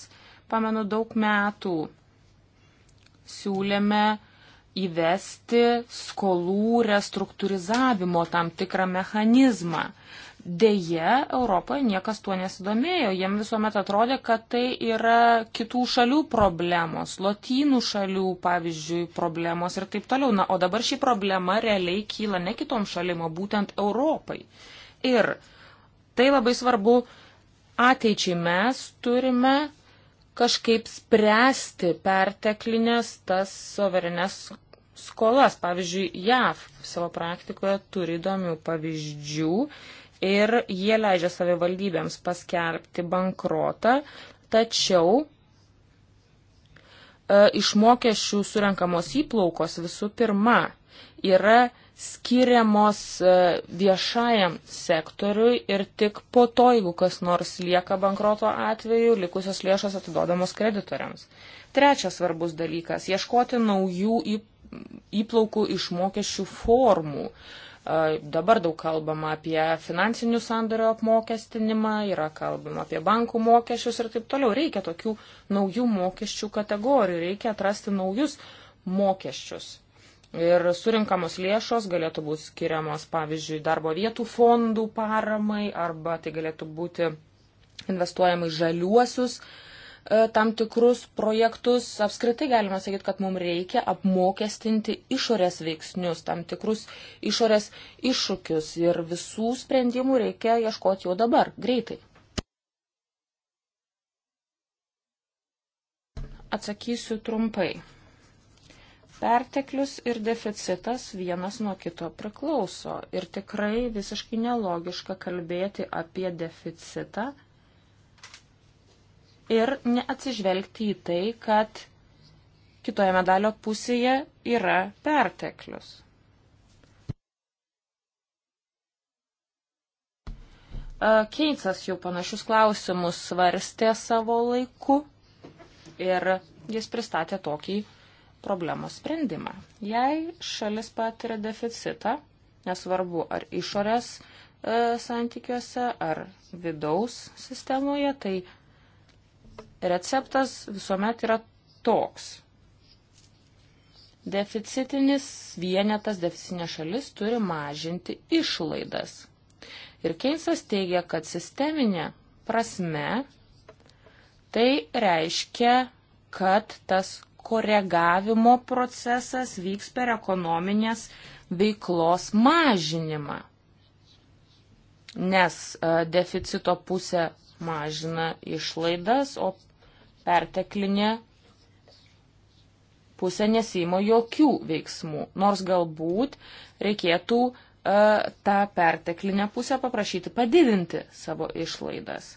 pamenu, daug metų siūlėme įvesti skolų restruktūrizavimo tam tikrą mechanizmą. Deja, Europoje niekas tuo nesidomėjo. Jiem visuomet atrodė, kad tai yra kitų šalių problemos, lotynų šalių, pavyzdžiui, problemos ir taip toliau. Na, o dabar ši problema realiai kyla ne kitom šalim, o būtent Europai. Ir tai labai svarbu ateičiai mes turime kažkaip spręsti perteklinės tas suverenės skolas. Pavyzdžiui, JAV savo praktikoje turi įdomių pavyzdžių ir jie leidžia savivaldybėms paskelbti bankrotą, tačiau e, iš mokesčių surinkamos įplaukos visų pirma yra skiriamos e, viešajam sektoriui ir tik po to, jeigu kas nors lieka bankroto atveju, likusios lėšos atiduodamos kreditoriams. Trečias svarbus dalykas - ieškoti naujų įplaukų įplaukų iš mokesčių formų. Dabar daug kalbama apie finansinių sandorio apmokestinimą, yra kalbama apie bankų mokesčius ir taip toliau. Reikia tokių naujų mokesčių kategorijų, reikia atrasti naujus mokesčius. Ir surinkamos lėšos galėtų būti skiriamos, pavyzdžiui, darbo vietų fondų paramai arba tai galėtų būti investuojama į žaliuosius uh, E, tam tikrus projektus. Apskritai galima sakyti, kad mums reikia apmokestinti išorės veiksnius, tam tikrus išorės iššūkius ir visų sprendimų reikia ieškoti jau dabar, greitai. Atsakysiu trumpai. Perteklius ir deficitas vienas nuo kito priklauso ir tikrai visiškai nelogiška kalbėti apie deficitą ir neatsižvelgti į tai, kad kitoje medalio pusėje yra perteklius. Keitsas jau panašius klausimus svarstė savo laiku ir jis pristatė tokį problemos sprendimą. Jei šalis patiria deficitą, nesvarbu ar išorės e, santykiuose, ar vidaus sistemoje, tai receptas visuomet yra toks. Deficitinis vienetas, deficitinė šalis turi mažinti išlaidas. Ir Keinsas teigia, kad sisteminė prasme tai reiškia, kad tas koregavimo procesas vyks per ekonominės veiklos mažinimą. Nes e, deficito pusė mažina išlaidas, o perteklinė pusė nesima jokių veiksmų, nors galbūt reikėtų e, tą perteklinę pusę paprašyti padidinti savo išlaidas.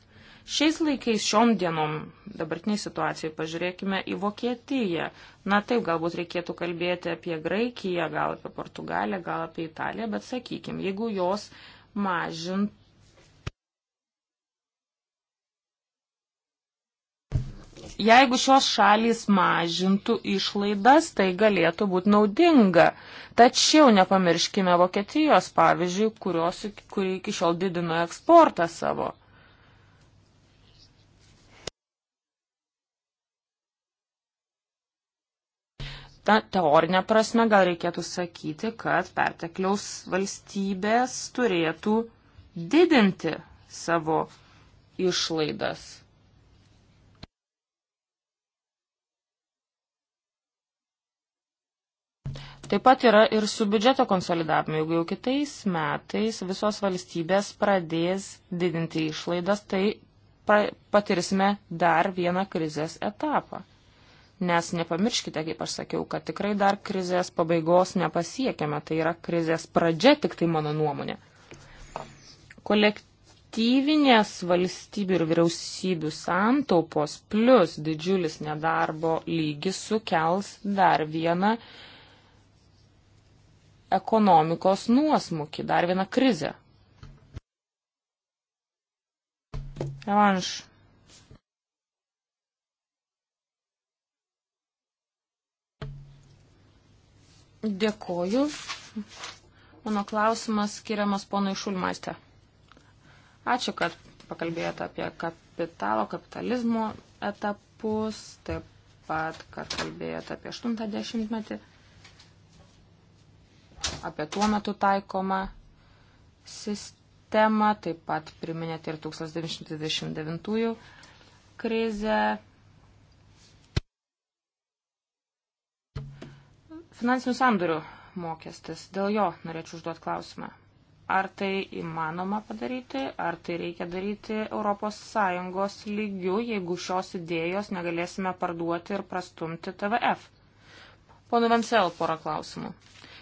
Šiais laikais, šiom dienom, dabartiniai situacijai, pažiūrėkime į Vokietiją. Na taip, galbūt reikėtų kalbėti apie Graikiją, gal apie Portugaliją, gal apie Italiją, bet sakykime, jeigu jos mažint Jeigu šios šalys mažintų išlaidas, tai galėtų būti naudinga. Tačiau nepamirškime Vokietijos, pavyzdžiui, kurios, kuri iki šiol didino eksportą savo. ta teorinė prasme gal reikėtų sakyti, kad pertekliaus valstybės turėtų didinti savo išlaidas. Taip pat yra ir su biudžeto konsolidavimu. Jeigu jau kitais metais visos valstybės pradės didinti išlaidas, tai patirsime dar vieną krizės etapą. Nes nepamirškite, kaip aš sakiau, kad tikrai dar krizės pabaigos nepasiekėme. Tai yra krizės pradžia, tik tai mano nuomonė. Kolektyvinės valstybių ir vyriausybių santaupos plus didžiulis nedarbo lygis sukels dar vieną krizę ekonomikos nuosmukį, dar vieną krizę. Revanš. Dėkoju. Mano klausimas skiriamas ponui Šulmaiste. Ačiū, kad pakalbėjote apie kapitalo, kapitalizmo etapus, taip pat, kad kalbėjote apie 80 metį apie tuo metu taikomą sistemą, taip pat priminėte ir 1929 krizę. Finansinių sandorių mokestis, dėl jo norėčiau užduoti klausimą. Ar tai įmanoma padaryti, ar tai reikia daryti ES lygių, jeigu šios idėjos negalėsime parduoti ir prastumti TVF? Ponu Vensel, porą klausimų.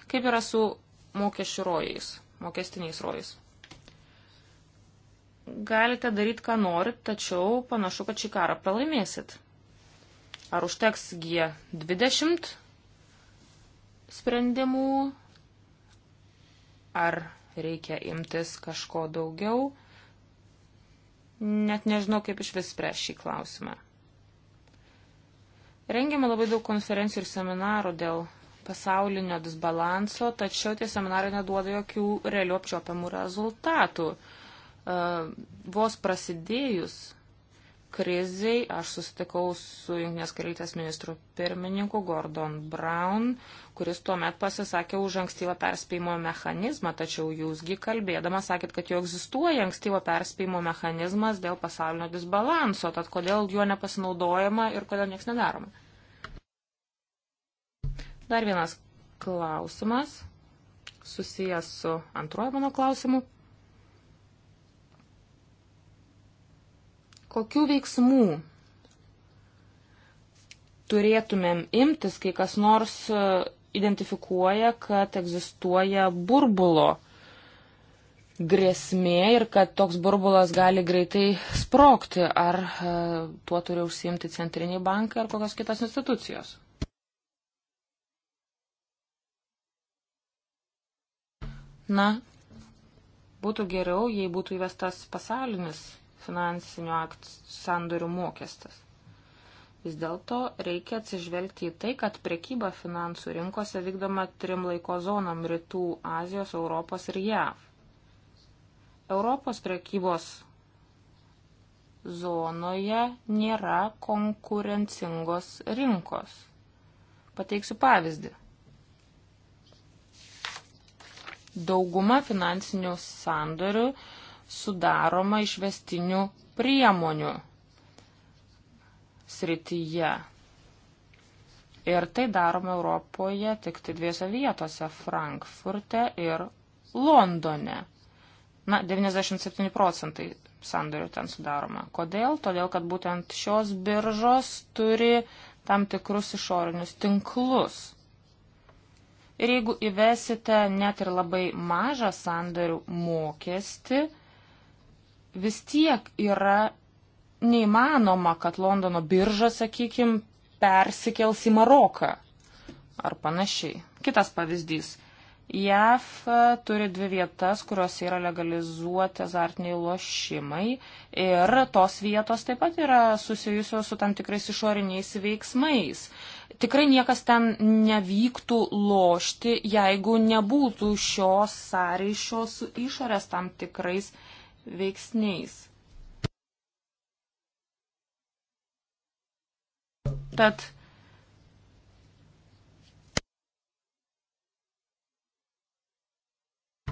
Kaip yra su mokesčių rojais, mokestiniais rojais? Galite daryti, ką norit, tačiau panašu, kad šį karą pralaimėsit. Ar užteks G20 sprendimų, ar reikia imtis kažko daugiau. Net nežinau, kaip iš vis spręs šį klausimą. Rengiame labai daug konferencijų ir seminarų dėl pasaulinio disbalanso, tačiau tie seminarai neduoda jokių realių apčiopiamų rezultatų. E, vos prasidėjus krizai aš susitikau su Junktinės karalystės ministru pirmininku Gordon Brown, kuris tuo met pasisakė už ankstyvą perspėjimo mechanizmą, tačiau jūsgi kalbėdamas sakėt, kad jau egzistuoja ankstyvo perspėjimo mechanizmas dėl pasaulinio disbalanso, tad kodėl juo nepasinaudojama ir kodėl nieks nedaroma. Dar vienas klausimas susijęs su antruoju mano klausimu. Kokių veiksmų turėtumėm imtis, kai kas nors e, identifikuoja, kad egzistuoja burbulo grėsmė ir kad toks burbulas gali greitai sprokti. Ar e, tuo turi užsiimti centriniai bankai ar kokios kitos institucijos? Na, būtų geriau, jei būtų įvestas pasaulinis finansinių aktų sandorių mokestas. Vis dėlto reikia atsižvelgti į tai, kad prekyba finansų rinkose vykdoma trim laiko zonam - rytų Azijos, Europos ir JAV. Europos prekybos zonoje nėra konkurencingos rinkos. Pateiksiu pavyzdį. dauguma finansinių sandorių sudaroma išvestinių priemonių srityje. Ir tai daroma Europoje tik tai dviese vietose - Frankfurte ir Londone. Na, 97 procentai sandorių ten sudaroma. Kodėl? Todėl, kad būtent šios biržos turi tam tikrus išorinius tinklus Ir jeigu įvesite net ir labai mažą sandarių mokestį, vis tiek yra neįmanoma, kad Londono birža, sakykime, persikels į Maroką ar panašiai. Kitas pavyzdys. JAF e, turi dvi vietas, kuriuose yra legalizuoti azartiniai lošimai ir tos vietos taip pat yra susijusios su tam tikrais išoriniais veiksmais. Tikrai niekas ten nevyktų lošti, jeigu nebūtų šios sąryšio su išorės tam tikrais veiksniais. Tad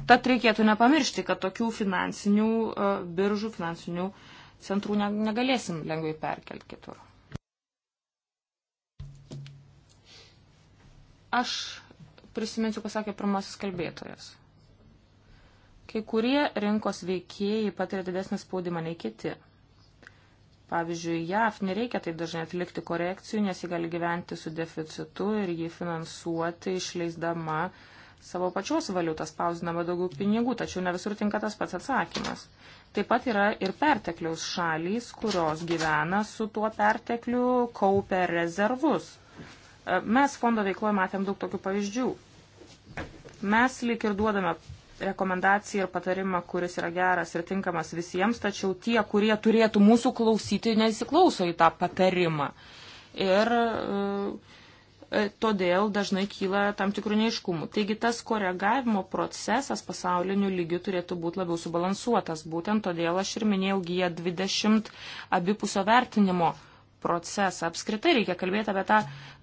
Tad reikėtų nepamiršti, kad tokių finansinių e, biržų, finansinių centrų negalėsim lengvai perkelti kitur. Aš prisiminsiu, ką sakė pirmasis kalbėtojas. Kai kurie rinkos veikėjai patiria didesnį spaudimą nei kiti. Pavyzdžiui, JAF nereikia taip dažnai atlikti korekcijų, nes ji gali gyventi su deficitu ir jį finansuoti išleisdama savo pačios valiutą spausdinama daugiau pinigų, tačiau ne visur tinka tas pats atsakymas. Taip pat yra ir pertekliaus šalys, kurios gyvena su tuo pertekliu, kaupia rezervus. Mes fondo veikloje matėm daug tokių pavyzdžių. Mes lyg ir duodame rekomendaciją ir patarimą, kuris yra geras ir tinkamas visiems, tačiau tie, kurie turėtų mūsų klausyti, nesiklauso į tą patarimą. Ir e, todėl dažnai kyla tam tikrų neiškumų. Taigi tas koregavimo procesas pasauliniu lygiu turėtų būti labiau subalansuotas. Būtent todėl aš ir minėjau G20 abipusio vertinimo procesą. Apskritai reikia kalbėti apie tą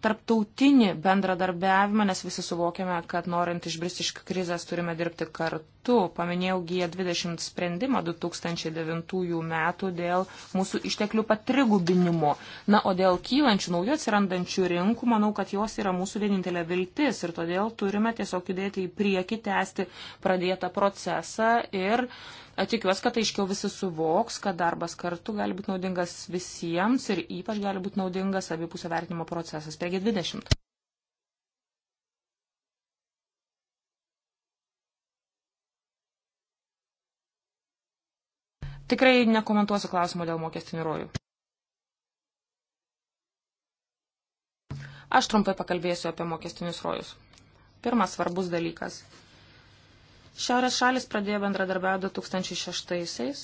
tarptautinį bendradarbiavimą, nes visi suvokiame, kad norint išbristi iš krizės turime dirbti kartu. Paminėjau G20 sprendimą 2009 metų dėl mūsų išteklių patrigubinimo. Na, o dėl kylančių naujų atsirandančių rinkų, manau, kad jos yra mūsų vienintelė viltis ir todėl turime tiesiog judėti į priekį, tęsti pradėtą procesą ir uh, Tikiuosi, kad aiškiau visi suvoks, kad darbas kartu gali būti naudingas visiems ir ypač gali būti naudingas abipusio vertinimo procesas. Pėgi 20. Tikrai nekomentuosiu klausimo dėl mokestinių rojų. Aš trumpai pakalbėsiu apie mokestinius rojus. Pirmas svarbus dalykas – Šiaurės šalis pradėjo bendradarbiavę 2006-aisiais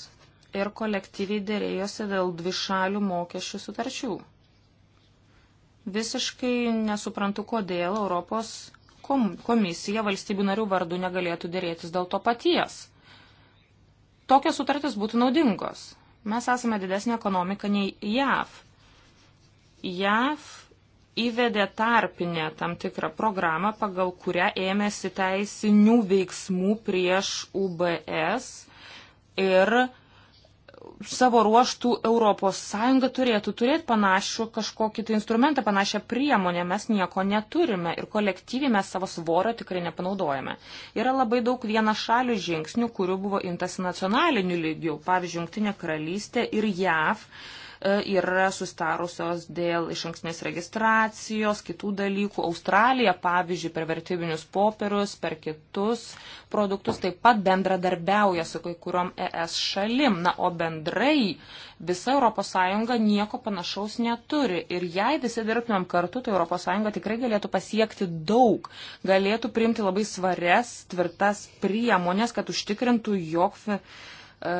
ir kolektyviai dėrėjosi dėl dvišalių mokesčių sutarčių. Visiškai nesuprantu, kodėl Europos komisija valstybių narių vardų negalėtų dėrėtis dėl to paties. Tokios sutartys būtų naudingos. Mes esame didesnė ekonomika nei JAV. JAV įvedė tarpinę tam tikrą programą, pagal kurią ėmėsi teisinių veiksmų prieš UBS ir savo ruoštų ES turėtų turėti panašų kažkokį tai instrumentą, panašią priemonę. Mes nieko neturime ir kolektyviai mes savo svorio tikrai nepanaudojame. Yra labai daug vienašalių žingsnių, kurių buvo imtasi nacionaliniu lygiu. Pavyzdžiui, Junktinė karalystė ir JAV E, yra sustarusios dėl iš ankstinės registracijos, kitų dalykų. Australija, pavyzdžiui, per vertybinius popierius, per kitus produktus taip pat bendradarbiauja su kai kuriuom ES šalim. Na, o bendrai visa ES nieko panašaus neturi. Ir jei visi dirbtumėm kartu, tai ES tikrai galėtų pasiekti daug, galėtų priimti labai svarias, tvirtas priemonės, kad užtikrintų, jog E,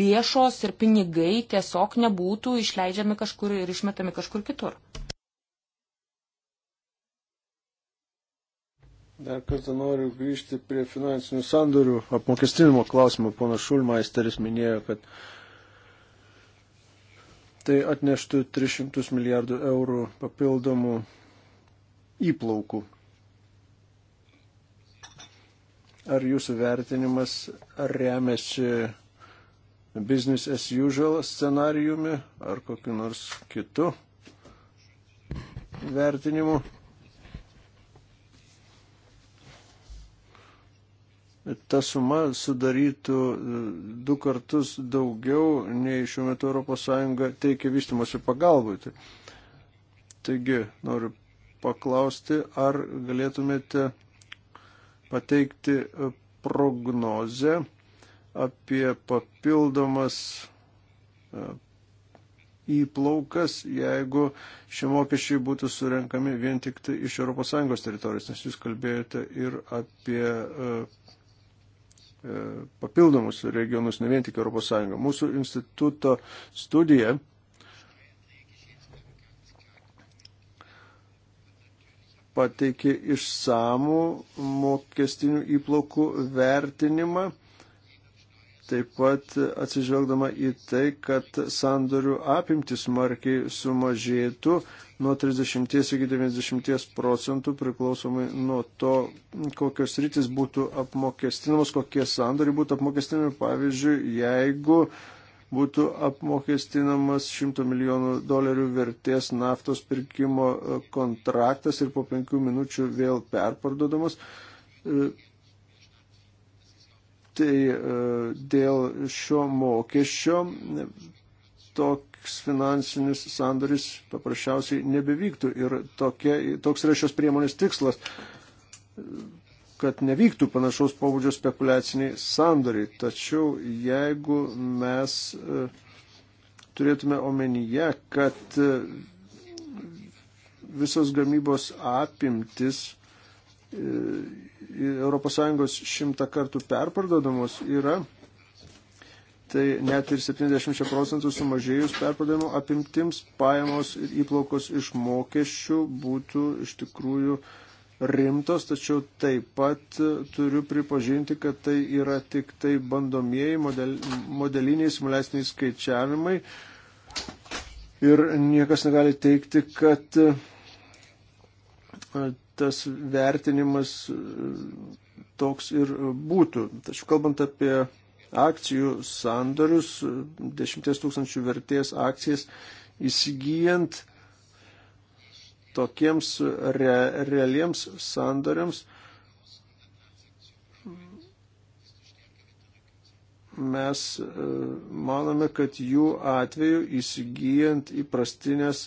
lėšos ir pinigai tiesiog nebūtų išleidžiami kažkur ir išmetami kažkur kitur. Dar kartą noriu grįžti prie finansinių sandorių apmokestinimo klausimų. Pana Šulmaisteris minėjo, kad tai atneštų 300 milijardų eurų papildomų įplaukų. Ar jūsų vertinimas remiasi business as usual scenarijumi ar kokiu nors kitu vertinimu. Ta suma sudarytų e, du kartus daugiau nei šiuo metu ES teikia vystimosi pagalbai. Tai- Taigi noriu paklausti, ar galėtumėte pateikti e, prognozę apie papildomas e, įplaukas, jeigu šie mokesčiai būtų surenkami vien tik tai iš ES teritorijos, nes jūs kalbėjote ir apie e, e, papildomus regionus, ne vien tik ES. Mūsų instituto studija pateikė išsamų mokestinių įplaukų vertinimą taip pat atsižvelgdama į tai, kad sandorių apimtis smarkiai sumažėtų nuo 30 iki 90 procentų priklausomai nuo to, kokios rytis būtų apmokestinamos, kokie sandoriai būtų apmokestinami. Pavyzdžiui, jeigu būtų apmokestinamas 100 milijonų dolerių vertės naftos pirkimo kontraktas ir po penkių minučių vėl perparduodamas, Tai e, dėl šio mokesčio toks finansinis sandoris paprasčiausiai nebevyktų ir tokia, toks yra šios priemonės tikslas kad nevyktų panašaus pobūdžio spekuliaciniai sandoriai. Tačiau jeigu mes e, turėtume omenyje, kad e, visos gamybos apimtis ES šimtą kartų perparduodamos yra, tai net ir 70 procentų sumažėjus perpardavimo apimtims pajamos ir įplaukos iš mokesčių būtų iš tikrųjų rimtos, tačiau taip pat turiu pripažinti, kad tai yra tik tai bandomieji model, modeliniai simulesniai skaičiavimai ir niekas negali teikti, kad tas vertinimas e, toks ir būtų. Tačiau kalbant apie akcijų sandorius, 10 tūkstančių vertės akcijas įsigijant tokiems re, realiems sandoriams, mes e, manome, kad jų atveju įsigijant įprastinės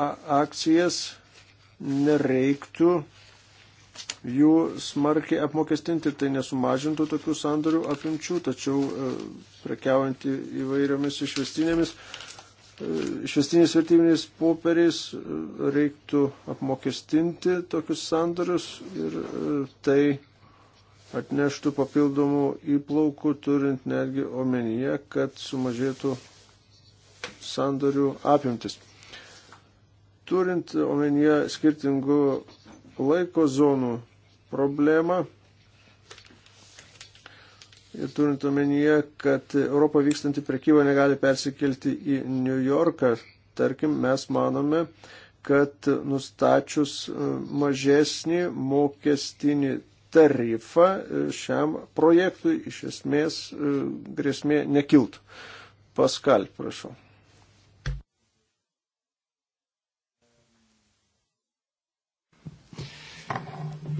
akcijas nereiktų jų smarkiai apmokestinti ir tai nesumažintų tokių sandorių apimčių, tačiau e, prekiaujant įvairiomis išvestinėmis, e, išvestiniais vertybiniais popieriais e, reiktų apmokestinti tokius sandorius ir tai atneštų papildomų įplaukų, turint netgi omenyje, kad sumažėtų sandorių apimtis. Turint omenyje skirtingų laiko zonų problemą ir turint omenyje, kad Europoje vykstanti prekyba negali persikelti į New Yorką, tarkim, mes manome, kad nustačius e, mažesnį mokestinį tarifą e, šiam projektui iš esmės e, grėsmė nekiltų. Paskal, prašau.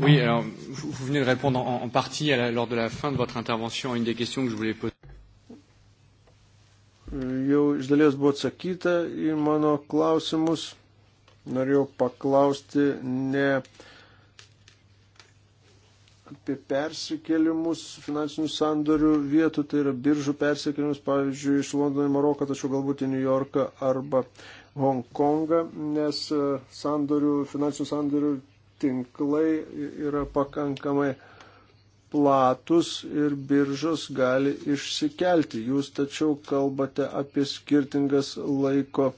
Oui, alors vous, vous venez de répondre en, en partie à la, lors de la fin de votre intervention à une des questions que je voulais poser. Jau iš dalies buvo atsakyta į mano klausimus. Norėjau paklausti ne apie persikėlimus finansinių sandorių vietų, tai yra biržų persikėlimus, pavyzdžiui, iš Londono į Maroką, tačiau galbūt į New Yorką arba Hongkongą, nes e, sandorių, finansinių sandorių tinklai yra pakankamai platus ir biržos gali išsikelti. Jūs tačiau kalbate apie skirtingas laiko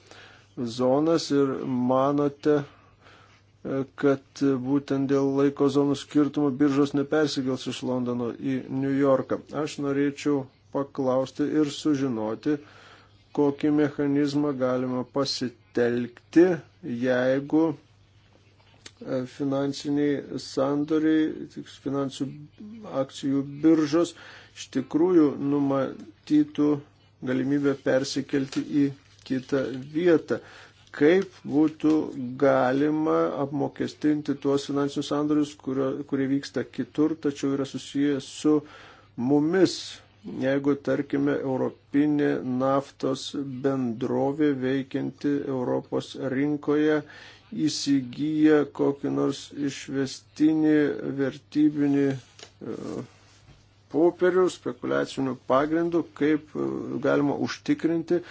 zonas ir manote, e, kad būtent dėl laiko zonų skirtumų biržos nepersigels iš Londono į New Yorką. Aš norėčiau paklausti ir sužinoti, kokį mechanizmą galima pasitelkti, jeigu E, finansiniai sandoriai, finansų akcijų biržos iš tikrųjų numatytų galimybę persikelti į kitą vietą. Kaip būtų galima apmokestinti tuos finansinius sandorius, kurio, kurie vyksta kitur, tačiau yra susiję su mumis, jeigu, tarkime, europinė naftos bendrovė veikianti Europos rinkoje įsigyja kokį nors išvestinį vertybinį e, popierių spekuliacinių pagrindų, kaip e, galima užtikrinti,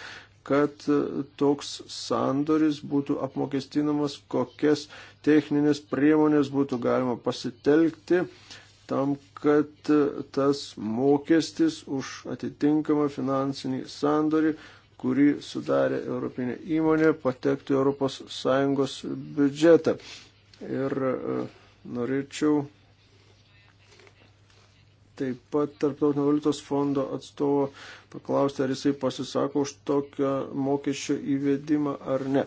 kad e, toks sandoris būtų apmokestinamas, kokias techninės priemonės būtų galima pasitelkti tam, kad tas mokestis už atitinkamą finansinį sandorį kurį sudarė Europinė įmonė, patektų ES biudžetą. Ir e, norėčiau taip pat Tarptautinio valiutos fondo atstovo paklausti, ar jisai pasisako už tokio mokesčio įvedimą ar ne.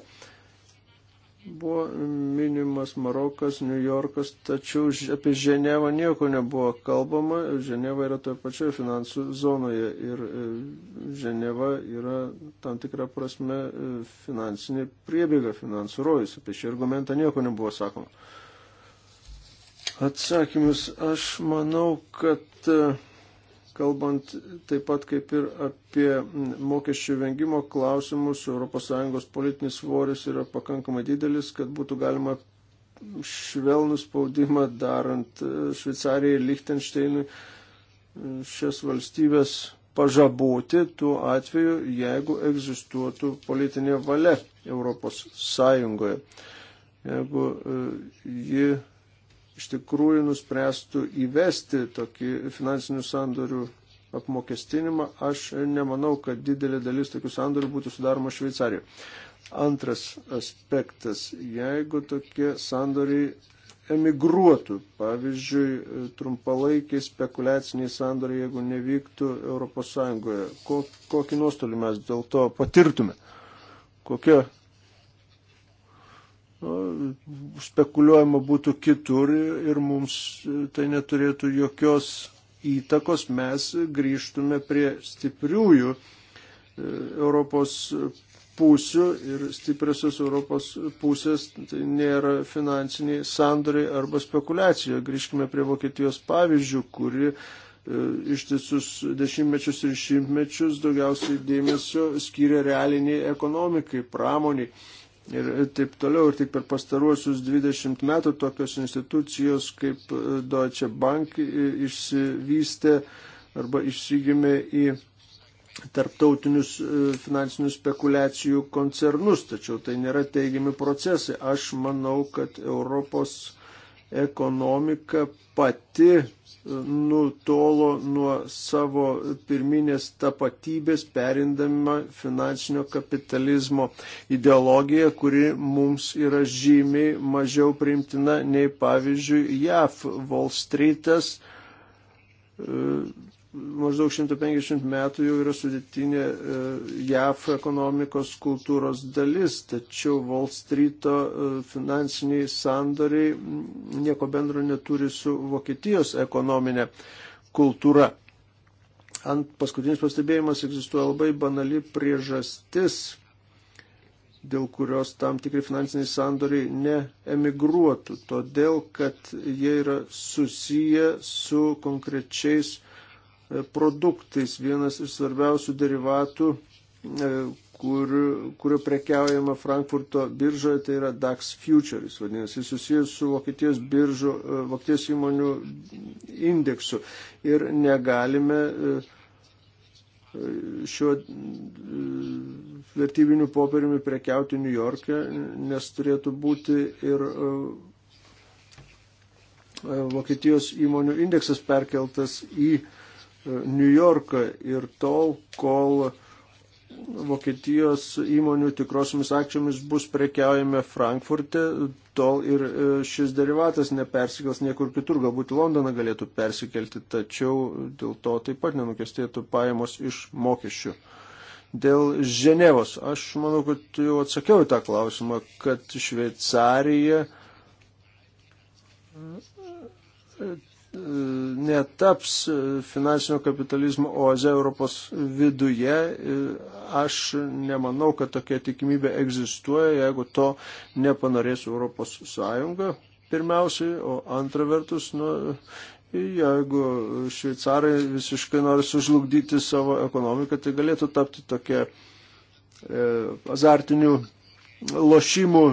Buvo minimas Marokas, New Yorkas, tačiau apie Ženevą nieko nebuvo kalbama. Ženeva yra toje pačioje finansų zonoje ir e, Ženeva yra tam tikrą prasme e, finansinė priebėga, finansų rojus. Apie šį argumentą nieko nebuvo sakoma. Atsakymus aš manau, kad e, kalbant taip pat kaip ir apie mokesčių vengimo klausimus, ES politinis svoris yra pakankamai didelis, kad būtų galima švelnų spaudimą darant e, Šveicarijai ir Lichtensteinui e, šias valstybės pažaboti tuo atveju, jeigu egzistuotų politinė valia Europos Sąjungoje. Jeigu e, ji iš tikrųjų nuspręstų įvesti tokį finansinių sandorių apmokestinimą, aš nemanau, kad didelė dalis tokių sandorių būtų sudaroma Šveicarijoje. Antras aspektas, jeigu tokie sandoriai emigruotų, pavyzdžiui, trumpalaikiai spekuliaciniai sandoriai, jeigu nevyktų ES, kokį nuostolį mes dėl to patirtume, kokia nu, spekuliuojama būtų kitur ir mums tai neturėtų jokios įtakos, mes grįžtume prie stipriųjų e, Europos pusių ir stipriosios Europos pusės tai nėra finansiniai sandoriai arba spekulacija. Grįžkime prie Vokietijos pavyzdžių, kuri e, ištisus dešimtmečius ir šimtmečius daugiausiai dėmesio skiria realiniai ekonomikai, pramoniai ir taip toliau. Ir tik per pastaruosius 20 metų tokios institucijos kaip e, Deutsche Bank išsivystė arba išsigimė į tarptautinius e, finansinių spekulacijų koncernus, tačiau tai nėra teigiami procesai. Aš manau, kad Europos ekonomika pati nutolo nuo savo pirminės tapatybės, perindama finansinio kapitalizmo ideologiją, kuri mums yra žymiai mažiau priimtina nei pavyzdžiui JAF Wall Street'as e, maždaug 150 metų jau yra sudėtinė e, JAF ekonomikos kultūros dalis, tačiau Wall Street'o e, finansiniai sandoriai nieko bendro neturi su Vokietijos ekonominė kultūra. Ant paskutinis pastebėjimas egzistuoja labai banali priežastis, dėl kurios tam tikri finansiniai sandoriai neemigruotų, todėl kad jie yra susiję su konkrečiais E, produktais. Vienas iš svarbiausių derivatų, e, kur, kurio prekiaujama Frankfurto biržoje, tai yra DAX Futures, vadinasi, jis susijęs su Vokietijos biržo, e, Vokietijos įmonių indeksu. Ir negalime šiuo vertybiniu popieriumi prekiauti New York'e, nes turėtų būti ir Vokietijos įmonių indeksas perkeltas į uh, New Yorką ir tol, kol Vokietijos įmonių tikrosiomis akcijomis bus prekiaujame Frankfurte, tol ir e, šis derivatas nepersikels niekur kitur, galbūt Londoną galėtų persikelti, tačiau dėl to taip pat nenukestėtų pajamos iš mokesčių. Dėl Ženevos, aš manau, kad jau atsakiau į tą klausimą, kad Šveicarija netaps e, finansinio kapitalizmo oze Europos viduje. E, aš nemanau, kad tokia tikimybė egzistuoja, jeigu to nepanorės Europos Sąjunga pirmiausiai, o antra vertus, nu, jeigu šveicarai visiškai nori sužlugdyti savo ekonomiką, tai galėtų tapti tokia e, azartinių lošimų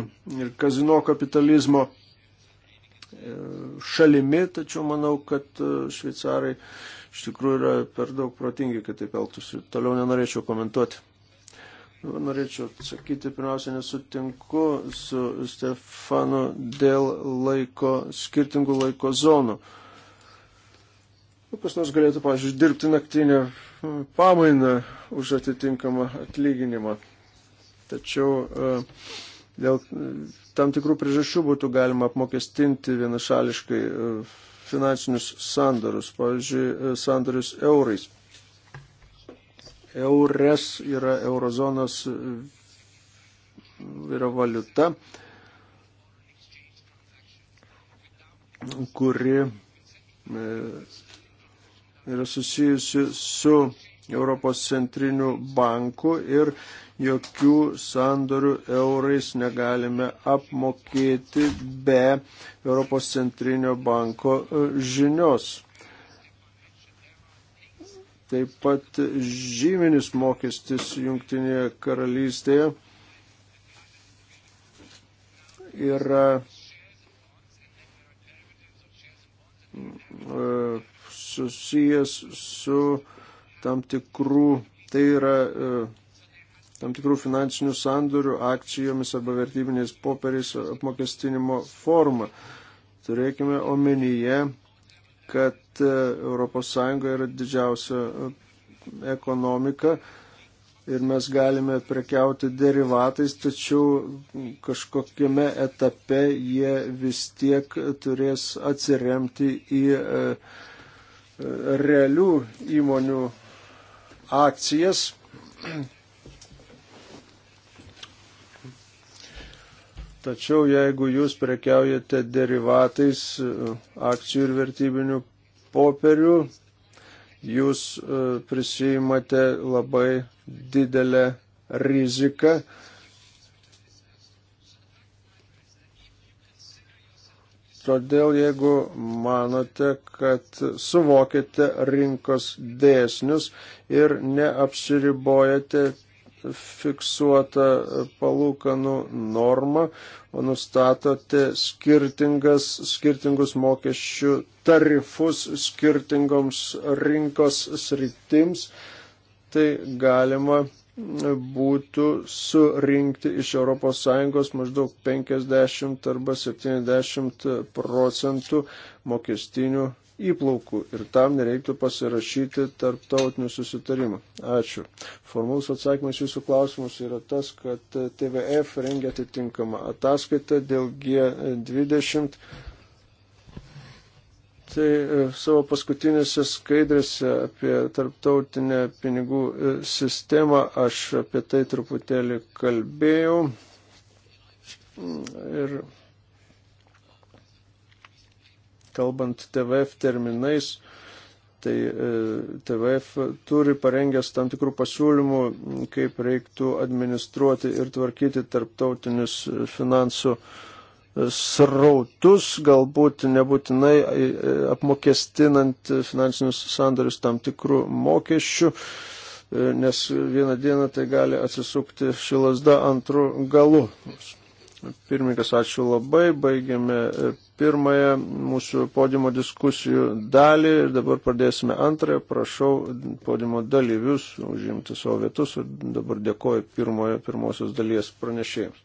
ir kazino kapitalizmo šalimi, tačiau manau, kad e, šveicarai iš tikrųjų yra per daug protingi, kad taip elgtųsi. Toliau nenorėčiau komentuoti. Dabar norėčiau atsakyti, pirmiausia, nesutinku su Stefanu dėl laiko, skirtingų laiko zonų. Kas nors galėtų, pavyzdžiui, dirbti naktinę pamainą už atitinkamą atlyginimą. Tačiau uh, dėl e, tam tikrų priežasčių būtų galima apmokestinti vienašališkai e, finansinius sandorius, pavyzdžiui, e, sandorius eurais. Eures yra eurozonos yra valiuta, kuri yra susijusi su Europos centrinių bankų ir jokių sandorių eurais negalime apmokėti be Europos centrinio banko e, žinios. Taip pat žyminis mokestis Junktinėje karalystėje yra e, susijęs su uh, tam tikrų, tai yra e, tam tikrų finansinių sandorių akcijomis arba vertybiniais popieriais apmokestinimo forma. Turėkime omenyje, kad ES yra didžiausia e, ekonomika ir mes galime prekiauti derivatais, tačiau kažkokiame etape jie vis tiek turės atsiremti į e, realių įmonių akcijas. Tačiau jeigu jūs prekiaujate derivatais akcijų ir vertybinių popierių, jūs e, prisijimate labai didelę riziką Todėl jeigu manote, kad suvokite rinkos dėsnius ir neapsiribojate fiksuotą palūkanų normą, o nustatote skirtingus mokesčių tarifus skirtingoms rinkos sritims, tai galima būtų surinkti iš ES maždaug 50 arba 70 procentų mokestinių įplaukų ir tam nereiktų pasirašyti tarptautinių susitarimų. Ačiū. Formalus atsakymas jūsų klausimus yra tas, kad TVF rengia atitinkamą ataskaitą dėl G20 Tai e, savo paskutinėse skaidrėse apie tarptautinę pinigų e, sistemą aš apie tai truputėlį kalbėjau. Ir kalbant TVF terminais, tai e, TVF turi parengęs tam tikrų pasiūlymų, kaip reiktų administruoti ir tvarkyti tarptautinius finansų uh, srautus, galbūt nebūtinai e, e, apmokestinant finansinius sandarius tam tikrų mokesčių, e, nes vieną dieną tai gali atsisukti šilasda antrų galų. Pirmininkas, ačiū labai, baigėme pirmąją mūsų podimo diskusijų dalį ir dabar pradėsime antrąją. Prašau podimo dalyvius užimti savo vietus ir dabar dėkoju pirmojo, pirmosios dalies pranešėjams.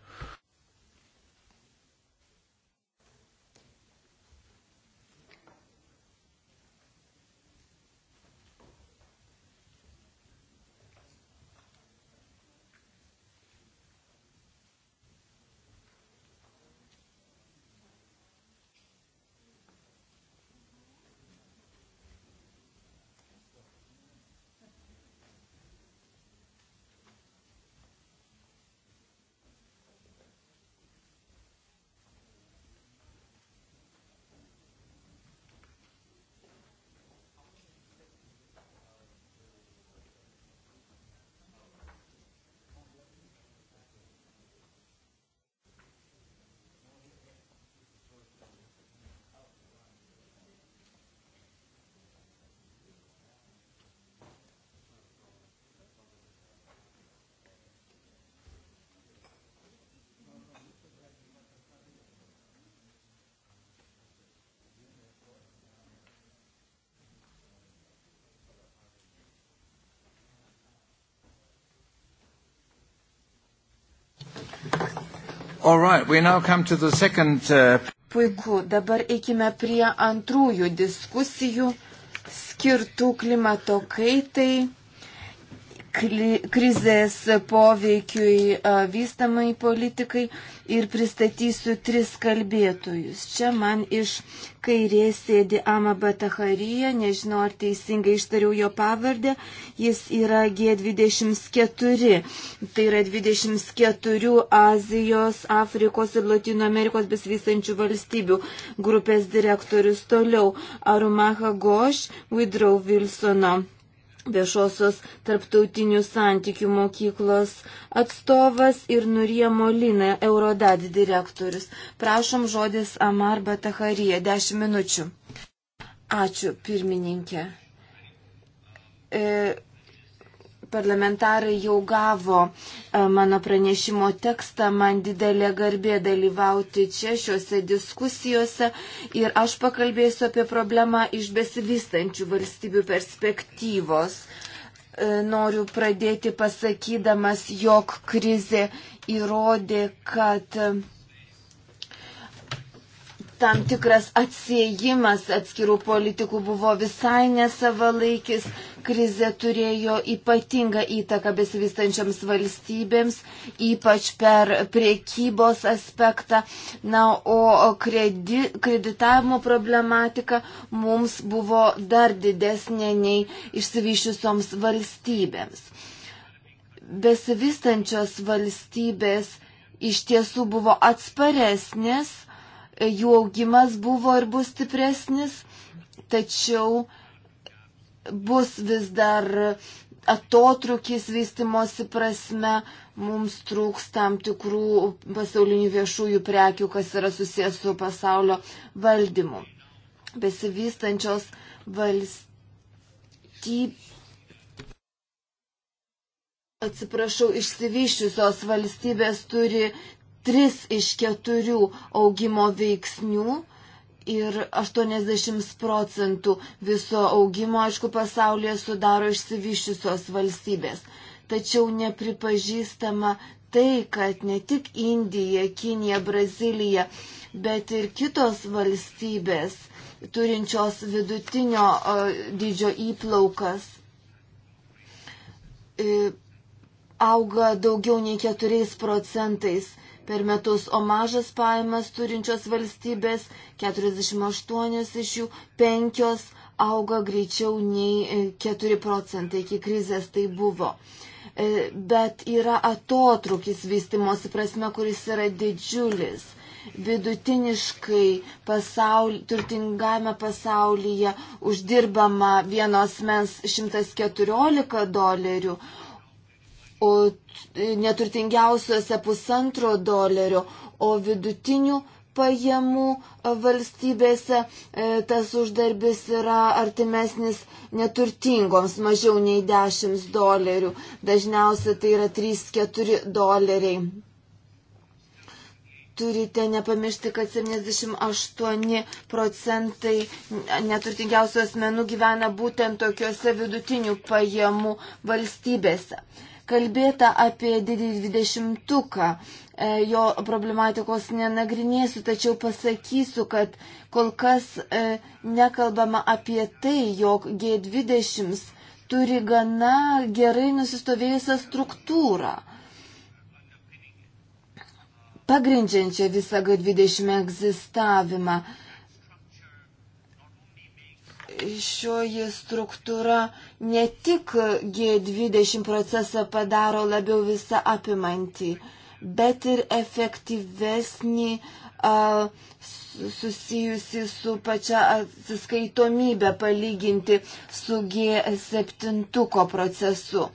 Right, second, uh... Puiku, dabar eikime prie antrųjų diskusijų skirtų klimato kaitai krizės poveikiui vystamai politikai ir pristatysiu tris kalbėtojus. Čia man iš kairės sėdi Ama Bataharija, nežinau ar teisingai ištariau jo pavardę, jis yra G24, tai yra 24 Azijos, Afrikos ir Latino Amerikos besivystančių valstybių grupės direktorius toliau Arumaha Goš, Widrow Wilsono viešosios tarptautinių santykių mokyklos atstovas ir Nurie Molina, Eurodad direktorius. Prašom žodis Amar Bataharija, 10 minučių. Ačiū, pirmininkė. E, parlamentarai jau gavo e, mano pranešimo tekstą, man didelė garbė dalyvauti čia šiuose diskusijose ir aš pakalbėsiu apie problemą iš besivystančių valstybių perspektyvos. E, noriu pradėti pasakydamas, jog krizė įrodė, kad tam tikras atsiejimas atskirų politikų buvo visai nesavalaikis, krize turėjo ypatingą įtaką besivystančiams valstybėms, ypač per priekybos aspektą, na, o kredi, kreditavimo problematika mums buvo dar didesnė nei išsivyšiusioms valstybėms. Besivystančios valstybės iš tiesų buvo atsparesnės jų augimas buvo ir bus stipresnis, tačiau bus vis dar atotrukis vystimosi prasme, mums trūks tam tikrų pasaulinių viešųjų prekių, kas yra susijęs su pasaulio valdymu. Besivystančios valstybės. Atsiprašau, išsivyščiusios valstybės turi tris iš keturių augimo veiksnių ir 80 procentų viso augimo, aišku, pasaulyje sudaro išsivyščiusios valstybės. Tačiau nepripažįstama tai, kad ne tik Indija, Kinija, Brazilija, bet ir kitos valstybės turinčios vidutinio o, dydžio įplaukas e, auga daugiau nei 4 procentais per metus, o mažas pajamas turinčios valstybės, 48 iš jų, 5 auga greičiau nei 4 e, procentai, iki krizės tai buvo. E, bet yra atotrukis vystimosi prasme, kuris yra didžiulis vidutiniškai pasaulį, turtingame pasaulyje uždirbama vienos mens 114 dolerių, E, neturtingiausiuose pusantro dolerio, o vidutinių pajamų e, valstybėse e, tas uždarbis yra artimesnis neturtingoms mažiau nei 10 dolerių. Dažniausiai tai yra 3-4 doleriai. Turite nepamiršti, kad 78 procentai neturtingiausių asmenų gyvena būtent tokiuose vidutinių pajamų valstybėse kalbėta apie didį dvidešimtuką. E, jo problematikos nenagrinėsiu, tačiau pasakysiu, kad kol kas e, nekalbama apie tai, jog G20 turi gana gerai nusistovėjusią struktūrą, pagrindžiančią visą G20 egzistavimą šioji struktūra ne tik G20 procesą padaro labiau visą apimantį, bet ir efektyvesnį a, susijusi su pačia atsiskaitomybė palyginti su G7 procesu.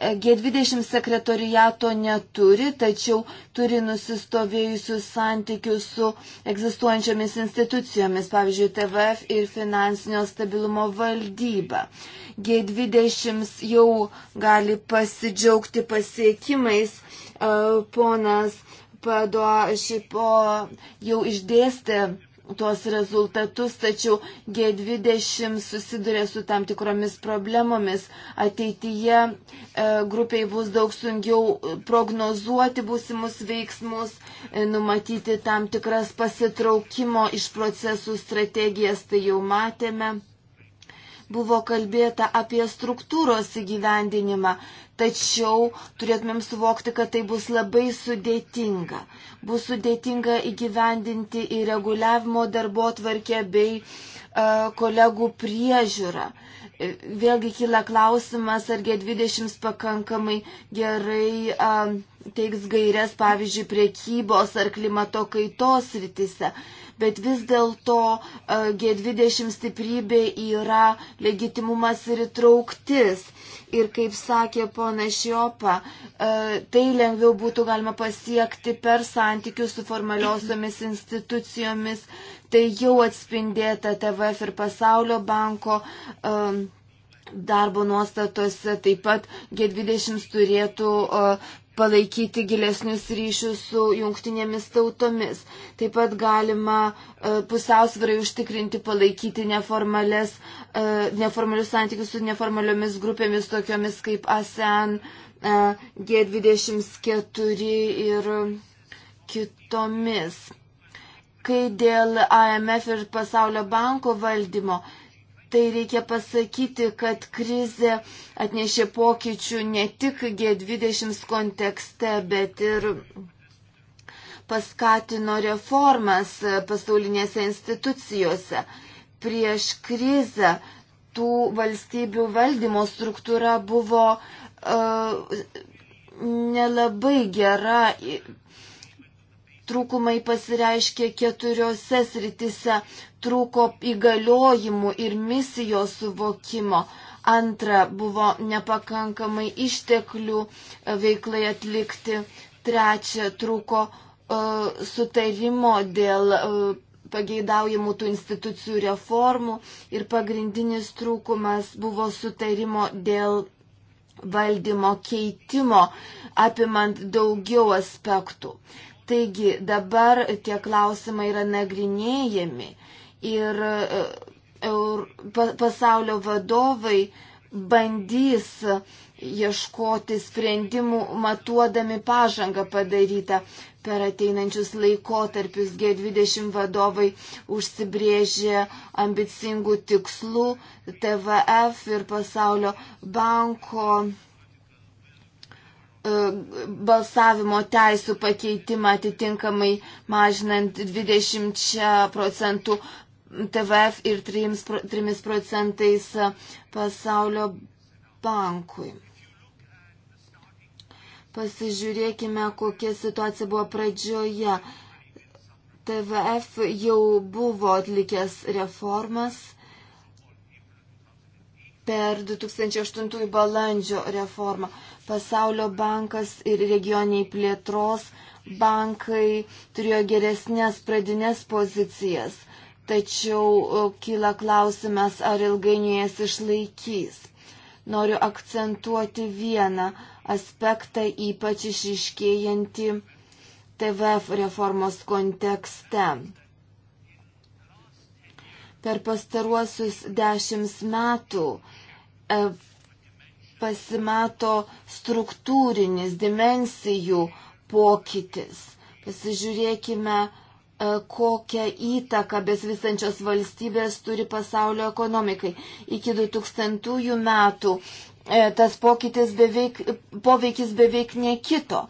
G20 sekretoriato neturi, tačiau turi nusistovėjusius santykius su egzistuojančiomis institucijomis, pavyzdžiui, TVF ir finansinio stabilumo valdyba. G20 jau gali pasidžiaugti pasiekimais. E, ponas Padoa Šipo jau išdėstė tuos rezultatus, tačiau G20 susiduria su tam tikromis problemomis. Ateityje e, grupiai bus daug sunkiau e, prognozuoti būsimus veiksmus, e, numatyti tam tikras pasitraukimo iš procesų strategijas, tai jau matėme buvo kalbėta apie struktūros įgyvendinimą, tačiau turėtumėm suvokti, kad tai bus labai sudėtinga. Bus sudėtinga įgyvendinti į reguliavimo darbo tvarkę bei uh, kolegų priežiūrą. E, vėlgi kyla klausimas, ar G20 pakankamai gerai uh, teiks gairias, pavyzdžiui, priekybos ar klimato kaitos rytise. Bet vis dėlto e, G20 stiprybė yra legitimumas ir įtrauktis. Ir kaip sakė pona Šiopa, e, tai lengviau būtų galima pasiekti per santykius su formaliosiomis institucijomis. Tai jau atspindėta TVF ir Pasaulio banko e, darbo nuostatose taip pat G20 turėtų palaikyti gilesnius ryšius su jungtinėmis tautomis. Taip pat galima e, pusiausvarai užtikrinti, palaikyti e, neformalius santykius su neformaliomis grupėmis, tokiomis kaip ASEAN, e, G24 ir kitomis kai dėl AMF ir Pasaulio banko valdymo, tai reikia pasakyti, kad krizė atnešė pokyčių ne tik G20 kontekste, bet ir paskatino reformas pasaulinėse institucijose. Prieš krizę tų valstybių valdymo struktūra buvo uh, nelabai gera, trūkumai pasireiškė keturiose sritise - trūko įgaliojimų ir misijos suvokimo. Antra, buvo nepakankamai išteklių e, veiklai atlikti. Trečia, trūko uh, sutarimo dėl uh, pageidaujamų tų institucijų reformų. Ir pagrindinis trūkumas buvo sutarimo dėl valdymo keitimo, apimant daugiau aspektų. Uh, Taigi dabar tie klausimai yra nagrinėjami ir e, eur, pa, pasaulio vadovai bandys ieškoti sprendimų, matuodami pažangą padarytą per ateinančius laikotarpius. G20 vadovai užsibrėžė ambicingų tikslų TVF ir pasaulio banko E, balsavimo teisų pakeitimą atitinkamai mažinant 20 procentų TVF ir 3 procentais pasaulio bankui. Pasižiūrėkime, kokia situacija buvo pradžioje. TVF jau buvo atlikęs reformas per 2008 balandžio reformą. Pasaulio bankas ir regioniai plėtros bankai turėjo geresnės pradinės pozicijas, tačiau e, kyla klausimas, ar ilgainiui jas išlaikys. Noriu akcentuoti vieną aspektą, ypač išiškėjantį TVF reformos kontekste. Per pastaruosius dešimt metų pasimato struktūrinis dimensijų pokytis. Pasižiūrėkime, e, kokią įtaką besvisančios valstybės turi pasaulio ekonomikai. Iki 2000 metų e, tas pokytis beveik, poveikis beveik nekito.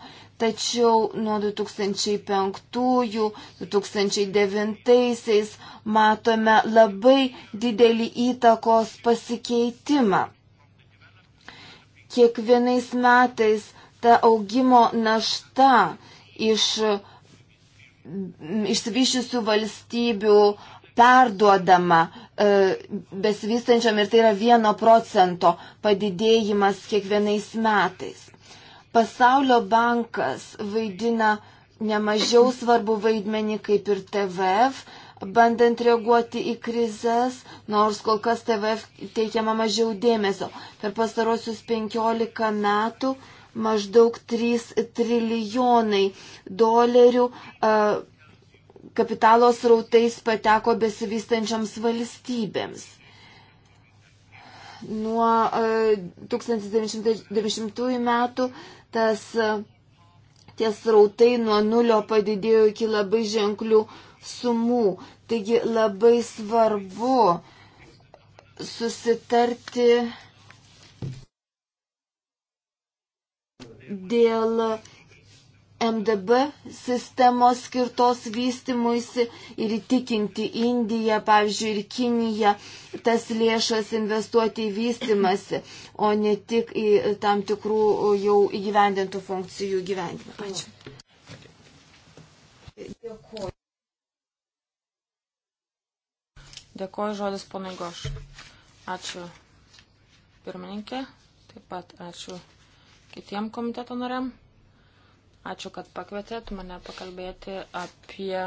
Tačiau nuo 2005-2009 matome labai didelį įtakos pasikeitimą kiekvienais metais ta augimo našta iš mm, išsivyščiusių valstybių perduodama e, besivystančiam ir tai yra vieno procento padidėjimas kiekvienais metais. Pasaulio bankas vaidina nemažiau svarbu vaidmenį kaip ir TVF, bandant reaguoti į krizės, nors kol kas TVF teikiama mažiau dėmesio. Per pastarosius 15 metų maždaug 3 trilijonai dolerių e, kapitalo srautais pateko besivystančiams valstybėms nuo 1990 e, metų tas e, tie srautai nuo nulio padidėjo iki labai ženklių sumų. Taigi labai svarbu susitarti dėl MDB sistemos skirtos vystimuisi ir įtikinti Indiją, pavyzdžiui, ir Kiniją tas lėšas investuoti į vystimasi, o ne tik į tam tikrų jau įgyvendintų funkcijų gyvendinimą. Ačiū. Dėkuoju. Dėkoju žodis ponai Goš. Ačiū pirmininkė, taip pat ačiū kitiem komiteto nariam. Ačiū, kad pakvietėt mane pakalbėti apie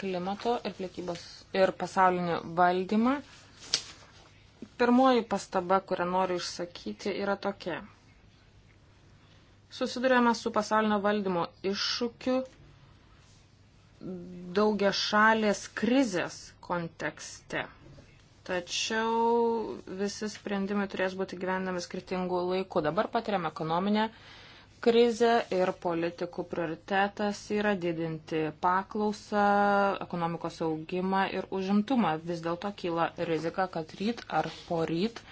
klimato ir plikybos ir pasaulinį valdymą. Pirmoji pastaba, kurią noriu išsakyti, yra tokia. Susidurėme su pasaulinio valdymo iššūkiu daugia šalės krizės kontekste. Tačiau visi sprendimai turės būti gyvenami skirtingų laikų. Dabar patiriam ekonominę krizę ir politikų prioritetas yra didinti paklausą, ekonomikos augimą ir užimtumą. Vis dėlto kyla rizika, kad ryt ar poryt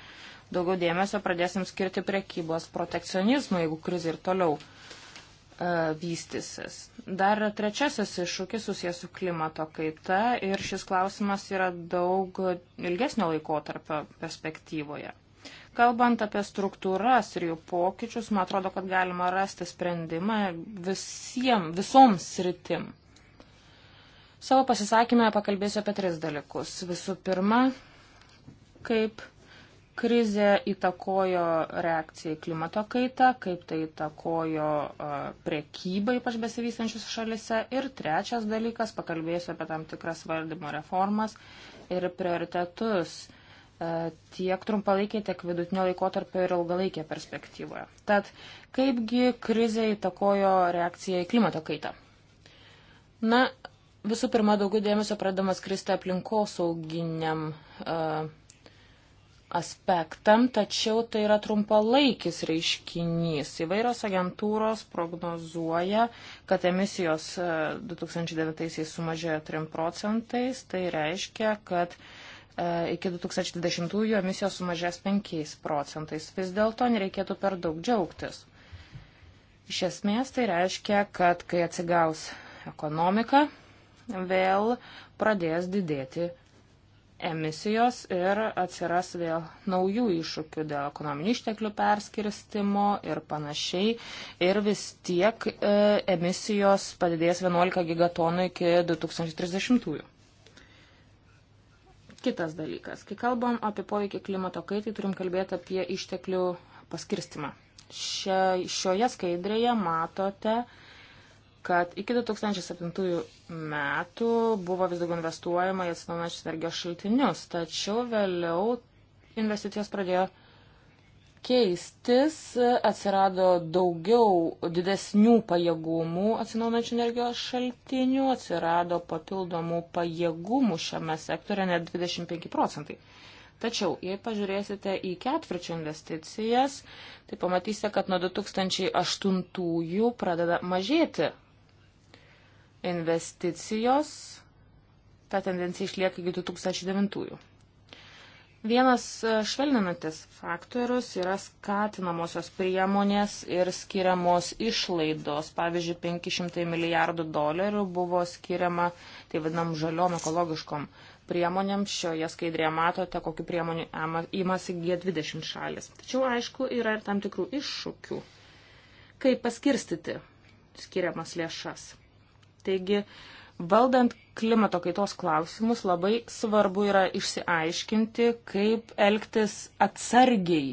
daugiau dėmesio pradėsim skirti prekybos protekcionizmui, jeigu krizė ir toliau E, vystysis. Dar trečiasis iššūkis susijęs su klimato kaita ir šis klausimas yra daug ilgesnio laikotarpio perspektyvoje. Kalbant apie struktūras ir jų pokyčius, man atrodo, kad galima rasti sprendimą visiem, visoms sritim. Savo pasisakymę pakalbėsiu apie tris dalykus. Visų pirma, kaip krizė įtakojo reakciją į klimato kaitą, kaip tai įtakojo prekybą, ypač besivystančius šalise. Ir trečias dalykas, pakalbėsiu apie tam tikras valdymo reformas ir prioritetus tiek trumpalaikė, tiek vidutinio laikotarpio ir ilgalaikė perspektyvoje. Tad kaipgi krizė įtakojo reakciją į klimato kaitą? Na, visų pirma, daugiau dėmesio pradamas kristi aplinkosauginiam uh, aspektam, tačiau tai yra trumpalaikis reiškinys. Įvairios agentūros prognozuoja, kad emisijos 2009-aisiais e, sumažėjo 3 procentais, tai reiškia, kad e, iki 2020-ųjų emisijos sumažės 5 procentais. Vis dėlto nereikėtų per daug džiaugtis. Iš esmės tai reiškia, kad kai atsigaus ekonomika, vėl pradės didėti emisijos ir atsiras vėl naujų iššūkių dėl ekonominių išteklių perskirstimo ir panašiai. Ir vis tiek e, emisijos padidės 11 gigatonų iki 2030-ųjų. Kitas dalykas. Kai kalbam apie poveikį klimato kaitai, turim kalbėti apie išteklių paskirstimą. Šia, šioje skaidrėje matote, kad iki 2007 metų buvo vis daugiau investuojama į atsinaujinančius energijos šaltinius, tačiau vėliau investicijos pradėjo keistis, atsirado daugiau didesnių pajėgumų atsinaujinančių energijos šaltinių, atsirado papildomų pajėgumų šiame sektorė net 25 procentai. Tačiau, jei pažiūrėsite į ketvirčio investicijas, tai pamatysite, kad nuo 2008 pradeda mažėti investicijos, ta tendencija išlieka iki 2009. Vienas e, švelninantis faktorius yra skatinamosios priemonės ir skiriamos išlaidos. Pavyzdžiui, 500 milijardų dolerių buvo skiriama, tai vadinam, žaliom ekologiškom priemonėm. Šioje skaidrėje matote, kokiu priemonių įmasi G20 šalis. Tačiau, aišku, yra ir tam tikrų iššūkių. Kaip paskirstyti skiriamas lėšas. Taigi, valdant klimato kaitos klausimus labai svarbu yra išsiaiškinti, kaip elgtis atsargiai,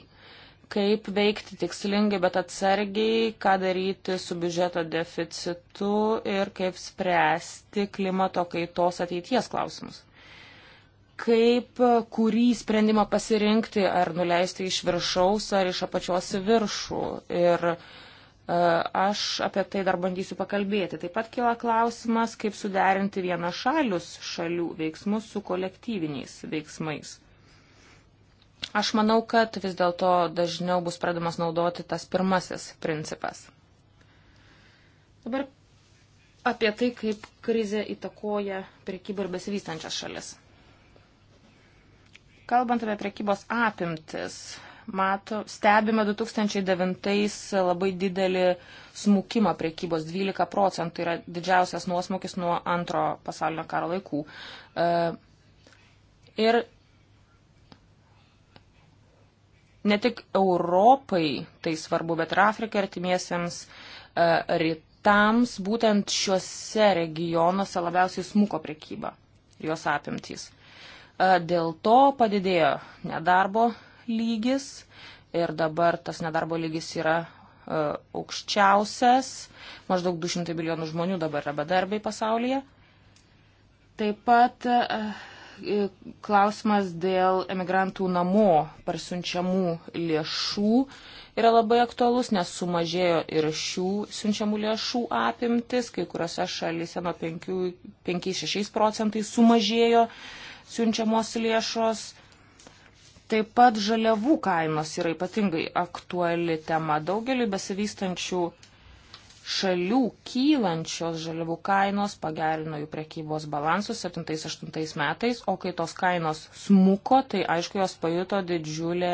kaip veikti tikslingai, bet atsargiai, ką daryti su biudžeto deficitu ir kaip spręsti klimato kaitos ateities klausimus. Kaip, kurį sprendimą pasirinkti, ar nuleisti iš viršaus, ar iš apačios į viršų. Ir uh, E, aš apie tai dar bandysiu pakalbėti. Taip pat kila klausimas, kaip suderinti vienašalius šalių veiksmus su kolektyviniais veiksmais. Aš manau, kad vis dėlto dažniau bus pradamas naudoti tas pirmasis principas. Dabar apie tai, kaip krizė įtakoja prekybą ir besivystančias šalis. Kalbant apie prekybos apimtis, mato, stebime 2009 labai didelį smukimą priekybos, 12 procentų yra didžiausias nuosmukis nuo antro pasaulinio karo laikų. E, ir ne tik Europai tai svarbu, bet ir Afrikai artimiesiems e, rytams būtent šiuose regionuose labiausiai smuko priekyba, jos apimtys. E, dėl to padidėjo nedarbo lygis ir dabar tas nedarbo lygis yra e, aukščiausias, maždaug 200 milijonų žmonių dabar yra bedarbiai pasaulyje. Taip pat e, klausimas dėl emigrantų namo parsiunčiamų lėšų yra labai aktualus, nes sumažėjo ir šių siunčiamų lėšų apimtis, kai kuriuose šalyse nuo 5-6 procentai sumažėjo siunčiamos lėšos. Taip pat žaliavų kainos yra ypatingai aktuali tema. Daugeliu besivystančių šalių kylančios žaliavų kainos pagerino jų prekybos balansus 7-8 metais, o kai tos kainos smuko, tai aišku jos pajuto didžiulę,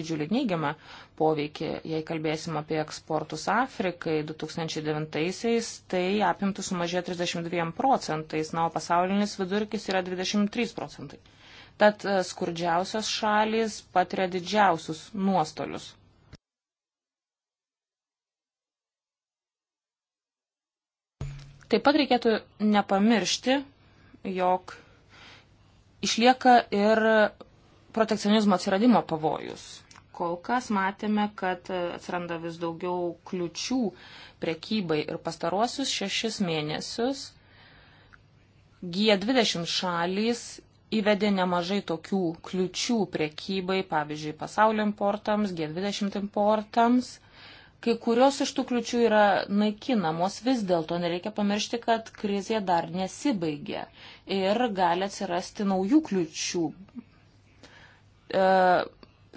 didžiulį neigiamą poveikį. Jei kalbėsim apie eksportus Afrikai 2009-aisiais, tai apimtų sumažėjo 32 procentais, na, o pasaulinis vidurkis yra 23 procentai. Tad e, skurdžiausios šalys patiria didžiausius nuostolius. Taip pat reikėtų nepamiršti, jog išlieka ir protekcionizmo atsiradimo pavojus. Kol kas matėme, kad e, atsiranda vis daugiau kliučių prekybai ir pastaruosius šešis mėnesius G20 šalys įvedė nemažai tokių kliučių priekybai, pavyzdžiui, pasaulio importams, G20 importams. Kai kurios iš tų kliučių yra naikinamos, vis dėlto nereikia pamiršti, kad krizė dar nesibaigė ir gali atsirasti naujų kliučių. E,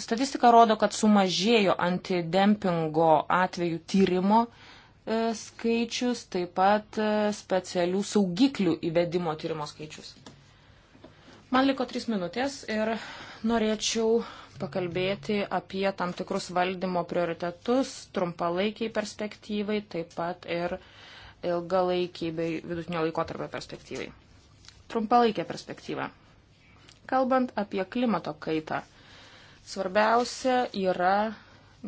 statistika rodo, kad sumažėjo antidempingo atvejų tyrimo e, skaičius, taip pat e, specialių saugiklių įvedimo tyrimo skaičius. Man liko trys minutės ir norėčiau pakalbėti apie tam tikrus valdymo prioritetus trumpalaikiai perspektyvai, taip pat ir ilgalaikiai bei vidutinio laikotarpio perspektyvai. Trumpalaikė perspektyva. Kalbant apie klimato kaitą, svarbiausia yra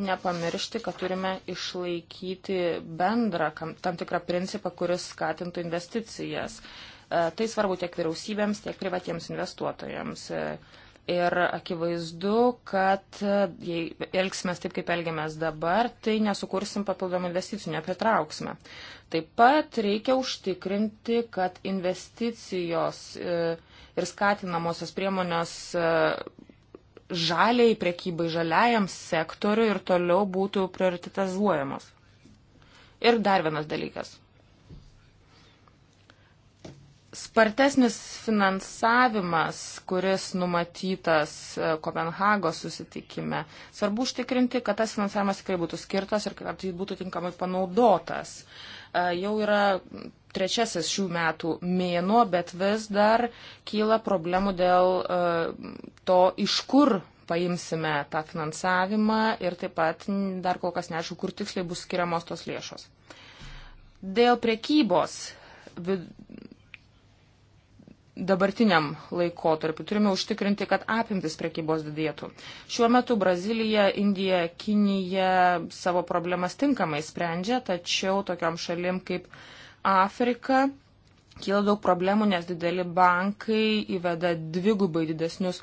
nepamiršti, kad turime išlaikyti bendrą tam tikrą principą, kuris skatintų investicijas. E, tai svarbu tiek vyriausybėms, tiek privatiems investuotojams. E, ir akivaizdu, kad e, jei elgsimės taip, kaip elgiamės dabar, tai nesukursim papildomų investicijų, nepritrauksime. Taip pat reikia užtikrinti, kad investicijos ir skatinamosios priemonės žaliai prekybai žaliajam sektoriui ir toliau būtų prioritetizuojamos. Ir dar vienas dalykas. Spartesnis finansavimas, kuris numatytas e, Kopenhagos susitikime, svarbu užtikrinti, kad tas finansavimas tikrai būtų skirtas ir kad jis būtų tinkamai panaudotas. E, jau yra trečiasis šių metų mėnuo, bet vis dar kyla problemų dėl e, to, iš kur paimsime tą finansavimą ir taip pat dar kol kas neaišku, kur tiksliai bus skiriamos tos lėšos. Dėl priekybos dabartiniam laikotarpiu. Turime užtikrinti, kad apimtis prekybos didėtų. Šiuo metu Brazilija, Indija, Kinija savo problemas tinkamai sprendžia, tačiau tokiam šalim kaip Afrika kyla daug problemų, nes dideli bankai įveda dvigubai didesnius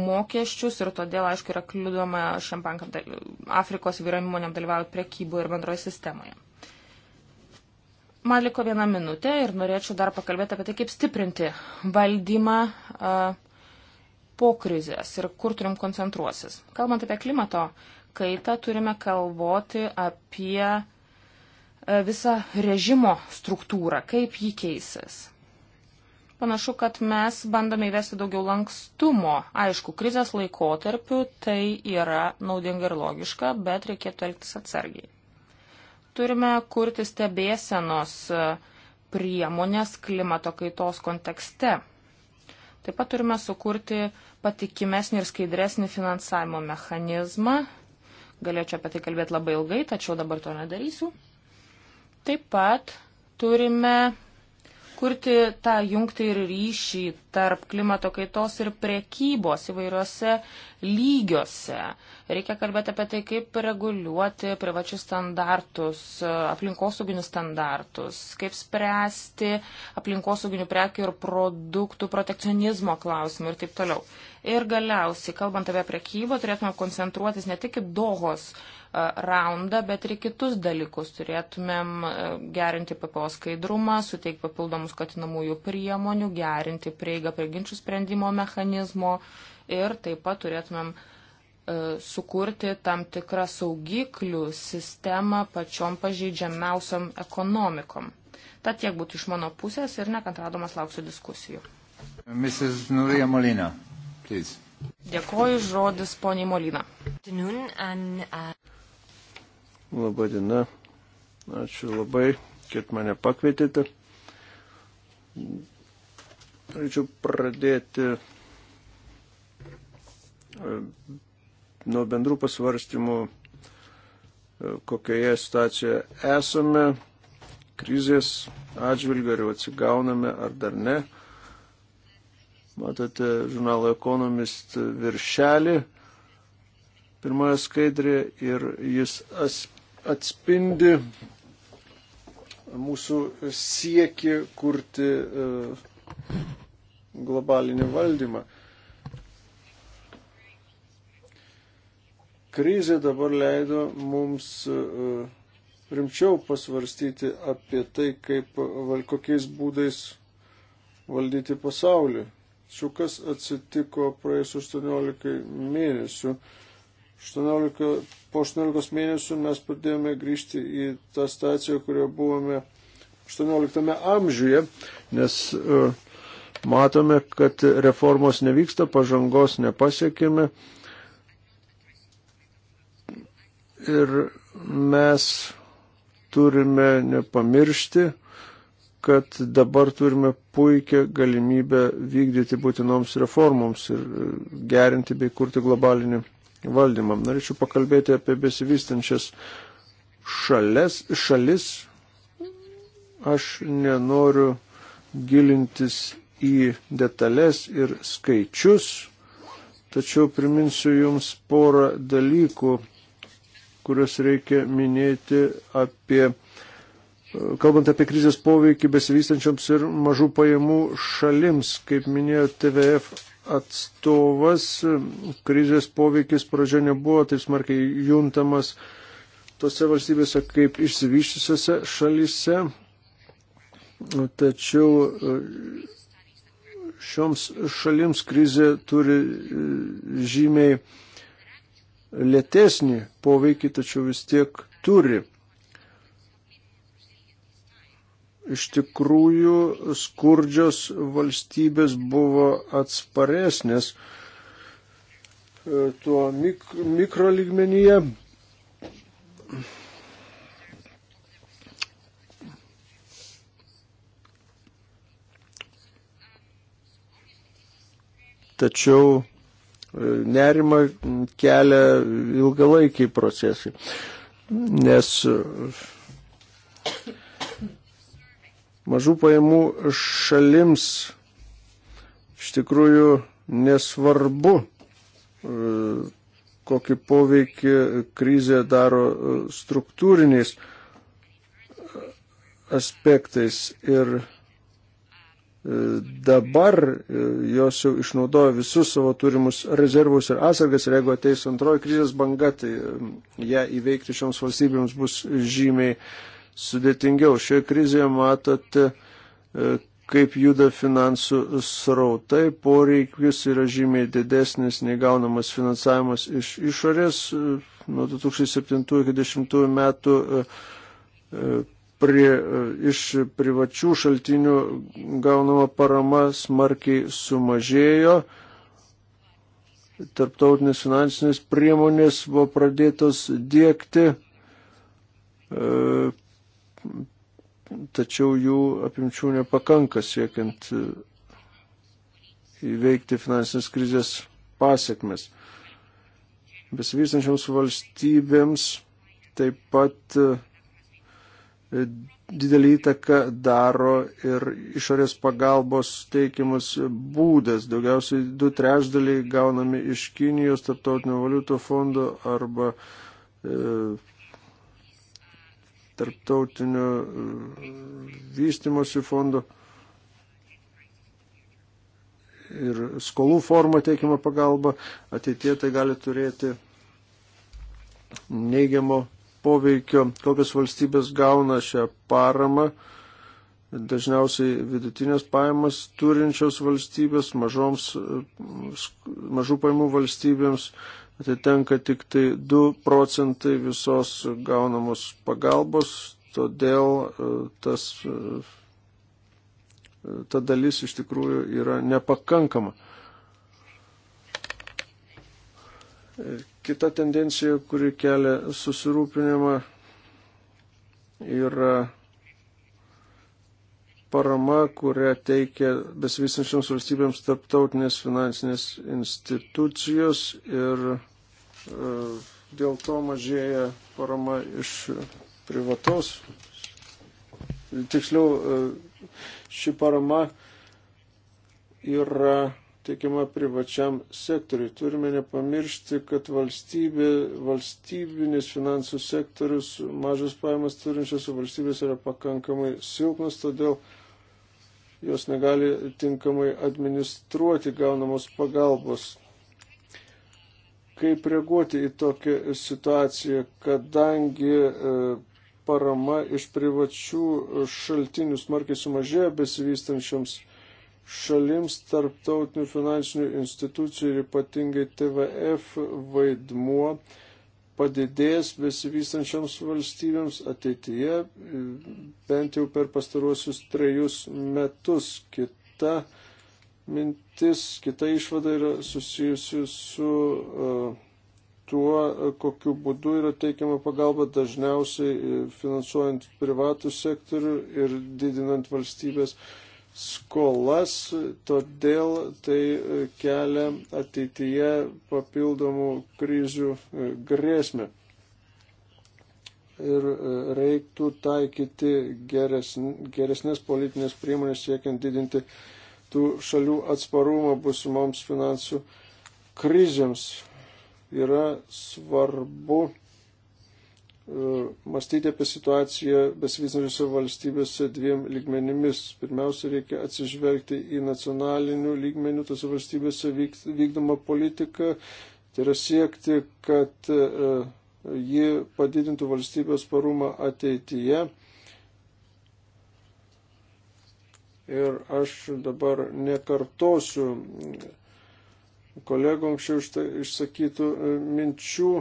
mokesčius ir todėl, aišku, yra kliūdoma šiam bankam Afrikos vyram įmonėm dalyvauti prekyboje ir bendroje sistemoje. Man liko viena minutė ir norėčiau dar pakalbėti apie tai, kaip stiprinti valdymą a, po krizės ir kur turim koncentruosis. Kalbant apie klimato kaitą, turime kalboti apie a, visą režimo struktūrą, kaip jį keisis. Panašu, kad mes bandome įvesti daugiau lankstumo. Aišku, krizės laikotarpiu tai yra naudinga ir logiška, bet reikėtų elgtis atsargiai turime kurti stebėsenos e, priemonės klimato kaitos kontekste. Taip pat turime sukurti patikimesnį ir skaidresnį finansavimo mechanizmą. Galėčiau apie tai kalbėti labai ilgai, tačiau dabar to nedarysiu. Taip pat turime kurti tą jungtį ir ryšį tarp klimato kaitos ir prekybos įvairiuose lygiuose. Reikia kalbėti apie tai, kaip reguliuoti privačius standartus, aplinkosauginius standartus, kaip spręsti aplinkosauginių prekių ir produktų protekcionizmo klausimą ir taip toliau. Ir galiausiai, kalbant apie prekybą, turėtume koncentruotis ne tik į Dohos e, raundą, bet ir kitus dalykus. Turėtumėm e, gerinti PPO skaidrumą, suteikti papildomus skatinamųjų priemonių, gerinti prieigą prie ginčių sprendimo mechanizmo ir taip pat turėtumėm e, sukurti tam tikrą saugiklių sistemą pačiom pažeidžiamiausiam ekonomikom. Tad tiek būtų iš mano pusės ir nekantraudamas lauksiu diskusijų. Mrs. Nurija Molina please. Dėkoju, žodis poniai Molina. Uh, Labadiena, ačiū labai, kad mane pakvietėte. Norėčiau pradėti e, nuo bendrų pasvarstymų, e, kokioje situacijoje esame, krizės atžvilgiu, ar jau atsigauname, ar dar ne. Matote žurnalo Economist viršelį pirmoje skaidrė ir jis atspindi mūsų sieki kurti e, globalinį valdymą. Krizė dabar leido mums e, rimčiau pasvarstyti apie tai, kaip, e, kokiais būdais valdyti pasaulį. Tačiau kas atsitiko praėjus 18 mėnesių? 18, po 18 mėnesių mes pradėjome grįžti į tą staciją, kurioje buvome 18 amžiuje, nes e, matome, kad reformos nevyksta, pažangos nepasiekėme. Ir mes turime nepamiršti, kad dabar turime puikią galimybę vykdyti būtinoms reformoms ir e, gerinti bei kurti globalinį valdymą. Norėčiau pakalbėti apie besivystančias šales, šalis. Aš nenoriu gilintis į detalės ir skaičius, tačiau priminsiu Jums porą dalykų, kuriuos reikia minėti apie kalbant apie krizės poveikį besivystančioms ir mažų pajamų šalims, kaip minėjo TVF atstovas, krizės poveikis pradžio nebuvo taip smarkiai juntamas tose valstybėse kaip išsivyščiusiose šalise, tačiau e, šioms šalims krizė turi e, žymiai lėtesnį poveikį, tačiau vis tiek turi. iš tikrųjų skurdžios valstybės buvo atsparesnės e, tuo mik mikro lygmenyje. Tačiau e, nerima kelia ilgalaikiai procesai, nes mažų pajamų šalims iš tikrųjų nesvarbu, e, kokį poveikį krizė daro e, struktūriniais e, aspektais ir dabar jos jau išnaudojo visus savo turimus rezervus ir atsargas ir jeigu ateis antroji krizės banga, tai ją įveikti šioms valstybėms bus žymiai uh, sudėtingiau. Šioje krizėje matote, e, kaip juda finansų srautai, poreikis yra žymiai didesnis nei gaunamas finansavimas iš išorės. E, nuo 2007 iki 2010 metų e, prie, iš privačių šaltinių gaunama parama smarkiai sumažėjo. Tarptautinės finansinės priemonės buvo pradėtos dėkti tačiau jų apimčių nepakanka siekiant e, įveikti finansinės krizės pasiekmes. Besivystančiams valstybėms taip pat e, e, didelį įtaką daro ir išorės pagalbos teikiamas būdas. Daugiausiai du trešdaliai gaunami iš Kinijos, Tartautinio valiuto fondo arba e, tarptautinio e, vystimosi fondo ir skolų formą teikiamą pagalbą, ateitie tai gali turėti neigiamo poveikio, kokios valstybės gauna šią paramą. Dažniausiai vidutinės pajamas turinčios valstybės, mažoms, e, mažų paimų valstybėms atitenka tik tai 2 procentai visos gaunamos pagalbos, todėl e, tas, e, ta dalis iš tikrųjų yra nepakankama. E, kita tendencija, kuri kelia susirūpinimą, yra parama, kurią teikia besivystančioms valstybėms tarptautinės finansinės institucijos ir e, dėl to mažėja parama iš privataus. Tiksliau, e, ši parama yra teikiama privačiam sektoriui. Turime nepamiršti, kad valstybė, valstybinis finansų sektorius, mažas pajamas turinčios valstybės yra pakankamai silpnas, todėl jos negali tinkamai administruoti gaunamos pagalbos. Kaip reaguoti į tokią situaciją, kadangi e, parama iš privačių šaltinių smarkiai sumažėjo besivystančioms šalims tarptautinių finansinių institucijų ir ypatingai TVF vaidmuo padidės besivystančioms valstybėms ateityje, bent jau per pastaruosius trejus metus. Kita mintis, kita išvada yra susijusi su e, tuo, e, kokiu būdu yra teikiama pagalba dažniausiai e, finansuojant privatų sektorių ir didinant valstybės skolas, todėl tai kelia ateityje papildomų krizių e, grėsmę. Ir e, reiktų taikyti geresnės politinės priemonės siekiant didinti tų šalių atsparumą busimoms finansų krizėms. Yra svarbu E, mąstyti apie situaciją besivystančiose valstybėse dviem lygmenimis. Pirmiausia, reikia atsižvelgti į nacionalinių lygmenių tose valstybėse vykdomą politiką. Tai yra siekti, kad e, ji padidintų valstybės parumą ateityje. Ir aš dabar nekartosiu kolegų anksčiau išsakytų e, minčių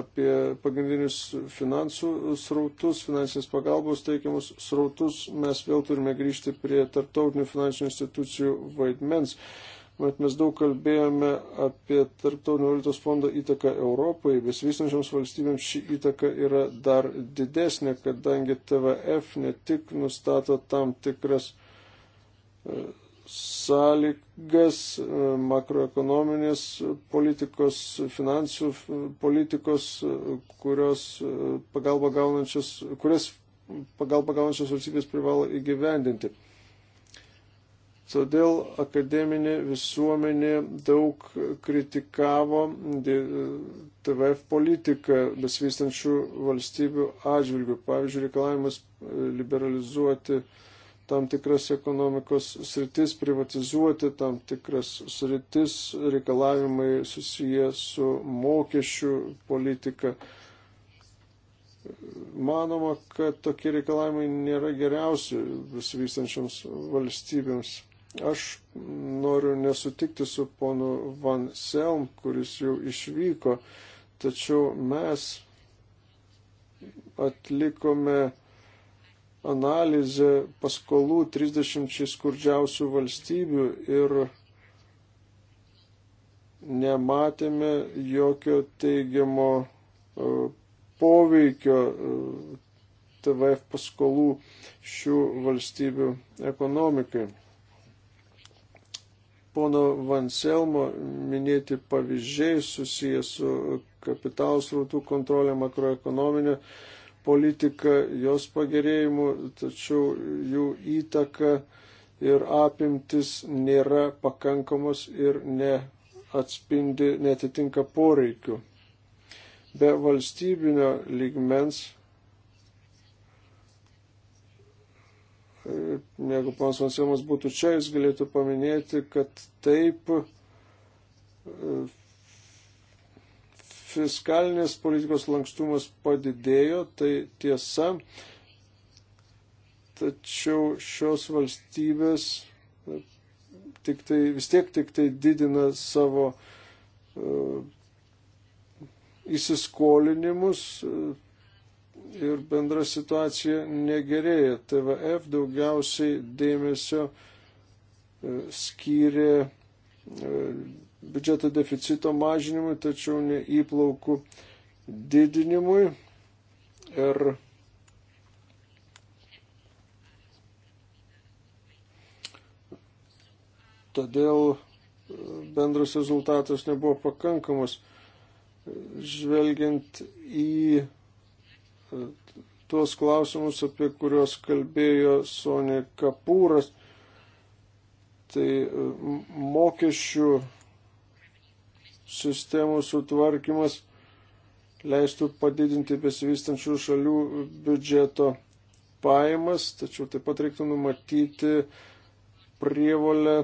apie pagrindinius finansų srautus, finansinės pagalbos teikiamus srautus, mes vėl turime grįžti prie tarptautinių finansinių institucijų vaidmens. Bet mes daug kalbėjome apie tarptautinio valiutos fondo įtaką Europai, besivystančioms valstybėms ši įtaka yra dar didesnė, kadangi TVF ne tik nustato tam tikras e, sąlygas e, makroekonominės politikos, finansų politikos, e, kurios e, pagalba gaunančios, kurias pagalba gaunančios valstybės privalo įgyvendinti. Todėl akademinė visuomenė daug kritikavo TVF politiką besivystančių valstybių atžvilgių. Pavyzdžiui, reikalavimas liberalizuoti uh, tam tikras ekonomikos sritis, privatizuoti tam tikras sritis, reikalavimai susiję su mokesčių politika. Manoma, kad tokie reikalavimai nėra geriausi besivystančioms valstybėms. Aš noriu nesutikti su ponu Van Selm, kuris jau išvyko, tačiau mes atlikome analizę paskolų 30 skurdžiausių valstybių ir nematėme jokio teigiamo e, poveikio e, TVF paskolų šių valstybių ekonomikai. Pono Vanselmo minėti pavyzdžiai susijęs su kapitalų srautų kontrolė makroekonominė politika, jos pagerėjimu, tačiau jų įtaka ir apimtis nėra pakankamos ir neatspindi, netitinka poreikių. Be valstybinio lygmens, jeigu panas Vansimas būtų čia, jis galėtų paminėti, kad taip fiskalinės politikos lankstumas padidėjo, tai tiesa, tačiau šios valstybės tik tai, vis tiek tik tai didina savo uh, įsiskolinimus e, ir bendra situacija negerėja. TVF daugiausiai dėmesio e, skyrė uh, biudžeto deficito mažinimui, tačiau ne įplaukų didinimui. Ir todėl e, bendras rezultatas nebuvo pakankamas, žvelgiant į e, tuos klausimus, apie kuriuos kalbėjo Sonė Kapūras, tai e, mokesčių sistemų sutvarkymas leistų padidinti besivystančių šalių biudžeto pajamas, tačiau taip pat reiktų numatyti prievolę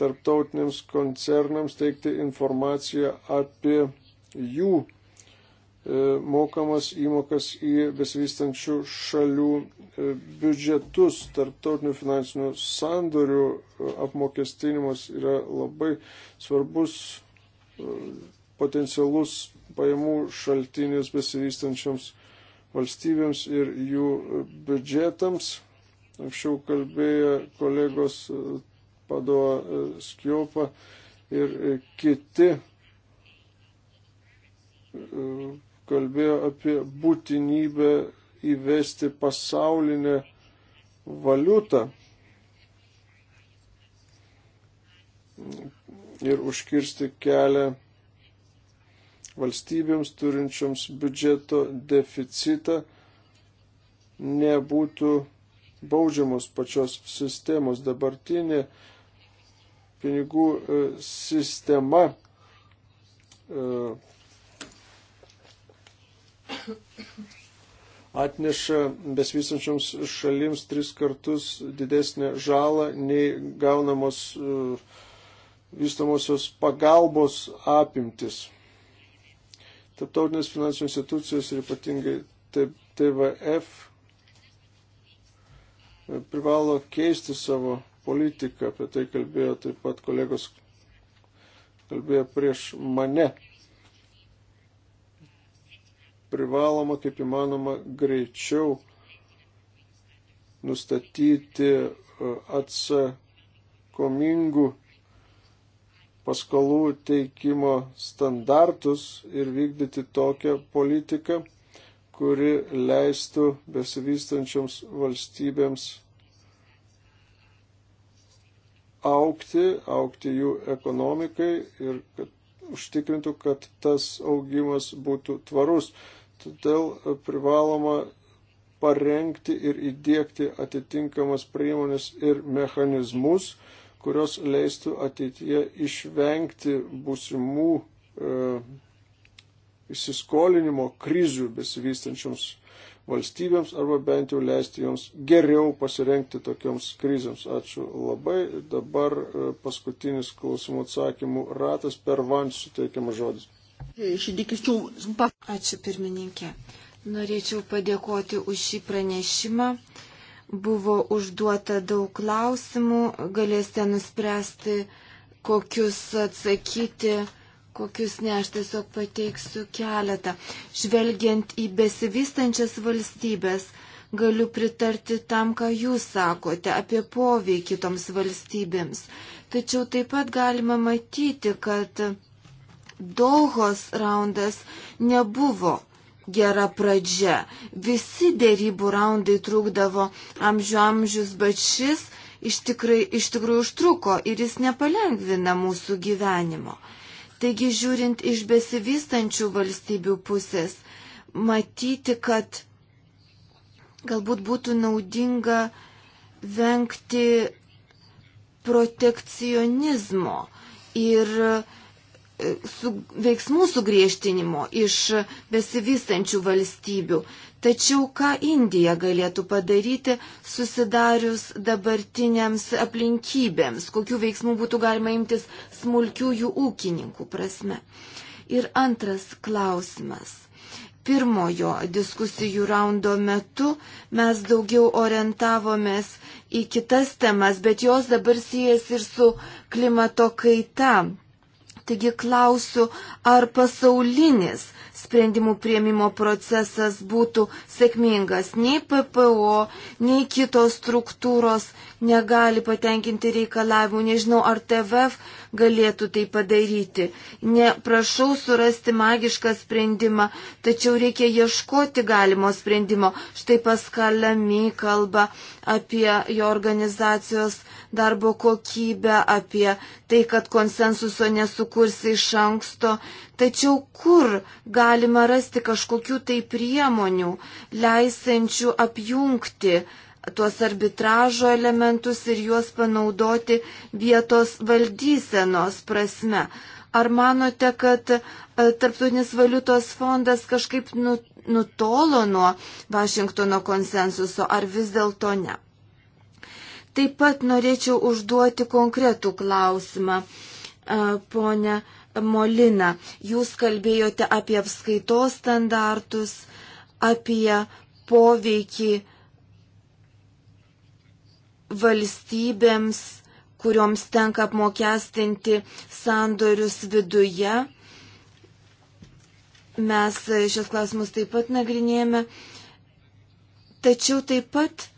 tarptautiniams koncernams teikti informaciją apie jų e, mokamas įmokas į besivystančių šalių e, biudžetus. Tarptautinių finansinių sandorių e, apmokestinimas yra labai svarbus potencialus pajamų šaltinis besivystančiams valstybėms ir jų biudžetams. Anksčiau kalbėjo kolegos Pado Skiopa ir kiti kalbėjo apie būtinybę įvesti pasaulinę valiutą ir užkirsti kelią valstybėms turinčioms biudžeto deficitą nebūtų baudžiamos pačios sistemos. Dabartinė pinigų e, sistema e, atneša besvystančioms šalims tris kartus didesnę žalą nei gaunamos uh, vystamosios pagalbos apimtis. Tarptautinės finansų institucijos ir ypatingai TVF e, privalo keisti savo politiką, apie tai kalbėjo taip pat kolegos, kalbėjo prieš mane. Privaloma, kaip įmanoma, greičiau nustatyti e, atsakomingų paskolų teikimo standartus ir vykdyti tokią politiką, kuri leistų besivystančioms valstybėms aukti, aukti jų ekonomikai ir kad užtikrintų, kad tas augimas būtų tvarus. Todėl privaloma parengti ir įdėkti atitinkamas priemonės ir mechanizmus, kurios leistų ateityje išvengti būsimų e, įsiskolinimo krizių besivystančioms valstybėms arba bent jau leisti joms geriau pasirengti tokioms krizėms. Ačiū labai. Dabar e, paskutinis klausimų atsakymų ratas per vanį suteikiamas žodis. Ačiū pirmininkė. Norėčiau padėkoti už šį pranešimą. Buvo užduota daug klausimų, galėsite nuspręsti, kokius atsakyti, kokius ne, aš tiesiog pateiksiu keletą. Žvelgiant į besivystančias valstybės, galiu pritarti tam, ką jūs sakote apie poveikį toms valstybėms. Tačiau taip pat galima matyti, kad Dohos raundas nebuvo gera pradžia. Visi dėrybų raundai trukdavo amžių amžius, bet šis iš, tikrai, iš tikrųjų užtruko ir jis nepalengvina mūsų gyvenimo. Taigi, žiūrint iš besivystančių valstybių pusės, matyti, kad galbūt būtų naudinga vengti protekcionizmo ir uh, su, veiksmų sugriežtinimo iš besivystančių valstybių. Tačiau ką Indija galėtų padaryti susidarius dabartiniams aplinkybėms, kokiu veiksmu būtų galima imtis smulkiųjų ūkininkų prasme. Ir antras klausimas. Pirmojo diskusijų raundo metu mes daugiau orientavomės į kitas temas, bet jos dabar siejasi ir su klimato kaita Taigi klausiu, ar pasaulinis sprendimų prieimimo procesas būtų sėkmingas. Nei PPO, nei kitos struktūros negali patenkinti reikalavimų. Nežinau, ar TVF galėtų tai padaryti. Neprašau surasti magišką sprendimą, tačiau reikia ieškoti galimo sprendimo. Štai Paskalami kalba apie jo organizacijos darbo kokybę, apie tai, kad konsensuso nesukursi iš anksto. Tačiau kur galima rasti kažkokių tai priemonių, leisančių apjungti tuos arbitražo elementus ir juos panaudoti vietos valdysenos prasme. Ar manote, kad e, Tarptautinis valiutos fondas kažkaip nu, nutolo nuo Vašingtono konsensuso, ar vis dėlto ne? Taip pat norėčiau užduoti konkretų klausimą, e, ponė Molina. Jūs kalbėjote apie apskaitos standartus, apie poveikį valstybėms, kurioms tenka apmokestinti sandorius viduje. Mes šios klausimus taip pat nagrinėjame. Tačiau taip pat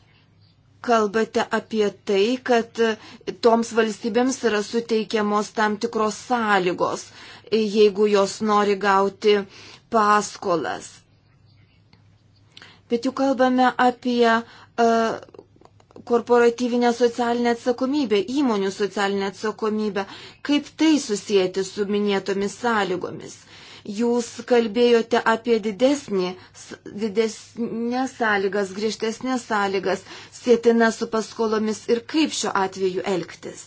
kalbate apie tai, kad toms valstybėms yra suteikiamos tam tikros sąlygos, jeigu jos nori gauti paskolas. Bet juk kalbame apie uh, korporatyvinę socialinę atsakomybę, įmonių socialinę atsakomybę. Kaip tai susijęti su minėtomis sąlygomis? Jūs kalbėjote apie didesnį, didesnės sąlygas, griežtesnės sąlygas sėtina su paskolomis ir kaip šiuo atveju elgtis.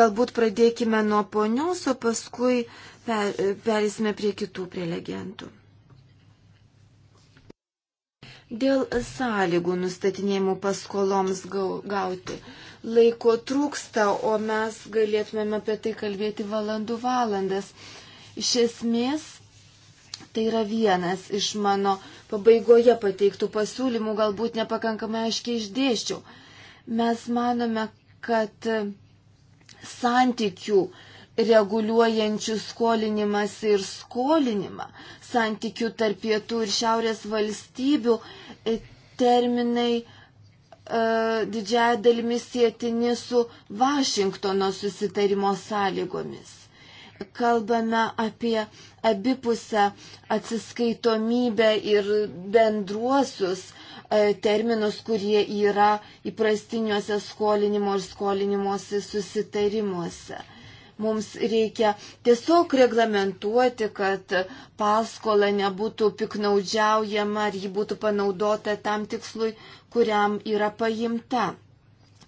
Galbūt pradėkime nuo ponios, o paskui per, perėsime prie kitų prelegentų. Dėl sąlygų nustatinėjimų paskoloms gauti laiko trūksta, o mes galėtumėm apie tai kalbėti valandų valandas. Iš esmės, Tai yra vienas iš mano pabaigoje pateiktų pasiūlymų, galbūt nepakankamai aiškiai išdėščiau. Mes manome, kad santykių reguliuojančių skolinimas ir skolinimą, santykių tarp pietų ir šiaurės valstybių e, terminai e, didžiaja dalimi sėtini su Vašingtono susitarimo sąlygomis kalbame apie abipusę atsiskaitomybę ir bendruosius e, terminus, kurie yra įprastiniuose skolinimo ir skolinimuose susitarimuose. Mums reikia tiesiog reglamentuoti, kad paskola nebūtų piknaudžiaujama ar ji būtų panaudota tam tikslui, kuriam yra paimta.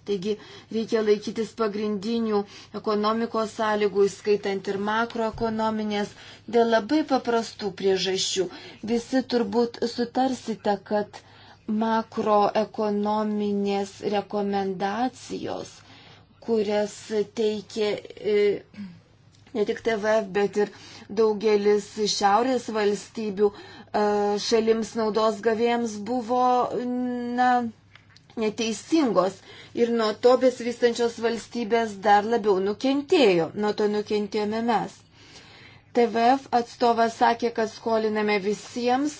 Taigi reikia laikytis pagrindinių ekonomikos sąlygų, įskaitant ir makroekonominės, dėl labai paprastų priežasčių. Visi turbūt sutarsite, kad makroekonominės rekomendacijos, kurias teikia e, ne tik TVF, bet ir daugelis šiaurės valstybių e, šalims naudos gavėjams buvo na, neteisingos ir nuo to besivystančios valstybės dar labiau nukentėjo, nuo to nukentėjome mes. TVF atstovas sakė, kad skoliname visiems,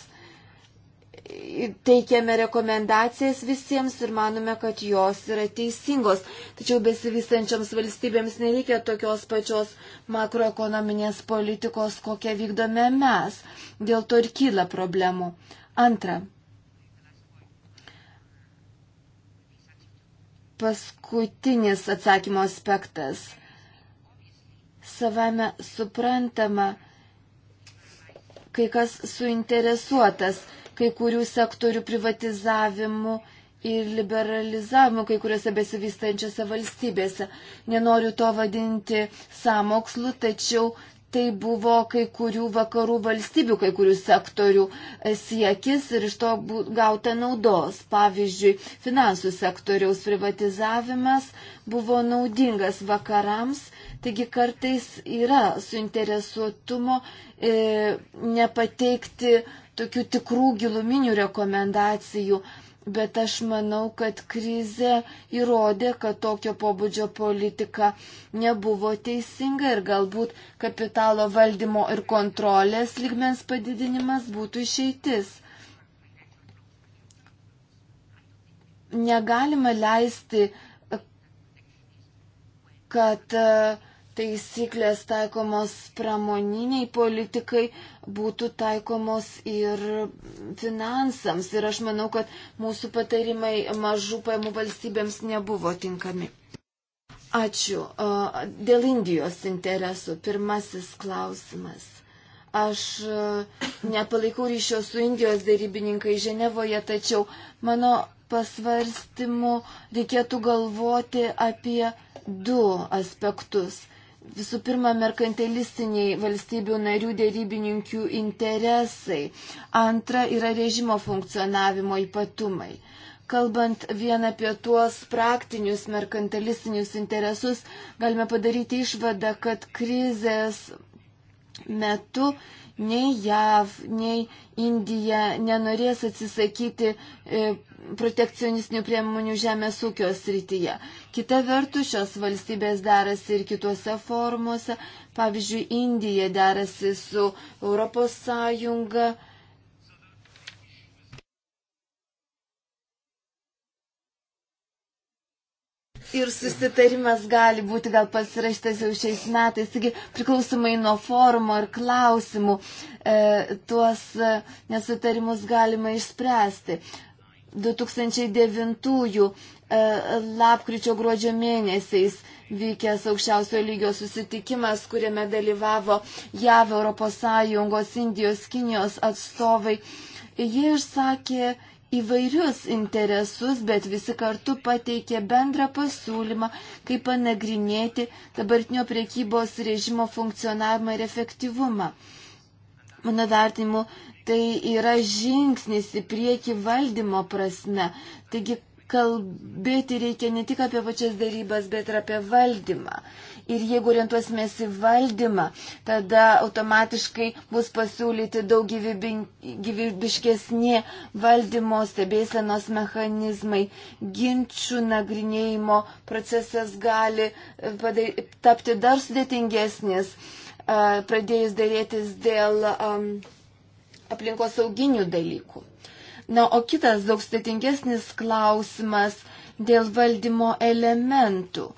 teikiame rekomendacijas visiems ir manome, kad jos yra teisingos. Tačiau besivystančiams valstybėms nereikia tokios pačios makroekonominės politikos, kokią vykdome mes. Dėl to ir kyla problemų. Antra, paskutinis atsakymo aspektas. Savame suprantama, kai kas suinteresuotas kai kurių sektorių privatizavimu ir liberalizavimu kai kuriuose besivystančiose valstybėse. Nenoriu to vadinti samokslu, tačiau tai buvo kai kurių vakarų valstybių, kai kurių sektorių e, siekis ir iš to gauta naudos. Pavyzdžiui, finansų sektoriaus privatizavimas buvo naudingas vakarams, taigi kartais yra suinteresuotumo e, nepateikti tokių tikrų giluminių rekomendacijų Bet aš manau, kad krize įrodė, kad tokio pobūdžio politika nebuvo teisinga ir galbūt kapitalo valdymo ir kontrolės ligmens padidinimas būtų išeitis. Negalima leisti, kad uh, taisyklės taikomos pramoniniai politikai būtų taikomos ir finansams. Ir aš manau, kad mūsų patarimai mažų pajamų valstybėms nebuvo tinkami. Ačiū. Dėl Indijos interesų pirmasis klausimas. Aš nepalaikau ryšio su Indijos dėrybininkai Ženevoje, tačiau mano pasvarstimu reikėtų galvoti apie du aspektus – visų pirma merkantilistiniai valstybių narių dėrybininkių interesai. Antra yra režimo funkcionavimo ypatumai. Kalbant vien apie tuos praktinius merkantilistinius interesus, galime padaryti išvadą, kad krizės metu nei JAV, nei Indija nenorės atsisakyti e, protekcionistinių priemonių žemės ūkio srityje. Kita vertus, šios valstybės derasi ir kituose formuose. Pavyzdžiui, Indija derasi su Europos Sąjunga ir susitarimas gali būti gal pasirašytas jau šiais metais. Taigi priklausomai nuo forumo ir klausimų e, tuos e, nesutarimus galima išspręsti. 2009 e, lapkričio gruodžio mėnesiais vykęs aukščiausio lygio susitikimas, kuriame dalyvavo JAV, ES, Indijos, Kinijos atstovai. Jie išsakė įvairius interesus, bet visi kartu pateikė bendrą pasiūlymą, kaip panagrinėti dabartinio priekybos režimo funkcionavimą ir efektyvumą. Mano vertimu, tai yra žingsnis į priekį valdymo prasme. Taigi kalbėti reikia ne tik apie pačias darybas, bet ir apie valdymą. Ir jeigu orientuosimės į valdymą, tada automatiškai bus pasiūlyti daug gyvybiškesni valdymo stebėsenos mechanizmai. Ginčių nagrinėjimo procesas gali padai, tapti dar sudėtingesnis, pradėjus dėrėtis dėl aplinkos sauginių dalykų. Na, o kitas daug sudėtingesnis klausimas dėl valdymo elementų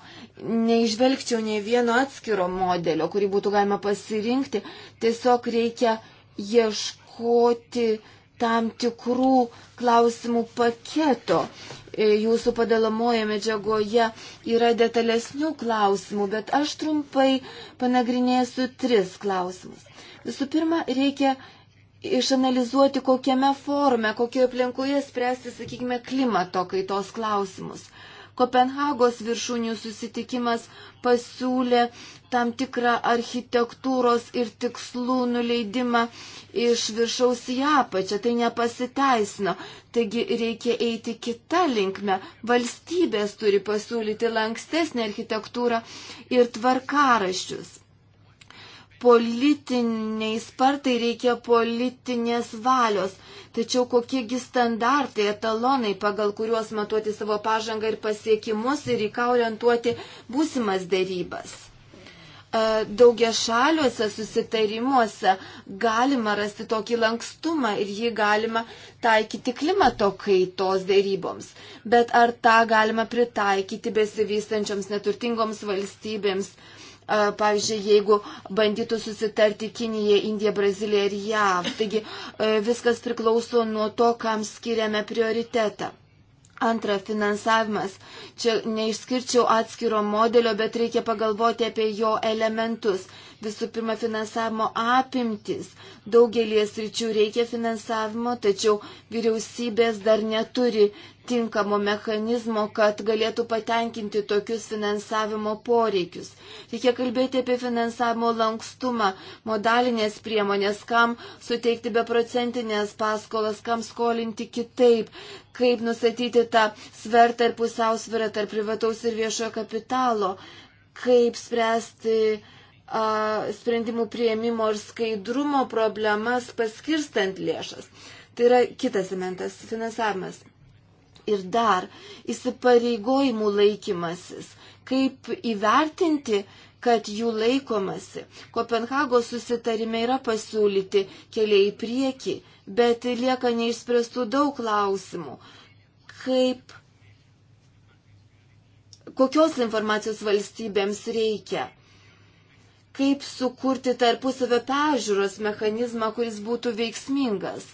neižvelgčiau nei vieno atskiro modelio, kurį būtų galima pasirinkti. Tiesiog reikia ieškoti tam tikrų klausimų paketo. E, jūsų padalamoje medžiagoje yra detalesnių klausimų, bet aš trumpai panagrinėsiu tris klausimus. Visų pirma, reikia išanalizuoti, kokiame forme, kokioje aplinkoje spręsti, sakykime, klimato kaitos klausimus. Uh, Kopenhagos viršūnių susitikimas pasiūlė tam tikrą architektūros ir tikslų nuleidimą iš viršaus į apačią. Tai nepasiteisino. Taigi reikia eiti kitą linkmę. Valstybės turi pasiūlyti lankstesnį architektūrą ir tvarkaraščius politiniai spartai reikia politinės valios. Tačiau kokiegi standartai, etalonai, pagal kuriuos matuoti savo pažangą ir pasiekimus ir į ką orientuoti būsimas darybas. E, Daugia šaliuose susitarimuose galima rasti tokį lankstumą ir jį galima taikyti klimato kaitos daryboms. Bet ar tą galima pritaikyti besivystančioms neturtingoms valstybėms? Uh, pavyzdžiui, jeigu bandytų susitarti Kinija, Indija, Brazilija ir JAV. Taigi viskas priklauso nuo to, kam skiriame prioritetą. Antra, finansavimas. Čia neišskirčiau atskiro modelio, bet reikia pagalvoti apie jo elementus. Visų pirma, finansavimo apimtis. Daugelies ryčių reikia finansavimo, tačiau vyriausybės dar neturi tinkamo mechanizmo, kad galėtų patenkinti tokius finansavimo poreikius. Reikia kalbėti apie finansavimo lankstumą, modalinės priemonės, kam suteikti beprocentinės paskolas, kam skolinti kitaip, kaip nustatyti tą svertą ir pusiausvyrą tarp privataus ir viešojo kapitalo, kaip spręsti sprendimų prieimimo ir skaidrumo problemas paskirstant lėšas. Tai yra kitas elementas - finansavimas. Ir dar įsipareigojimų laikymasis. Kaip įvertinti, kad jų laikomasi. Kopenhagos susitarime yra pasiūlyti keliai į priekį, bet lieka neišspręstų daug klausimų. Kaip, kokios informacijos valstybėms reikia? kaip sukurti tarpusavio peržiūros mechanizmą, kuris būtų veiksmingas.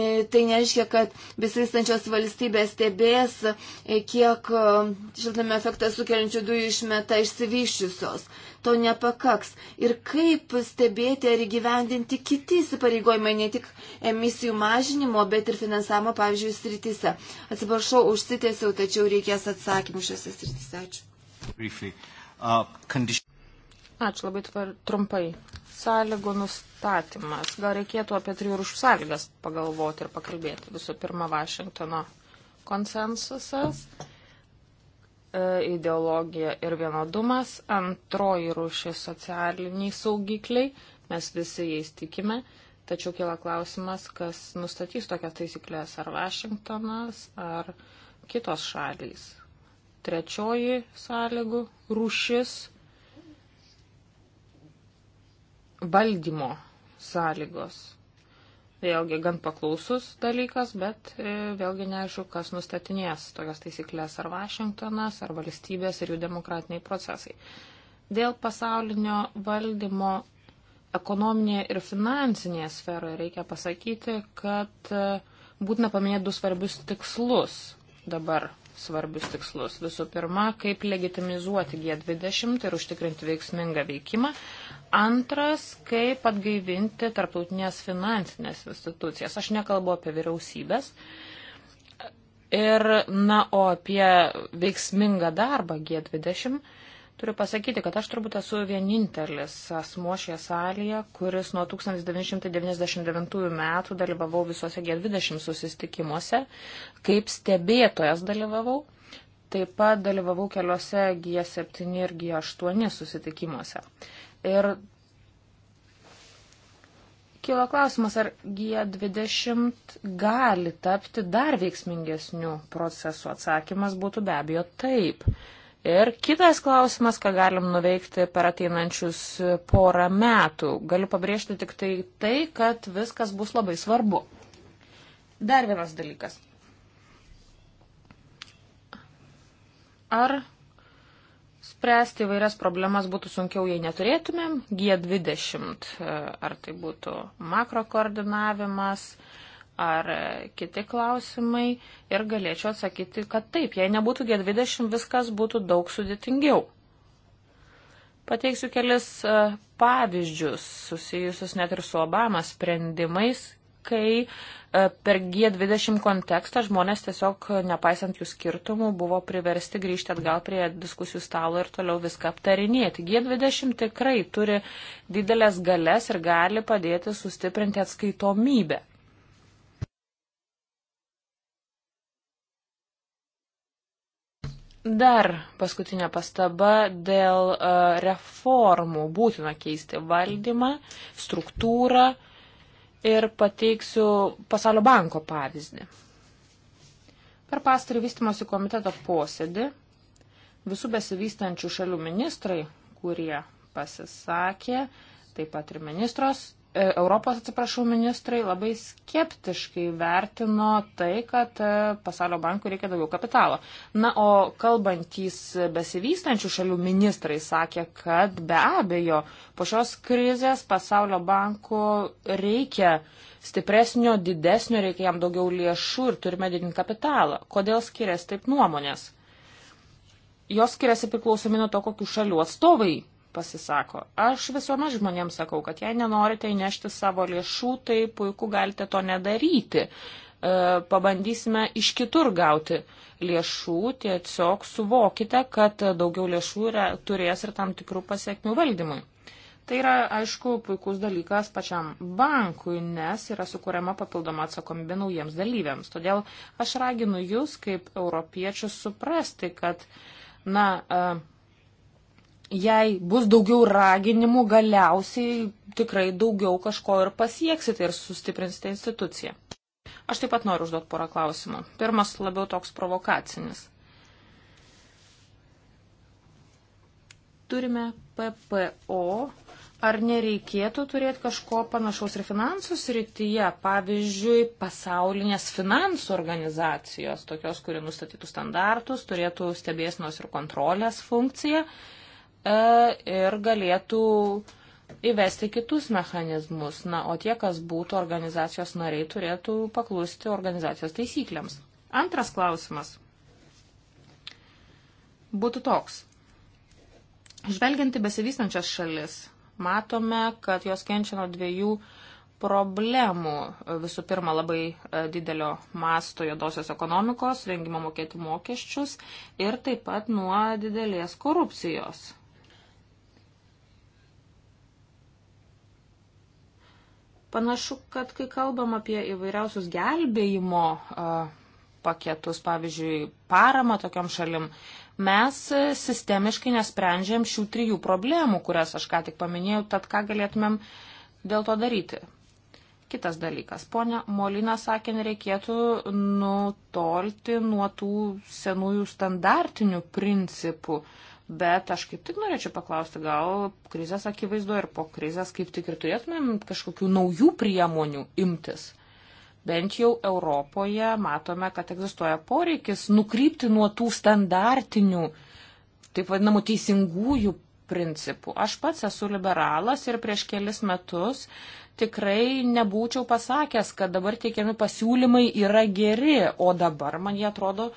E, tai nereiškia, kad besivystančios valstybės stebės, e, kiek e, šiltame efektą sukeliančių dujų išmeta išsivyščiusios. To nepakaks. Ir kaip stebėti ar įgyvendinti kiti įsipareigojimai, ne tik emisijų mažinimo, bet ir finansavimo, pavyzdžiui, srityse. Atsiprašau, užsitėsiau, tačiau reikės atsakymų šiose srityse. Ačiū. Briefly. Uh, condition... Ačiū labai tvar, trumpai. Sąlygų nustatymas. Gal reikėtų apie trijų rušų sąlygas pagalvoti ir pakalbėti. Visų pirma, Vašingtono konsensusas, e, ideologija ir vienodumas. Antroji rušis socialiniai saugikliai. Mes visi jais tikime. Tačiau kila klausimas, kas nustatys tokias taisyklės. Ar Vašingtonas, ar kitos šalys. Trečioji sąlygų rušis valdymo sąlygos. Vėlgi gan paklausus dalykas, bet e, vėlgi neaišku, kas nustatinės tokias taisyklės ar Vašingtonas, ar valstybės ir jų demokratiniai procesai. Dėl pasaulinio valdymo ekonominėje ir finansinėje sferoje reikia pasakyti, kad e, būtina paminėti du svarbius tikslus dabar svarbius tikslus. Visų pirma, kaip legitimizuoti G20 ir užtikrinti veiksmingą veikimą. Antras, kaip atgaivinti tarptautinės finansinės institucijas. Aš nekalbu apie vyriausybės. Ir, na, o apie veiksmingą darbą G20 turiu pasakyti, kad aš turbūt esu vienintelis asmo šioje salėje, kuris nuo 1999 metų dalyvavau visuose G20 susitikimuose, kaip stebėtojas dalyvavau. Taip pat dalyvavau keliose G7 ir G8 susitikimuose. Ir kilo klausimas, ar G20 gali tapti dar veiksmingesnių procesų. Atsakymas būtų be abejo taip. Ir kitas klausimas, ką galim nuveikti per ateinančius porą metų. Galiu pabrėžti tik tai tai, kad viskas bus labai svarbu. Dar vienas dalykas. Ar spręsti vairias problemas būtų sunkiau, jei neturėtumėm G20, e, ar tai būtų makrokoordinavimas, ar e, kiti klausimai. Ir galėčiau atsakyti, kad taip, jei nebūtų G20, viskas būtų daug sudėtingiau. Pateiksiu kelis e, pavyzdžius susijusius net ir su Obama sprendimais kai e, per G20 kontekstą žmonės tiesiog, e, nepaisant jų skirtumų, buvo priversti grįžti atgal prie diskusijų stalo ir toliau viską aptarinėti. G20 tikrai turi didelės galės ir gali padėti sustiprinti atskaitomybę. Dar paskutinė pastaba dėl e, reformų. Būtina keisti valdymą, struktūrą, uh, ir pateiksiu Pasaulio banko pavyzdį. Per pastarį vystimosi komiteto posėdį visų besivystančių šalių ministrai, kurie pasisakė, taip pat ir ministros, E, Europos, atsiprašau, ministrai labai skeptiškai vertino tai, kad e, pasaulio bankų reikia daugiau kapitalo. Na, o kalbantys besivystančių šalių ministrai sakė, kad be abejo, po šios krizės pasaulio bankų reikia stipresnio, didesnio, reikia jam daugiau lėšų ir turime didinti kapitalą. Kodėl skiriasi taip nuomonės? Jos skiriasi priklausomai nuo to, kokių šalių atstovai pasisako. Aš visuomet žmonėms sakau, kad jei nenorite įnešti savo lėšų, tai puiku galite to nedaryti. E, pabandysime iš kitur gauti lėšų, tiesiog suvokite, kad daugiau lėšų yra, turės ir tam tikrų pasiekmių valdymui. Tai yra, aišku, puikus dalykas pačiam bankui, nes yra sukūriama papildoma atsakomybė naujiems dalyviams. Todėl aš raginu jūs, kaip europiečius, suprasti, kad, na, e, jei bus daugiau raginimų, galiausiai tikrai daugiau kažko ir pasieksite ir sustiprinsite instituciją. Aš taip pat noriu užduoti porą klausimų. Pirmas labiau toks provokacinis. Turime PPO. Ar nereikėtų turėti kažko panašaus ir finansų srityje, pavyzdžiui, pasaulinės finansų organizacijos, tokios, kuri nustatytų standartus, turėtų stebėsnos ir kontrolės funkciją E, ir galėtų įvesti kitus mechanizmus. Na, o tie, kas būtų organizacijos nariai, turėtų paklusti organizacijos taisyklėms. Antras klausimas būtų toks. Žvelgianti besivystančias šalis, matome, kad jos kenčia nuo dviejų problemų. Visų pirma, labai e, didelio masto juodosios ekonomikos, rengimo mokėti mokesčius ir taip pat nuo didelės korupcijos. Panašu, kad kai kalbam apie įvairiausius gelbėjimo paketus, pavyzdžiui, paramą tokiam šalim, mes sistemiškai nesprendžiam šių trijų problemų, kurias aš ką tik paminėjau, tad ką galėtumėm dėl to daryti. Kitas dalykas. Pone Molina sakė, nereikėtų nutolti nuo tų senųjų standartinių principų. Uh, Bet aš kaip tik norėčiau paklausti, gal krizės akivaizdu ir po krizės kaip tik ir turėtumėm kažkokių naujų priemonių imtis. Bent jau Europoje matome, kad egzistuoja poreikis nukrypti nuo tų standartinių, taip vadinamų teisingųjų principų. Aš pats esu liberalas ir prieš kelis metus tikrai nebūčiau pasakęs, kad dabar teikiami pasiūlymai yra geri, o dabar man jie atrodo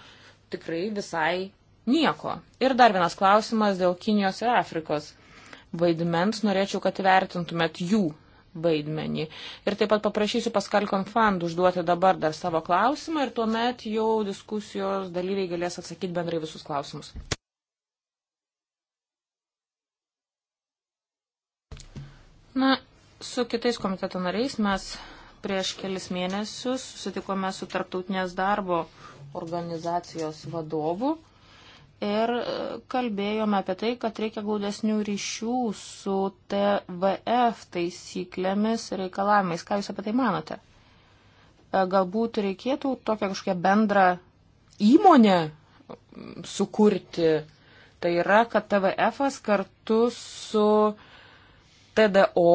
tikrai visai nieko. Ir dar vienas klausimas dėl Kinijos ir Afrikos vaidmens. Norėčiau, kad įvertintumėt jų vaidmenį. Ir taip pat paprašysiu Paskal Konfand užduoti dabar dar savo klausimą ir tuomet jau diskusijos dalyviai galės atsakyti bendrai visus klausimus. Na, su kitais komiteto nariais mes prieš kelis mėnesius susitikome su tarptautinės darbo organizacijos vadovu ir e, kalbėjome apie tai, kad reikia glaudesnių ryšių su TVF taisyklėmis ir reikalavimais. Ką Jūs apie tai manote? E, galbūt reikėtų tokią kažkokią bendrą įmonę sukurti. Tai yra, kad TVF kartu su TDO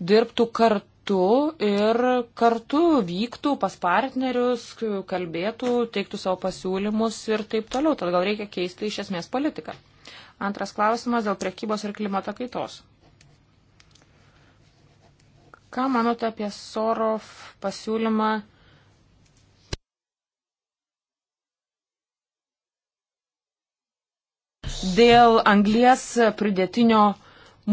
dirbtų kartu kartu ir kartu vyktų pas partnerius, kalbėtų, teiktų savo pasiūlymus ir taip toliau. Tad gal reikia keisti iš esmės politiką. Antras klausimas dėl prekybos ir klimato kaitos. Ką manote apie Sorov pasiūlymą dėl anglies pridėtinio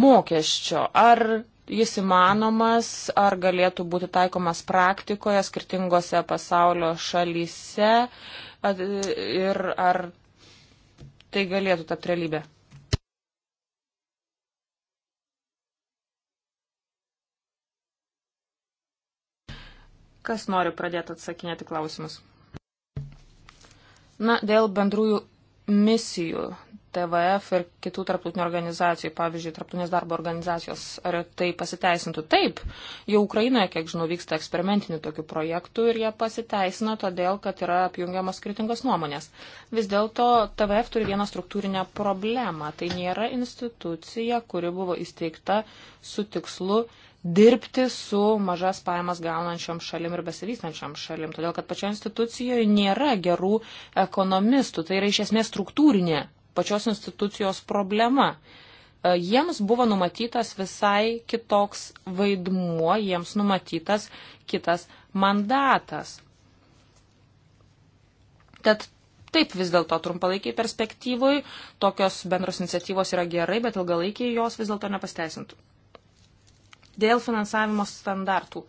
mokesčio? Ar jis įmanomas, ar galėtų būti taikomas praktikoje skirtingose pasaulio šalyse ir ar tai galėtų tapti realybė. Kas nori pradėti atsakinėti klausimus? Na, dėl bendrųjų misijų TVF ir kitų tarptautinių organizacijų, pavyzdžiui, tarptautinės darbo organizacijos, ar tai pasiteisintų? Taip, jau Ukrainoje, kiek žinau, vyksta eksperimentinių tokių projektų ir jie pasiteisina todėl, kad yra apjungiamas skirtingos nuomonės. Vis dėlto TVF turi vieną struktūrinę problemą. Tai nėra institucija, kuri buvo įsteigta su tikslu dirbti su mažas pajamas gaunančiom šalim ir besivystančiom šalim, todėl kad pačioje institucijoje nėra gerų ekonomistų, tai yra iš esmės struktūrinė pačios institucijos problema. E, jiems buvo numatytas visai kitoks vaidmuo, jiems numatytas kitas mandatas. Tad taip vis dėlto trumpalaikiai perspektyvui tokios bendros iniciatyvos yra gerai, bet ilgalaikiai jos vis dėlto nepasteisintų. Dėl finansavimo standartų.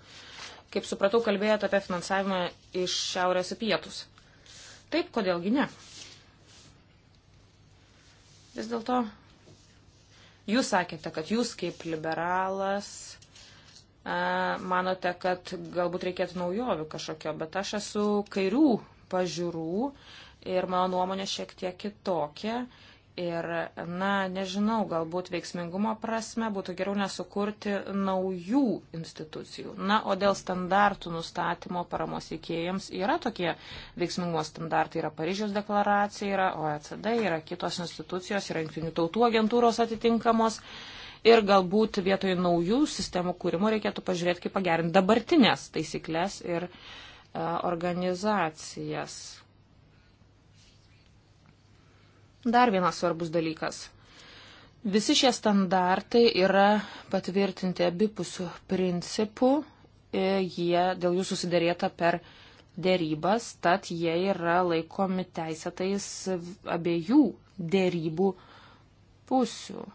Kaip supratau, kalbėjote apie finansavimą iš šiaurės į pietus. Taip, kodėlgi ne? Vis dėlto jūs sakėte, kad jūs kaip liberalas manote, kad galbūt reikėtų naujovių kažkokio, bet aš esu kairių pažiūrų ir mano nuomonė šiek tiek kitokia. Ir, na, nežinau, galbūt veiksmingumo prasme būtų geriau nesukurti naujų institucijų. Na, o dėl standartų nustatymo paramos įkėjams yra tokie veiksmingumo standartai. Yra Paryžiaus deklaracija, yra OECD, yra kitos institucijos, yra jungtinių tautų agentūros atitinkamos ir galbūt vietoj naujų sistemų kūrimo reikėtų pažiūrėti, kaip pagerinti dabartinės taisyklės ir e, organizacijas. Dar vienas svarbus dalykas. Visi šie standartai yra patvirtinti abipusių principų, e, jie dėl jų susidarėta per dėrybas, tad jie yra laikomi teisėtais abiejų dėrybų pusių.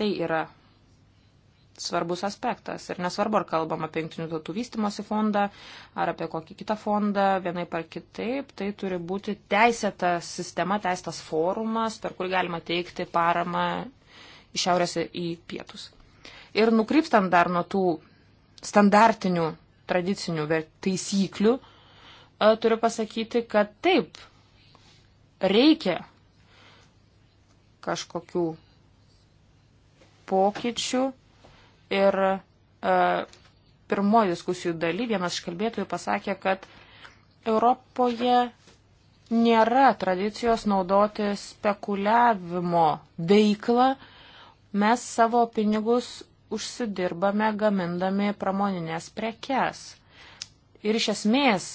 Tai yra svarbus aspektas. Ir nesvarbu, ar kalbam apie jungtinių tautų vystimosi fondą, ar apie kokį kitą fondą, vienai par kitaip, tai turi būti teisėta sistema, teisėtas forumas, per kurį galima teikti paramą iš šiaurės į pietus. Ir nukrypstant dar nuo tų standartinių, tradicinių taisyklių, e, turiu pasakyti, kad taip, reikia kažkokių pokyčių Ir e, pirmoji diskusijų daly vienas iš kalbėtojų pasakė, kad Europoje nėra tradicijos naudoti spekuliavimo veiklą. Mes savo pinigus užsidirbame gamindami pramoninės prekes. Ir iš esmės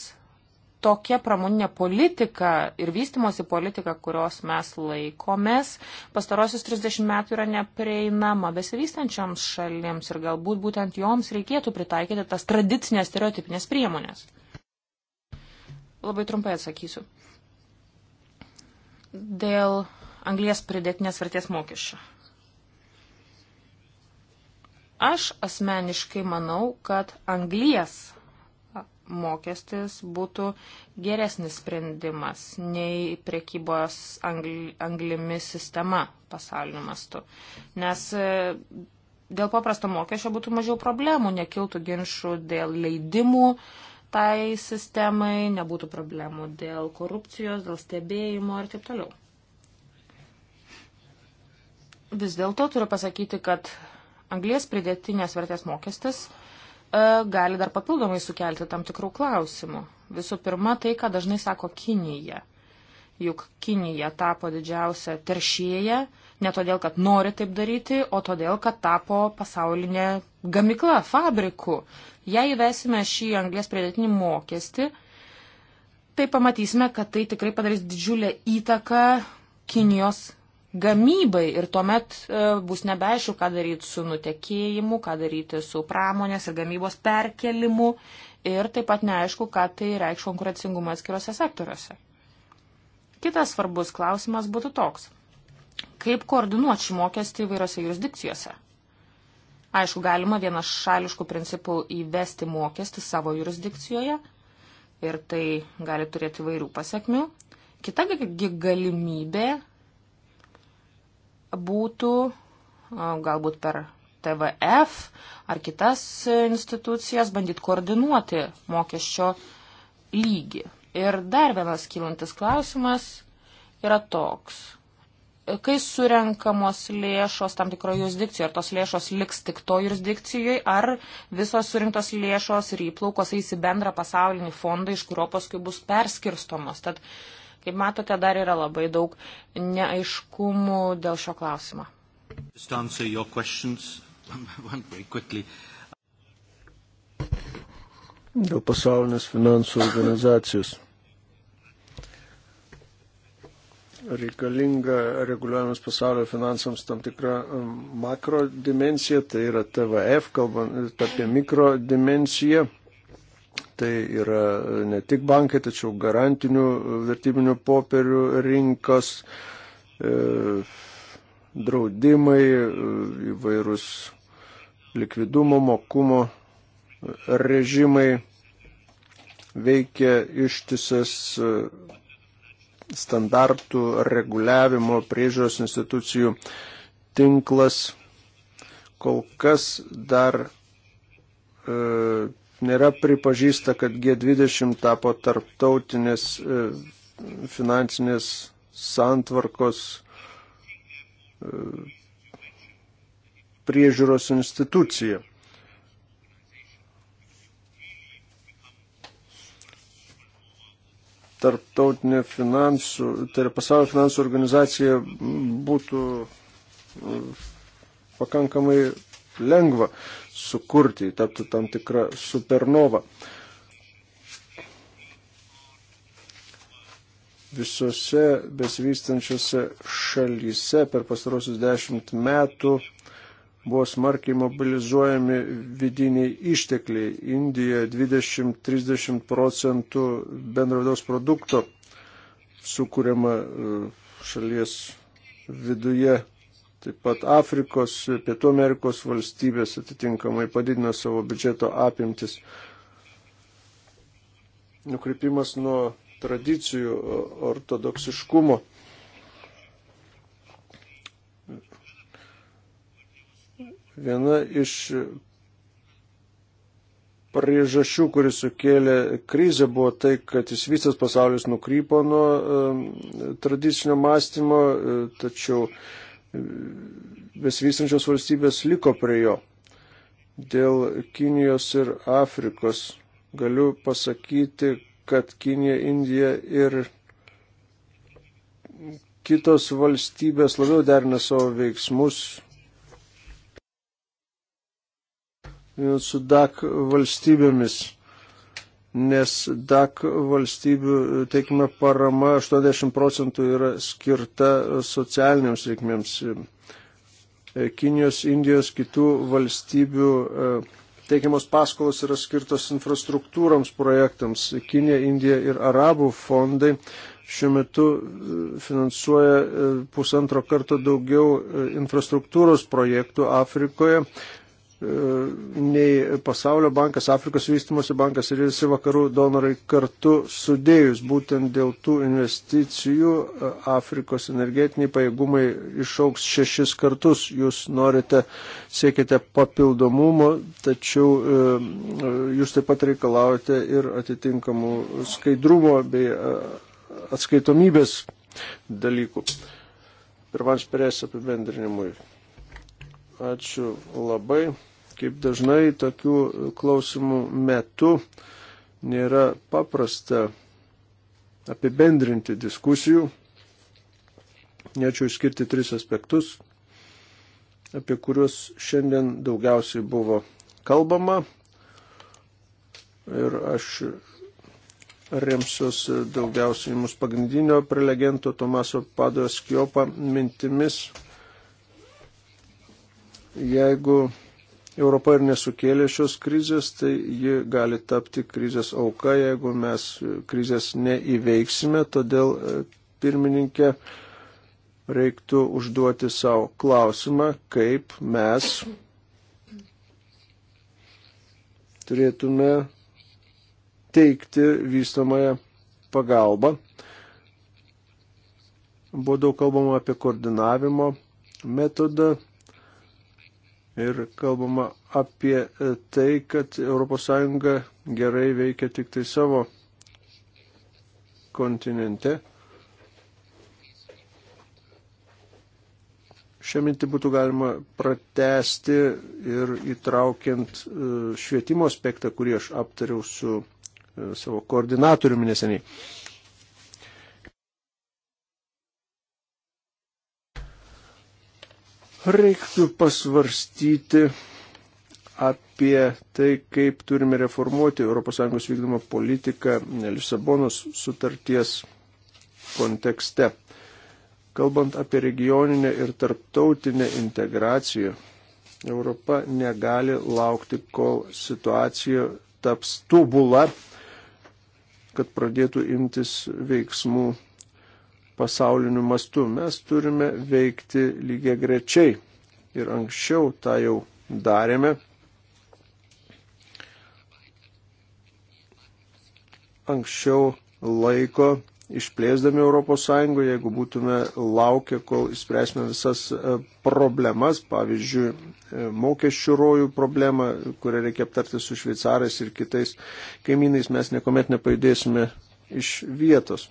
tokia pramoninė politika ir vystimosi politika, kurios mes laikomės, pastarosius 30 metų yra neprieinama besivystančioms šalims ir galbūt būtent joms reikėtų pritaikyti tas tradicinės stereotipinės priemonės. Labai trumpai atsakysiu. Dėl anglės pridėtinės vertės mokesčio. Aš asmeniškai manau, kad anglies mokestis būtų geresnis sprendimas nei prekybos angli, anglimi sistema pasauliniu mastu. Nes e, dėl paprasto mokesčio būtų mažiau problemų, nekiltų ginčių dėl leidimų tai sistemai, nebūtų problemų dėl korupcijos, dėl stebėjimo ir taip toliau. Vis dėlto turiu pasakyti, kad anglės pridėtinės vertės mokestis E, gali dar papildomai sukelti tam tikrų klausimų. Visų pirma, tai, ką dažnai sako Kinija. Juk Kinija tapo didžiausia teršėja, ne todėl, kad nori taip daryti, o todėl, kad tapo pasaulinė gamikla, fabriku. Jei įvesime šį anglės pridėtinį mokestį, tai pamatysime, kad tai tikrai padarys didžiulę įtaką Kinijos gamybai ir tuomet e, bus nebeaišku, ką daryti su nutekėjimu, ką daryti su pramonės ir gamybos perkelimu ir taip pat neaišku, ką tai reikš konkurencingumą atskirose sektoriuose. Kitas svarbus klausimas būtų toks. Kaip koordinuoti šį mokestį įvairiose jurisdikcijose? Aišku, galima vienašališkų principų įvesti mokestį savo jurisdikcijoje ir tai gali turėti vairių pasiekmių. Kita galimybė būtų galbūt per TVF ar kitas institucijas bandyti koordinuoti mokesčio lygį. Ir dar vienas kylantis klausimas yra toks. Kai surenkamos lėšos tam tikroje jurisdikcijoje, ar tos lėšos liks tik to jurisdikcijoje, ar visos surinktos lėšos ir įplaukos eis į bendrą pasaulinį fondą, iš kurio paskui bus perskirstomos. Tad uh, Kaip matote, dar yra labai daug neaiškumų dėl šio klausimo. Dėl pasaulinės finansų organizacijos reikalinga reguliuojamas pasaulio finansams tam tikra um, makro dimensija, tai yra TVF, kalbant apie mikro dimensiją Tai yra ne tik bankai, tačiau garantinių vertybinių popierių rinkos, e, draudimai, e, įvairūs likvidumo, mokumo režimai veikia ištisas e, standartų reguliavimo priežiūros institucijų tinklas. Kol kas dar e, nėra pripažįsta, kad G20 tapo tarptautinės e, finansinės santvarkos e, priežiūros institucija. Tarptautinė finansų, tai yra pasaulio finansų organizacija būtų e, pakankamai lengva sukurti, tapti tam tikrą supernovą. Visose besivystančiose šalyse per pastarosius dešimt metų buvo smarkiai mobilizuojami vidiniai ištekliai. Indija 20-30 procentų bendravidaus produkto sukūriama e, šalies viduje Taip pat Afrikos, Pietų Amerikos valstybės atitinkamai padidino savo biudžeto apimtis. Nukrypimas nuo tradicijų ortodoksiškumo. Viena iš priežasčių, kuris sukėlė krizę, buvo tai, kad jis visas pasaulis nukrypo nuo e, tradicinio mąstymo, e, tačiau e, besivystančios valstybės liko prie jo. Dėl Kinijos ir Afrikos galiu pasakyti, kad Kinija, Indija ir kitos valstybės labiau derina savo veiksmus su DAK valstybėmis nes DAC valstybių teikime parama 80 procentų yra skirta socialiniams reikmėms. E, Kinijos, Indijos, kitų valstybių e, teikiamos paskolos yra skirtos infrastruktūroms projektams. Kinija, Indija ir Arabų fondai šiuo metu e, finansuoja pusantro karto daugiau infrastruktūros projektų Afrikoje E, nei Pasaulio bankas, Afrikos vystimosi bankas ir visi vakarų donorai kartu sudėjus būtent dėl tų investicijų e, Afrikos energetiniai pajėgumai išauks šešis kartus. Jūs norite, siekite papildomumo, tačiau e, jūs taip pat reikalaujate ir atitinkamų skaidrumo bei atskaitomybės dalykų. Pirmans perės apibendrinimui. Ačiū labai. Kaip dažnai tokių klausimų metu nėra paprasta apibendrinti diskusijų. Norėčiau išskirti tris aspektus, apie kuriuos šiandien daugiausiai buvo kalbama. Ir aš remsiuos daugiausiai mūsų pagrindinio prelegento Tomaso Padojo Skiopa mintimis Jeigu Europa ir nesukėlė šios krizės, tai ji gali tapti krizės auka, jeigu mes krizės neįveiksime. Todėl e, pirmininkė reiktų užduoti savo klausimą, kaip mes turėtume teikti vystamąją pagalbą. Buvo daug kalbama apie koordinavimo metodą ir kalbama apie e, tai, kad ES gerai veikia tik tai savo kontinente. Šią mintį būtų galima pratesti ir įtraukiant e, švietimo aspektą, kurį aš aptariau su e, savo koordinatoriumi neseniai. reiktų pasvarstyti apie tai, kaip turime reformuoti ES vykdomą politiką Lisabonos sutarties kontekste. Kalbant apie regioninę ir tarptautinę integraciją, Europa negali laukti, kol situacija taps tobula, kad pradėtų imtis veiksmų pasauliniu mastu. Mes turime veikti lygiai grečiai. Ir anksčiau tą jau darėme. Anksčiau laiko išplėsdami ES, jeigu būtume laukę, kol įspręsime visas e, problemas, pavyzdžiui, e, mokesčių rojų problemą, kurią reikia aptarti su šveicarais ir kitais kaimynais, mes niekuomet nepajudėsime iš vietos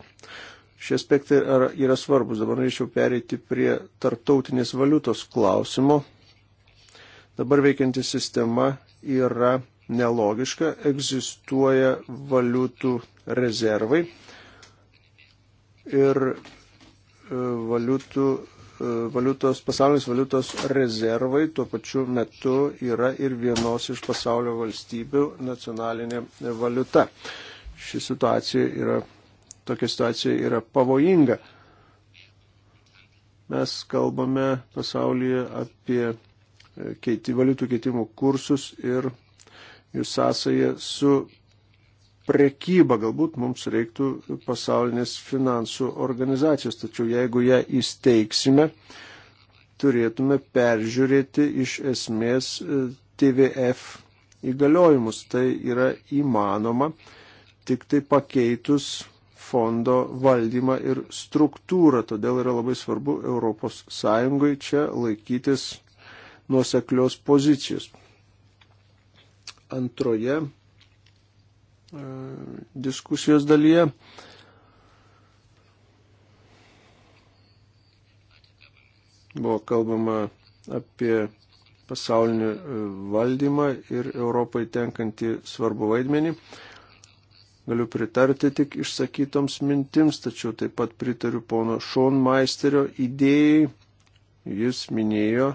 šie aspektai yra, yra svarbus. Dabar norėčiau pereiti prie tarptautinės valiutos klausimo. Dabar veikianti sistema yra nelogiška, egzistuoja valiutų rezervai ir e, valiutų, e, valiutos, pasaulinis valiutos rezervai tuo pačiu metu yra ir vienos iš pasaulio valstybių nacionalinė valiuta. Ši situacija yra tokia situacija yra pavojinga. Mes kalbame pasaulyje apie e, keiti, valiutų keitimų kursus ir jų sąsąją su prekyba. Galbūt mums reiktų pasaulinės finansų organizacijos, tačiau jeigu ją įsteigsime, turėtume peržiūrėti iš esmės e, TVF įgaliojimus. Tai yra įmanoma tik tai pakeitus fondo valdymą ir struktūrą. Todėl yra labai svarbu ES čia laikytis nuoseklios pozicijos. Antroje e, diskusijos dalyje. Buvo kalbama apie pasaulinį e, valdymą ir Europai tenkantį svarbų vaidmenį. Galiu pritarti tik išsakytoms mintims, tačiau taip pat pritariu pono Šonmeisterio idėjai. Jis minėjo,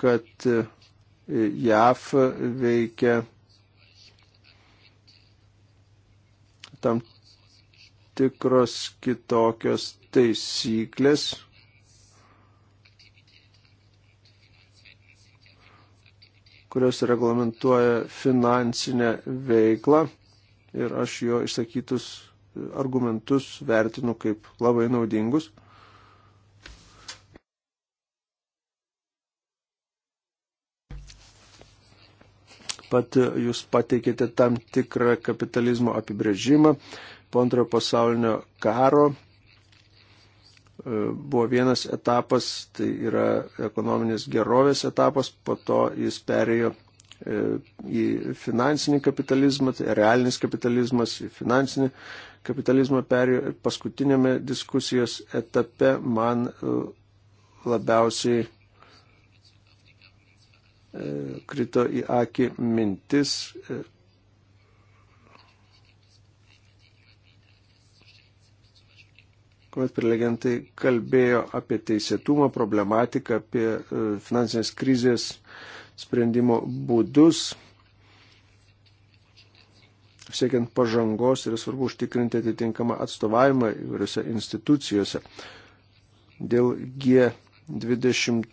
kad e, JAF veikia tam tikros kitokios taisyklės. kurios reglamentuoja finansinę veiklą ir aš jo išsakytus e, argumentus vertinu kaip labai naudingus. pat e, jūs pateikėte tam tikrą kapitalizmo apibrėžimą. Po antrojo pasaulinio karo e, buvo vienas etapas, tai yra ekonominės gerovės etapas, po to jis perėjo E, į finansinį kapitalizmą, tai realinis kapitalizmas, į finansinį kapitalizmą perėjo. Paskutinėme diskusijos etape man e, labiausiai e, krito į akį mintis, kuomet prelegentai kalbėjo apie teisėtumo problematiką, apie finansinės krizės sprendimo būdus, siekiant pažangos ir svarbu užtikrinti atitinkamą atstovavimą įvairiose institucijose. Dėl G20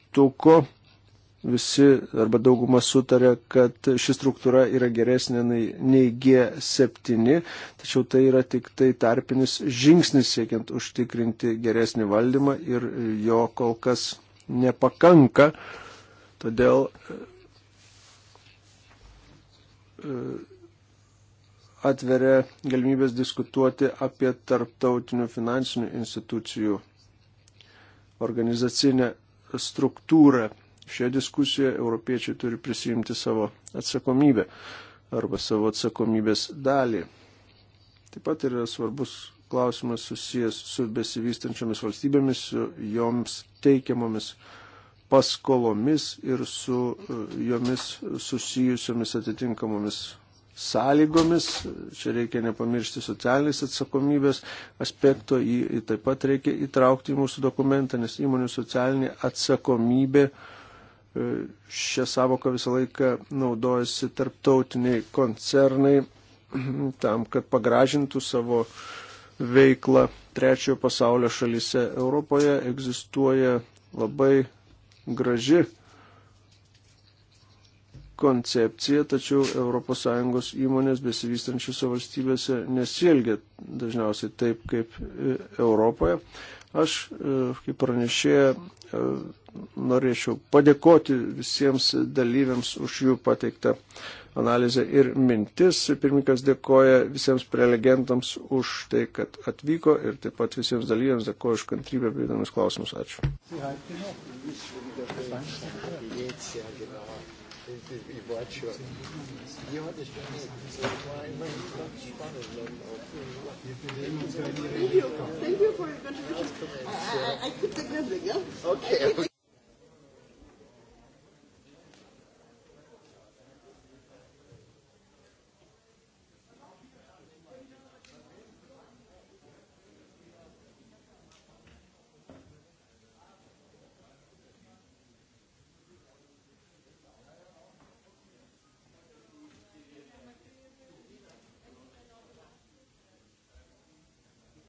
visi arba dauguma sutarė, kad ši struktūra yra geresnė nei G7, tačiau tai yra tik tai tarpinis žingsnis siekiant užtikrinti geresnį valdymą ir jo kol kas nepakanka. Todėl E, atveria galimybės diskutuoti apie tarptautinių finansinių institucijų organizacinę struktūrą. Šioje diskusijoje europiečiai turi prisijimti savo atsakomybę arba savo atsakomybės dalį. Taip pat yra svarbus klausimas susijęs su besivystančiomis valstybėmis, su joms teikiamomis paskolomis ir su e, jomis susijusiomis atitinkamomis sąlygomis. Čia reikia nepamiršti socialinės atsakomybės aspekto, jį taip pat reikia įtraukti į mūsų dokumentą, nes įmonių socialinė atsakomybė e, šią savoką visą laiką naudojasi tarptautiniai koncernai tam, kad pagražintų savo veiklą trečiojo pasaulio šalyse. Europoje egzistuoja labai graži koncepcija, tačiau ES įmonės besivystančiose valstybėse nesielgia dažniausiai taip kaip e, Europoje. Aš, e, kaip pranešėja, e, norėčiau padėkoti visiems dalyviams už jų pateiktą analizę ir mintis. Pirmininkas dėkoja visiems prelegentams už tai, kad atvyko ir taip pat visiems dalyviams dėkoju už kantrybę bei įdomius klausimus. Ačiū. Thank you. Thank you for your contribution. I, I, I could take that again. Okay.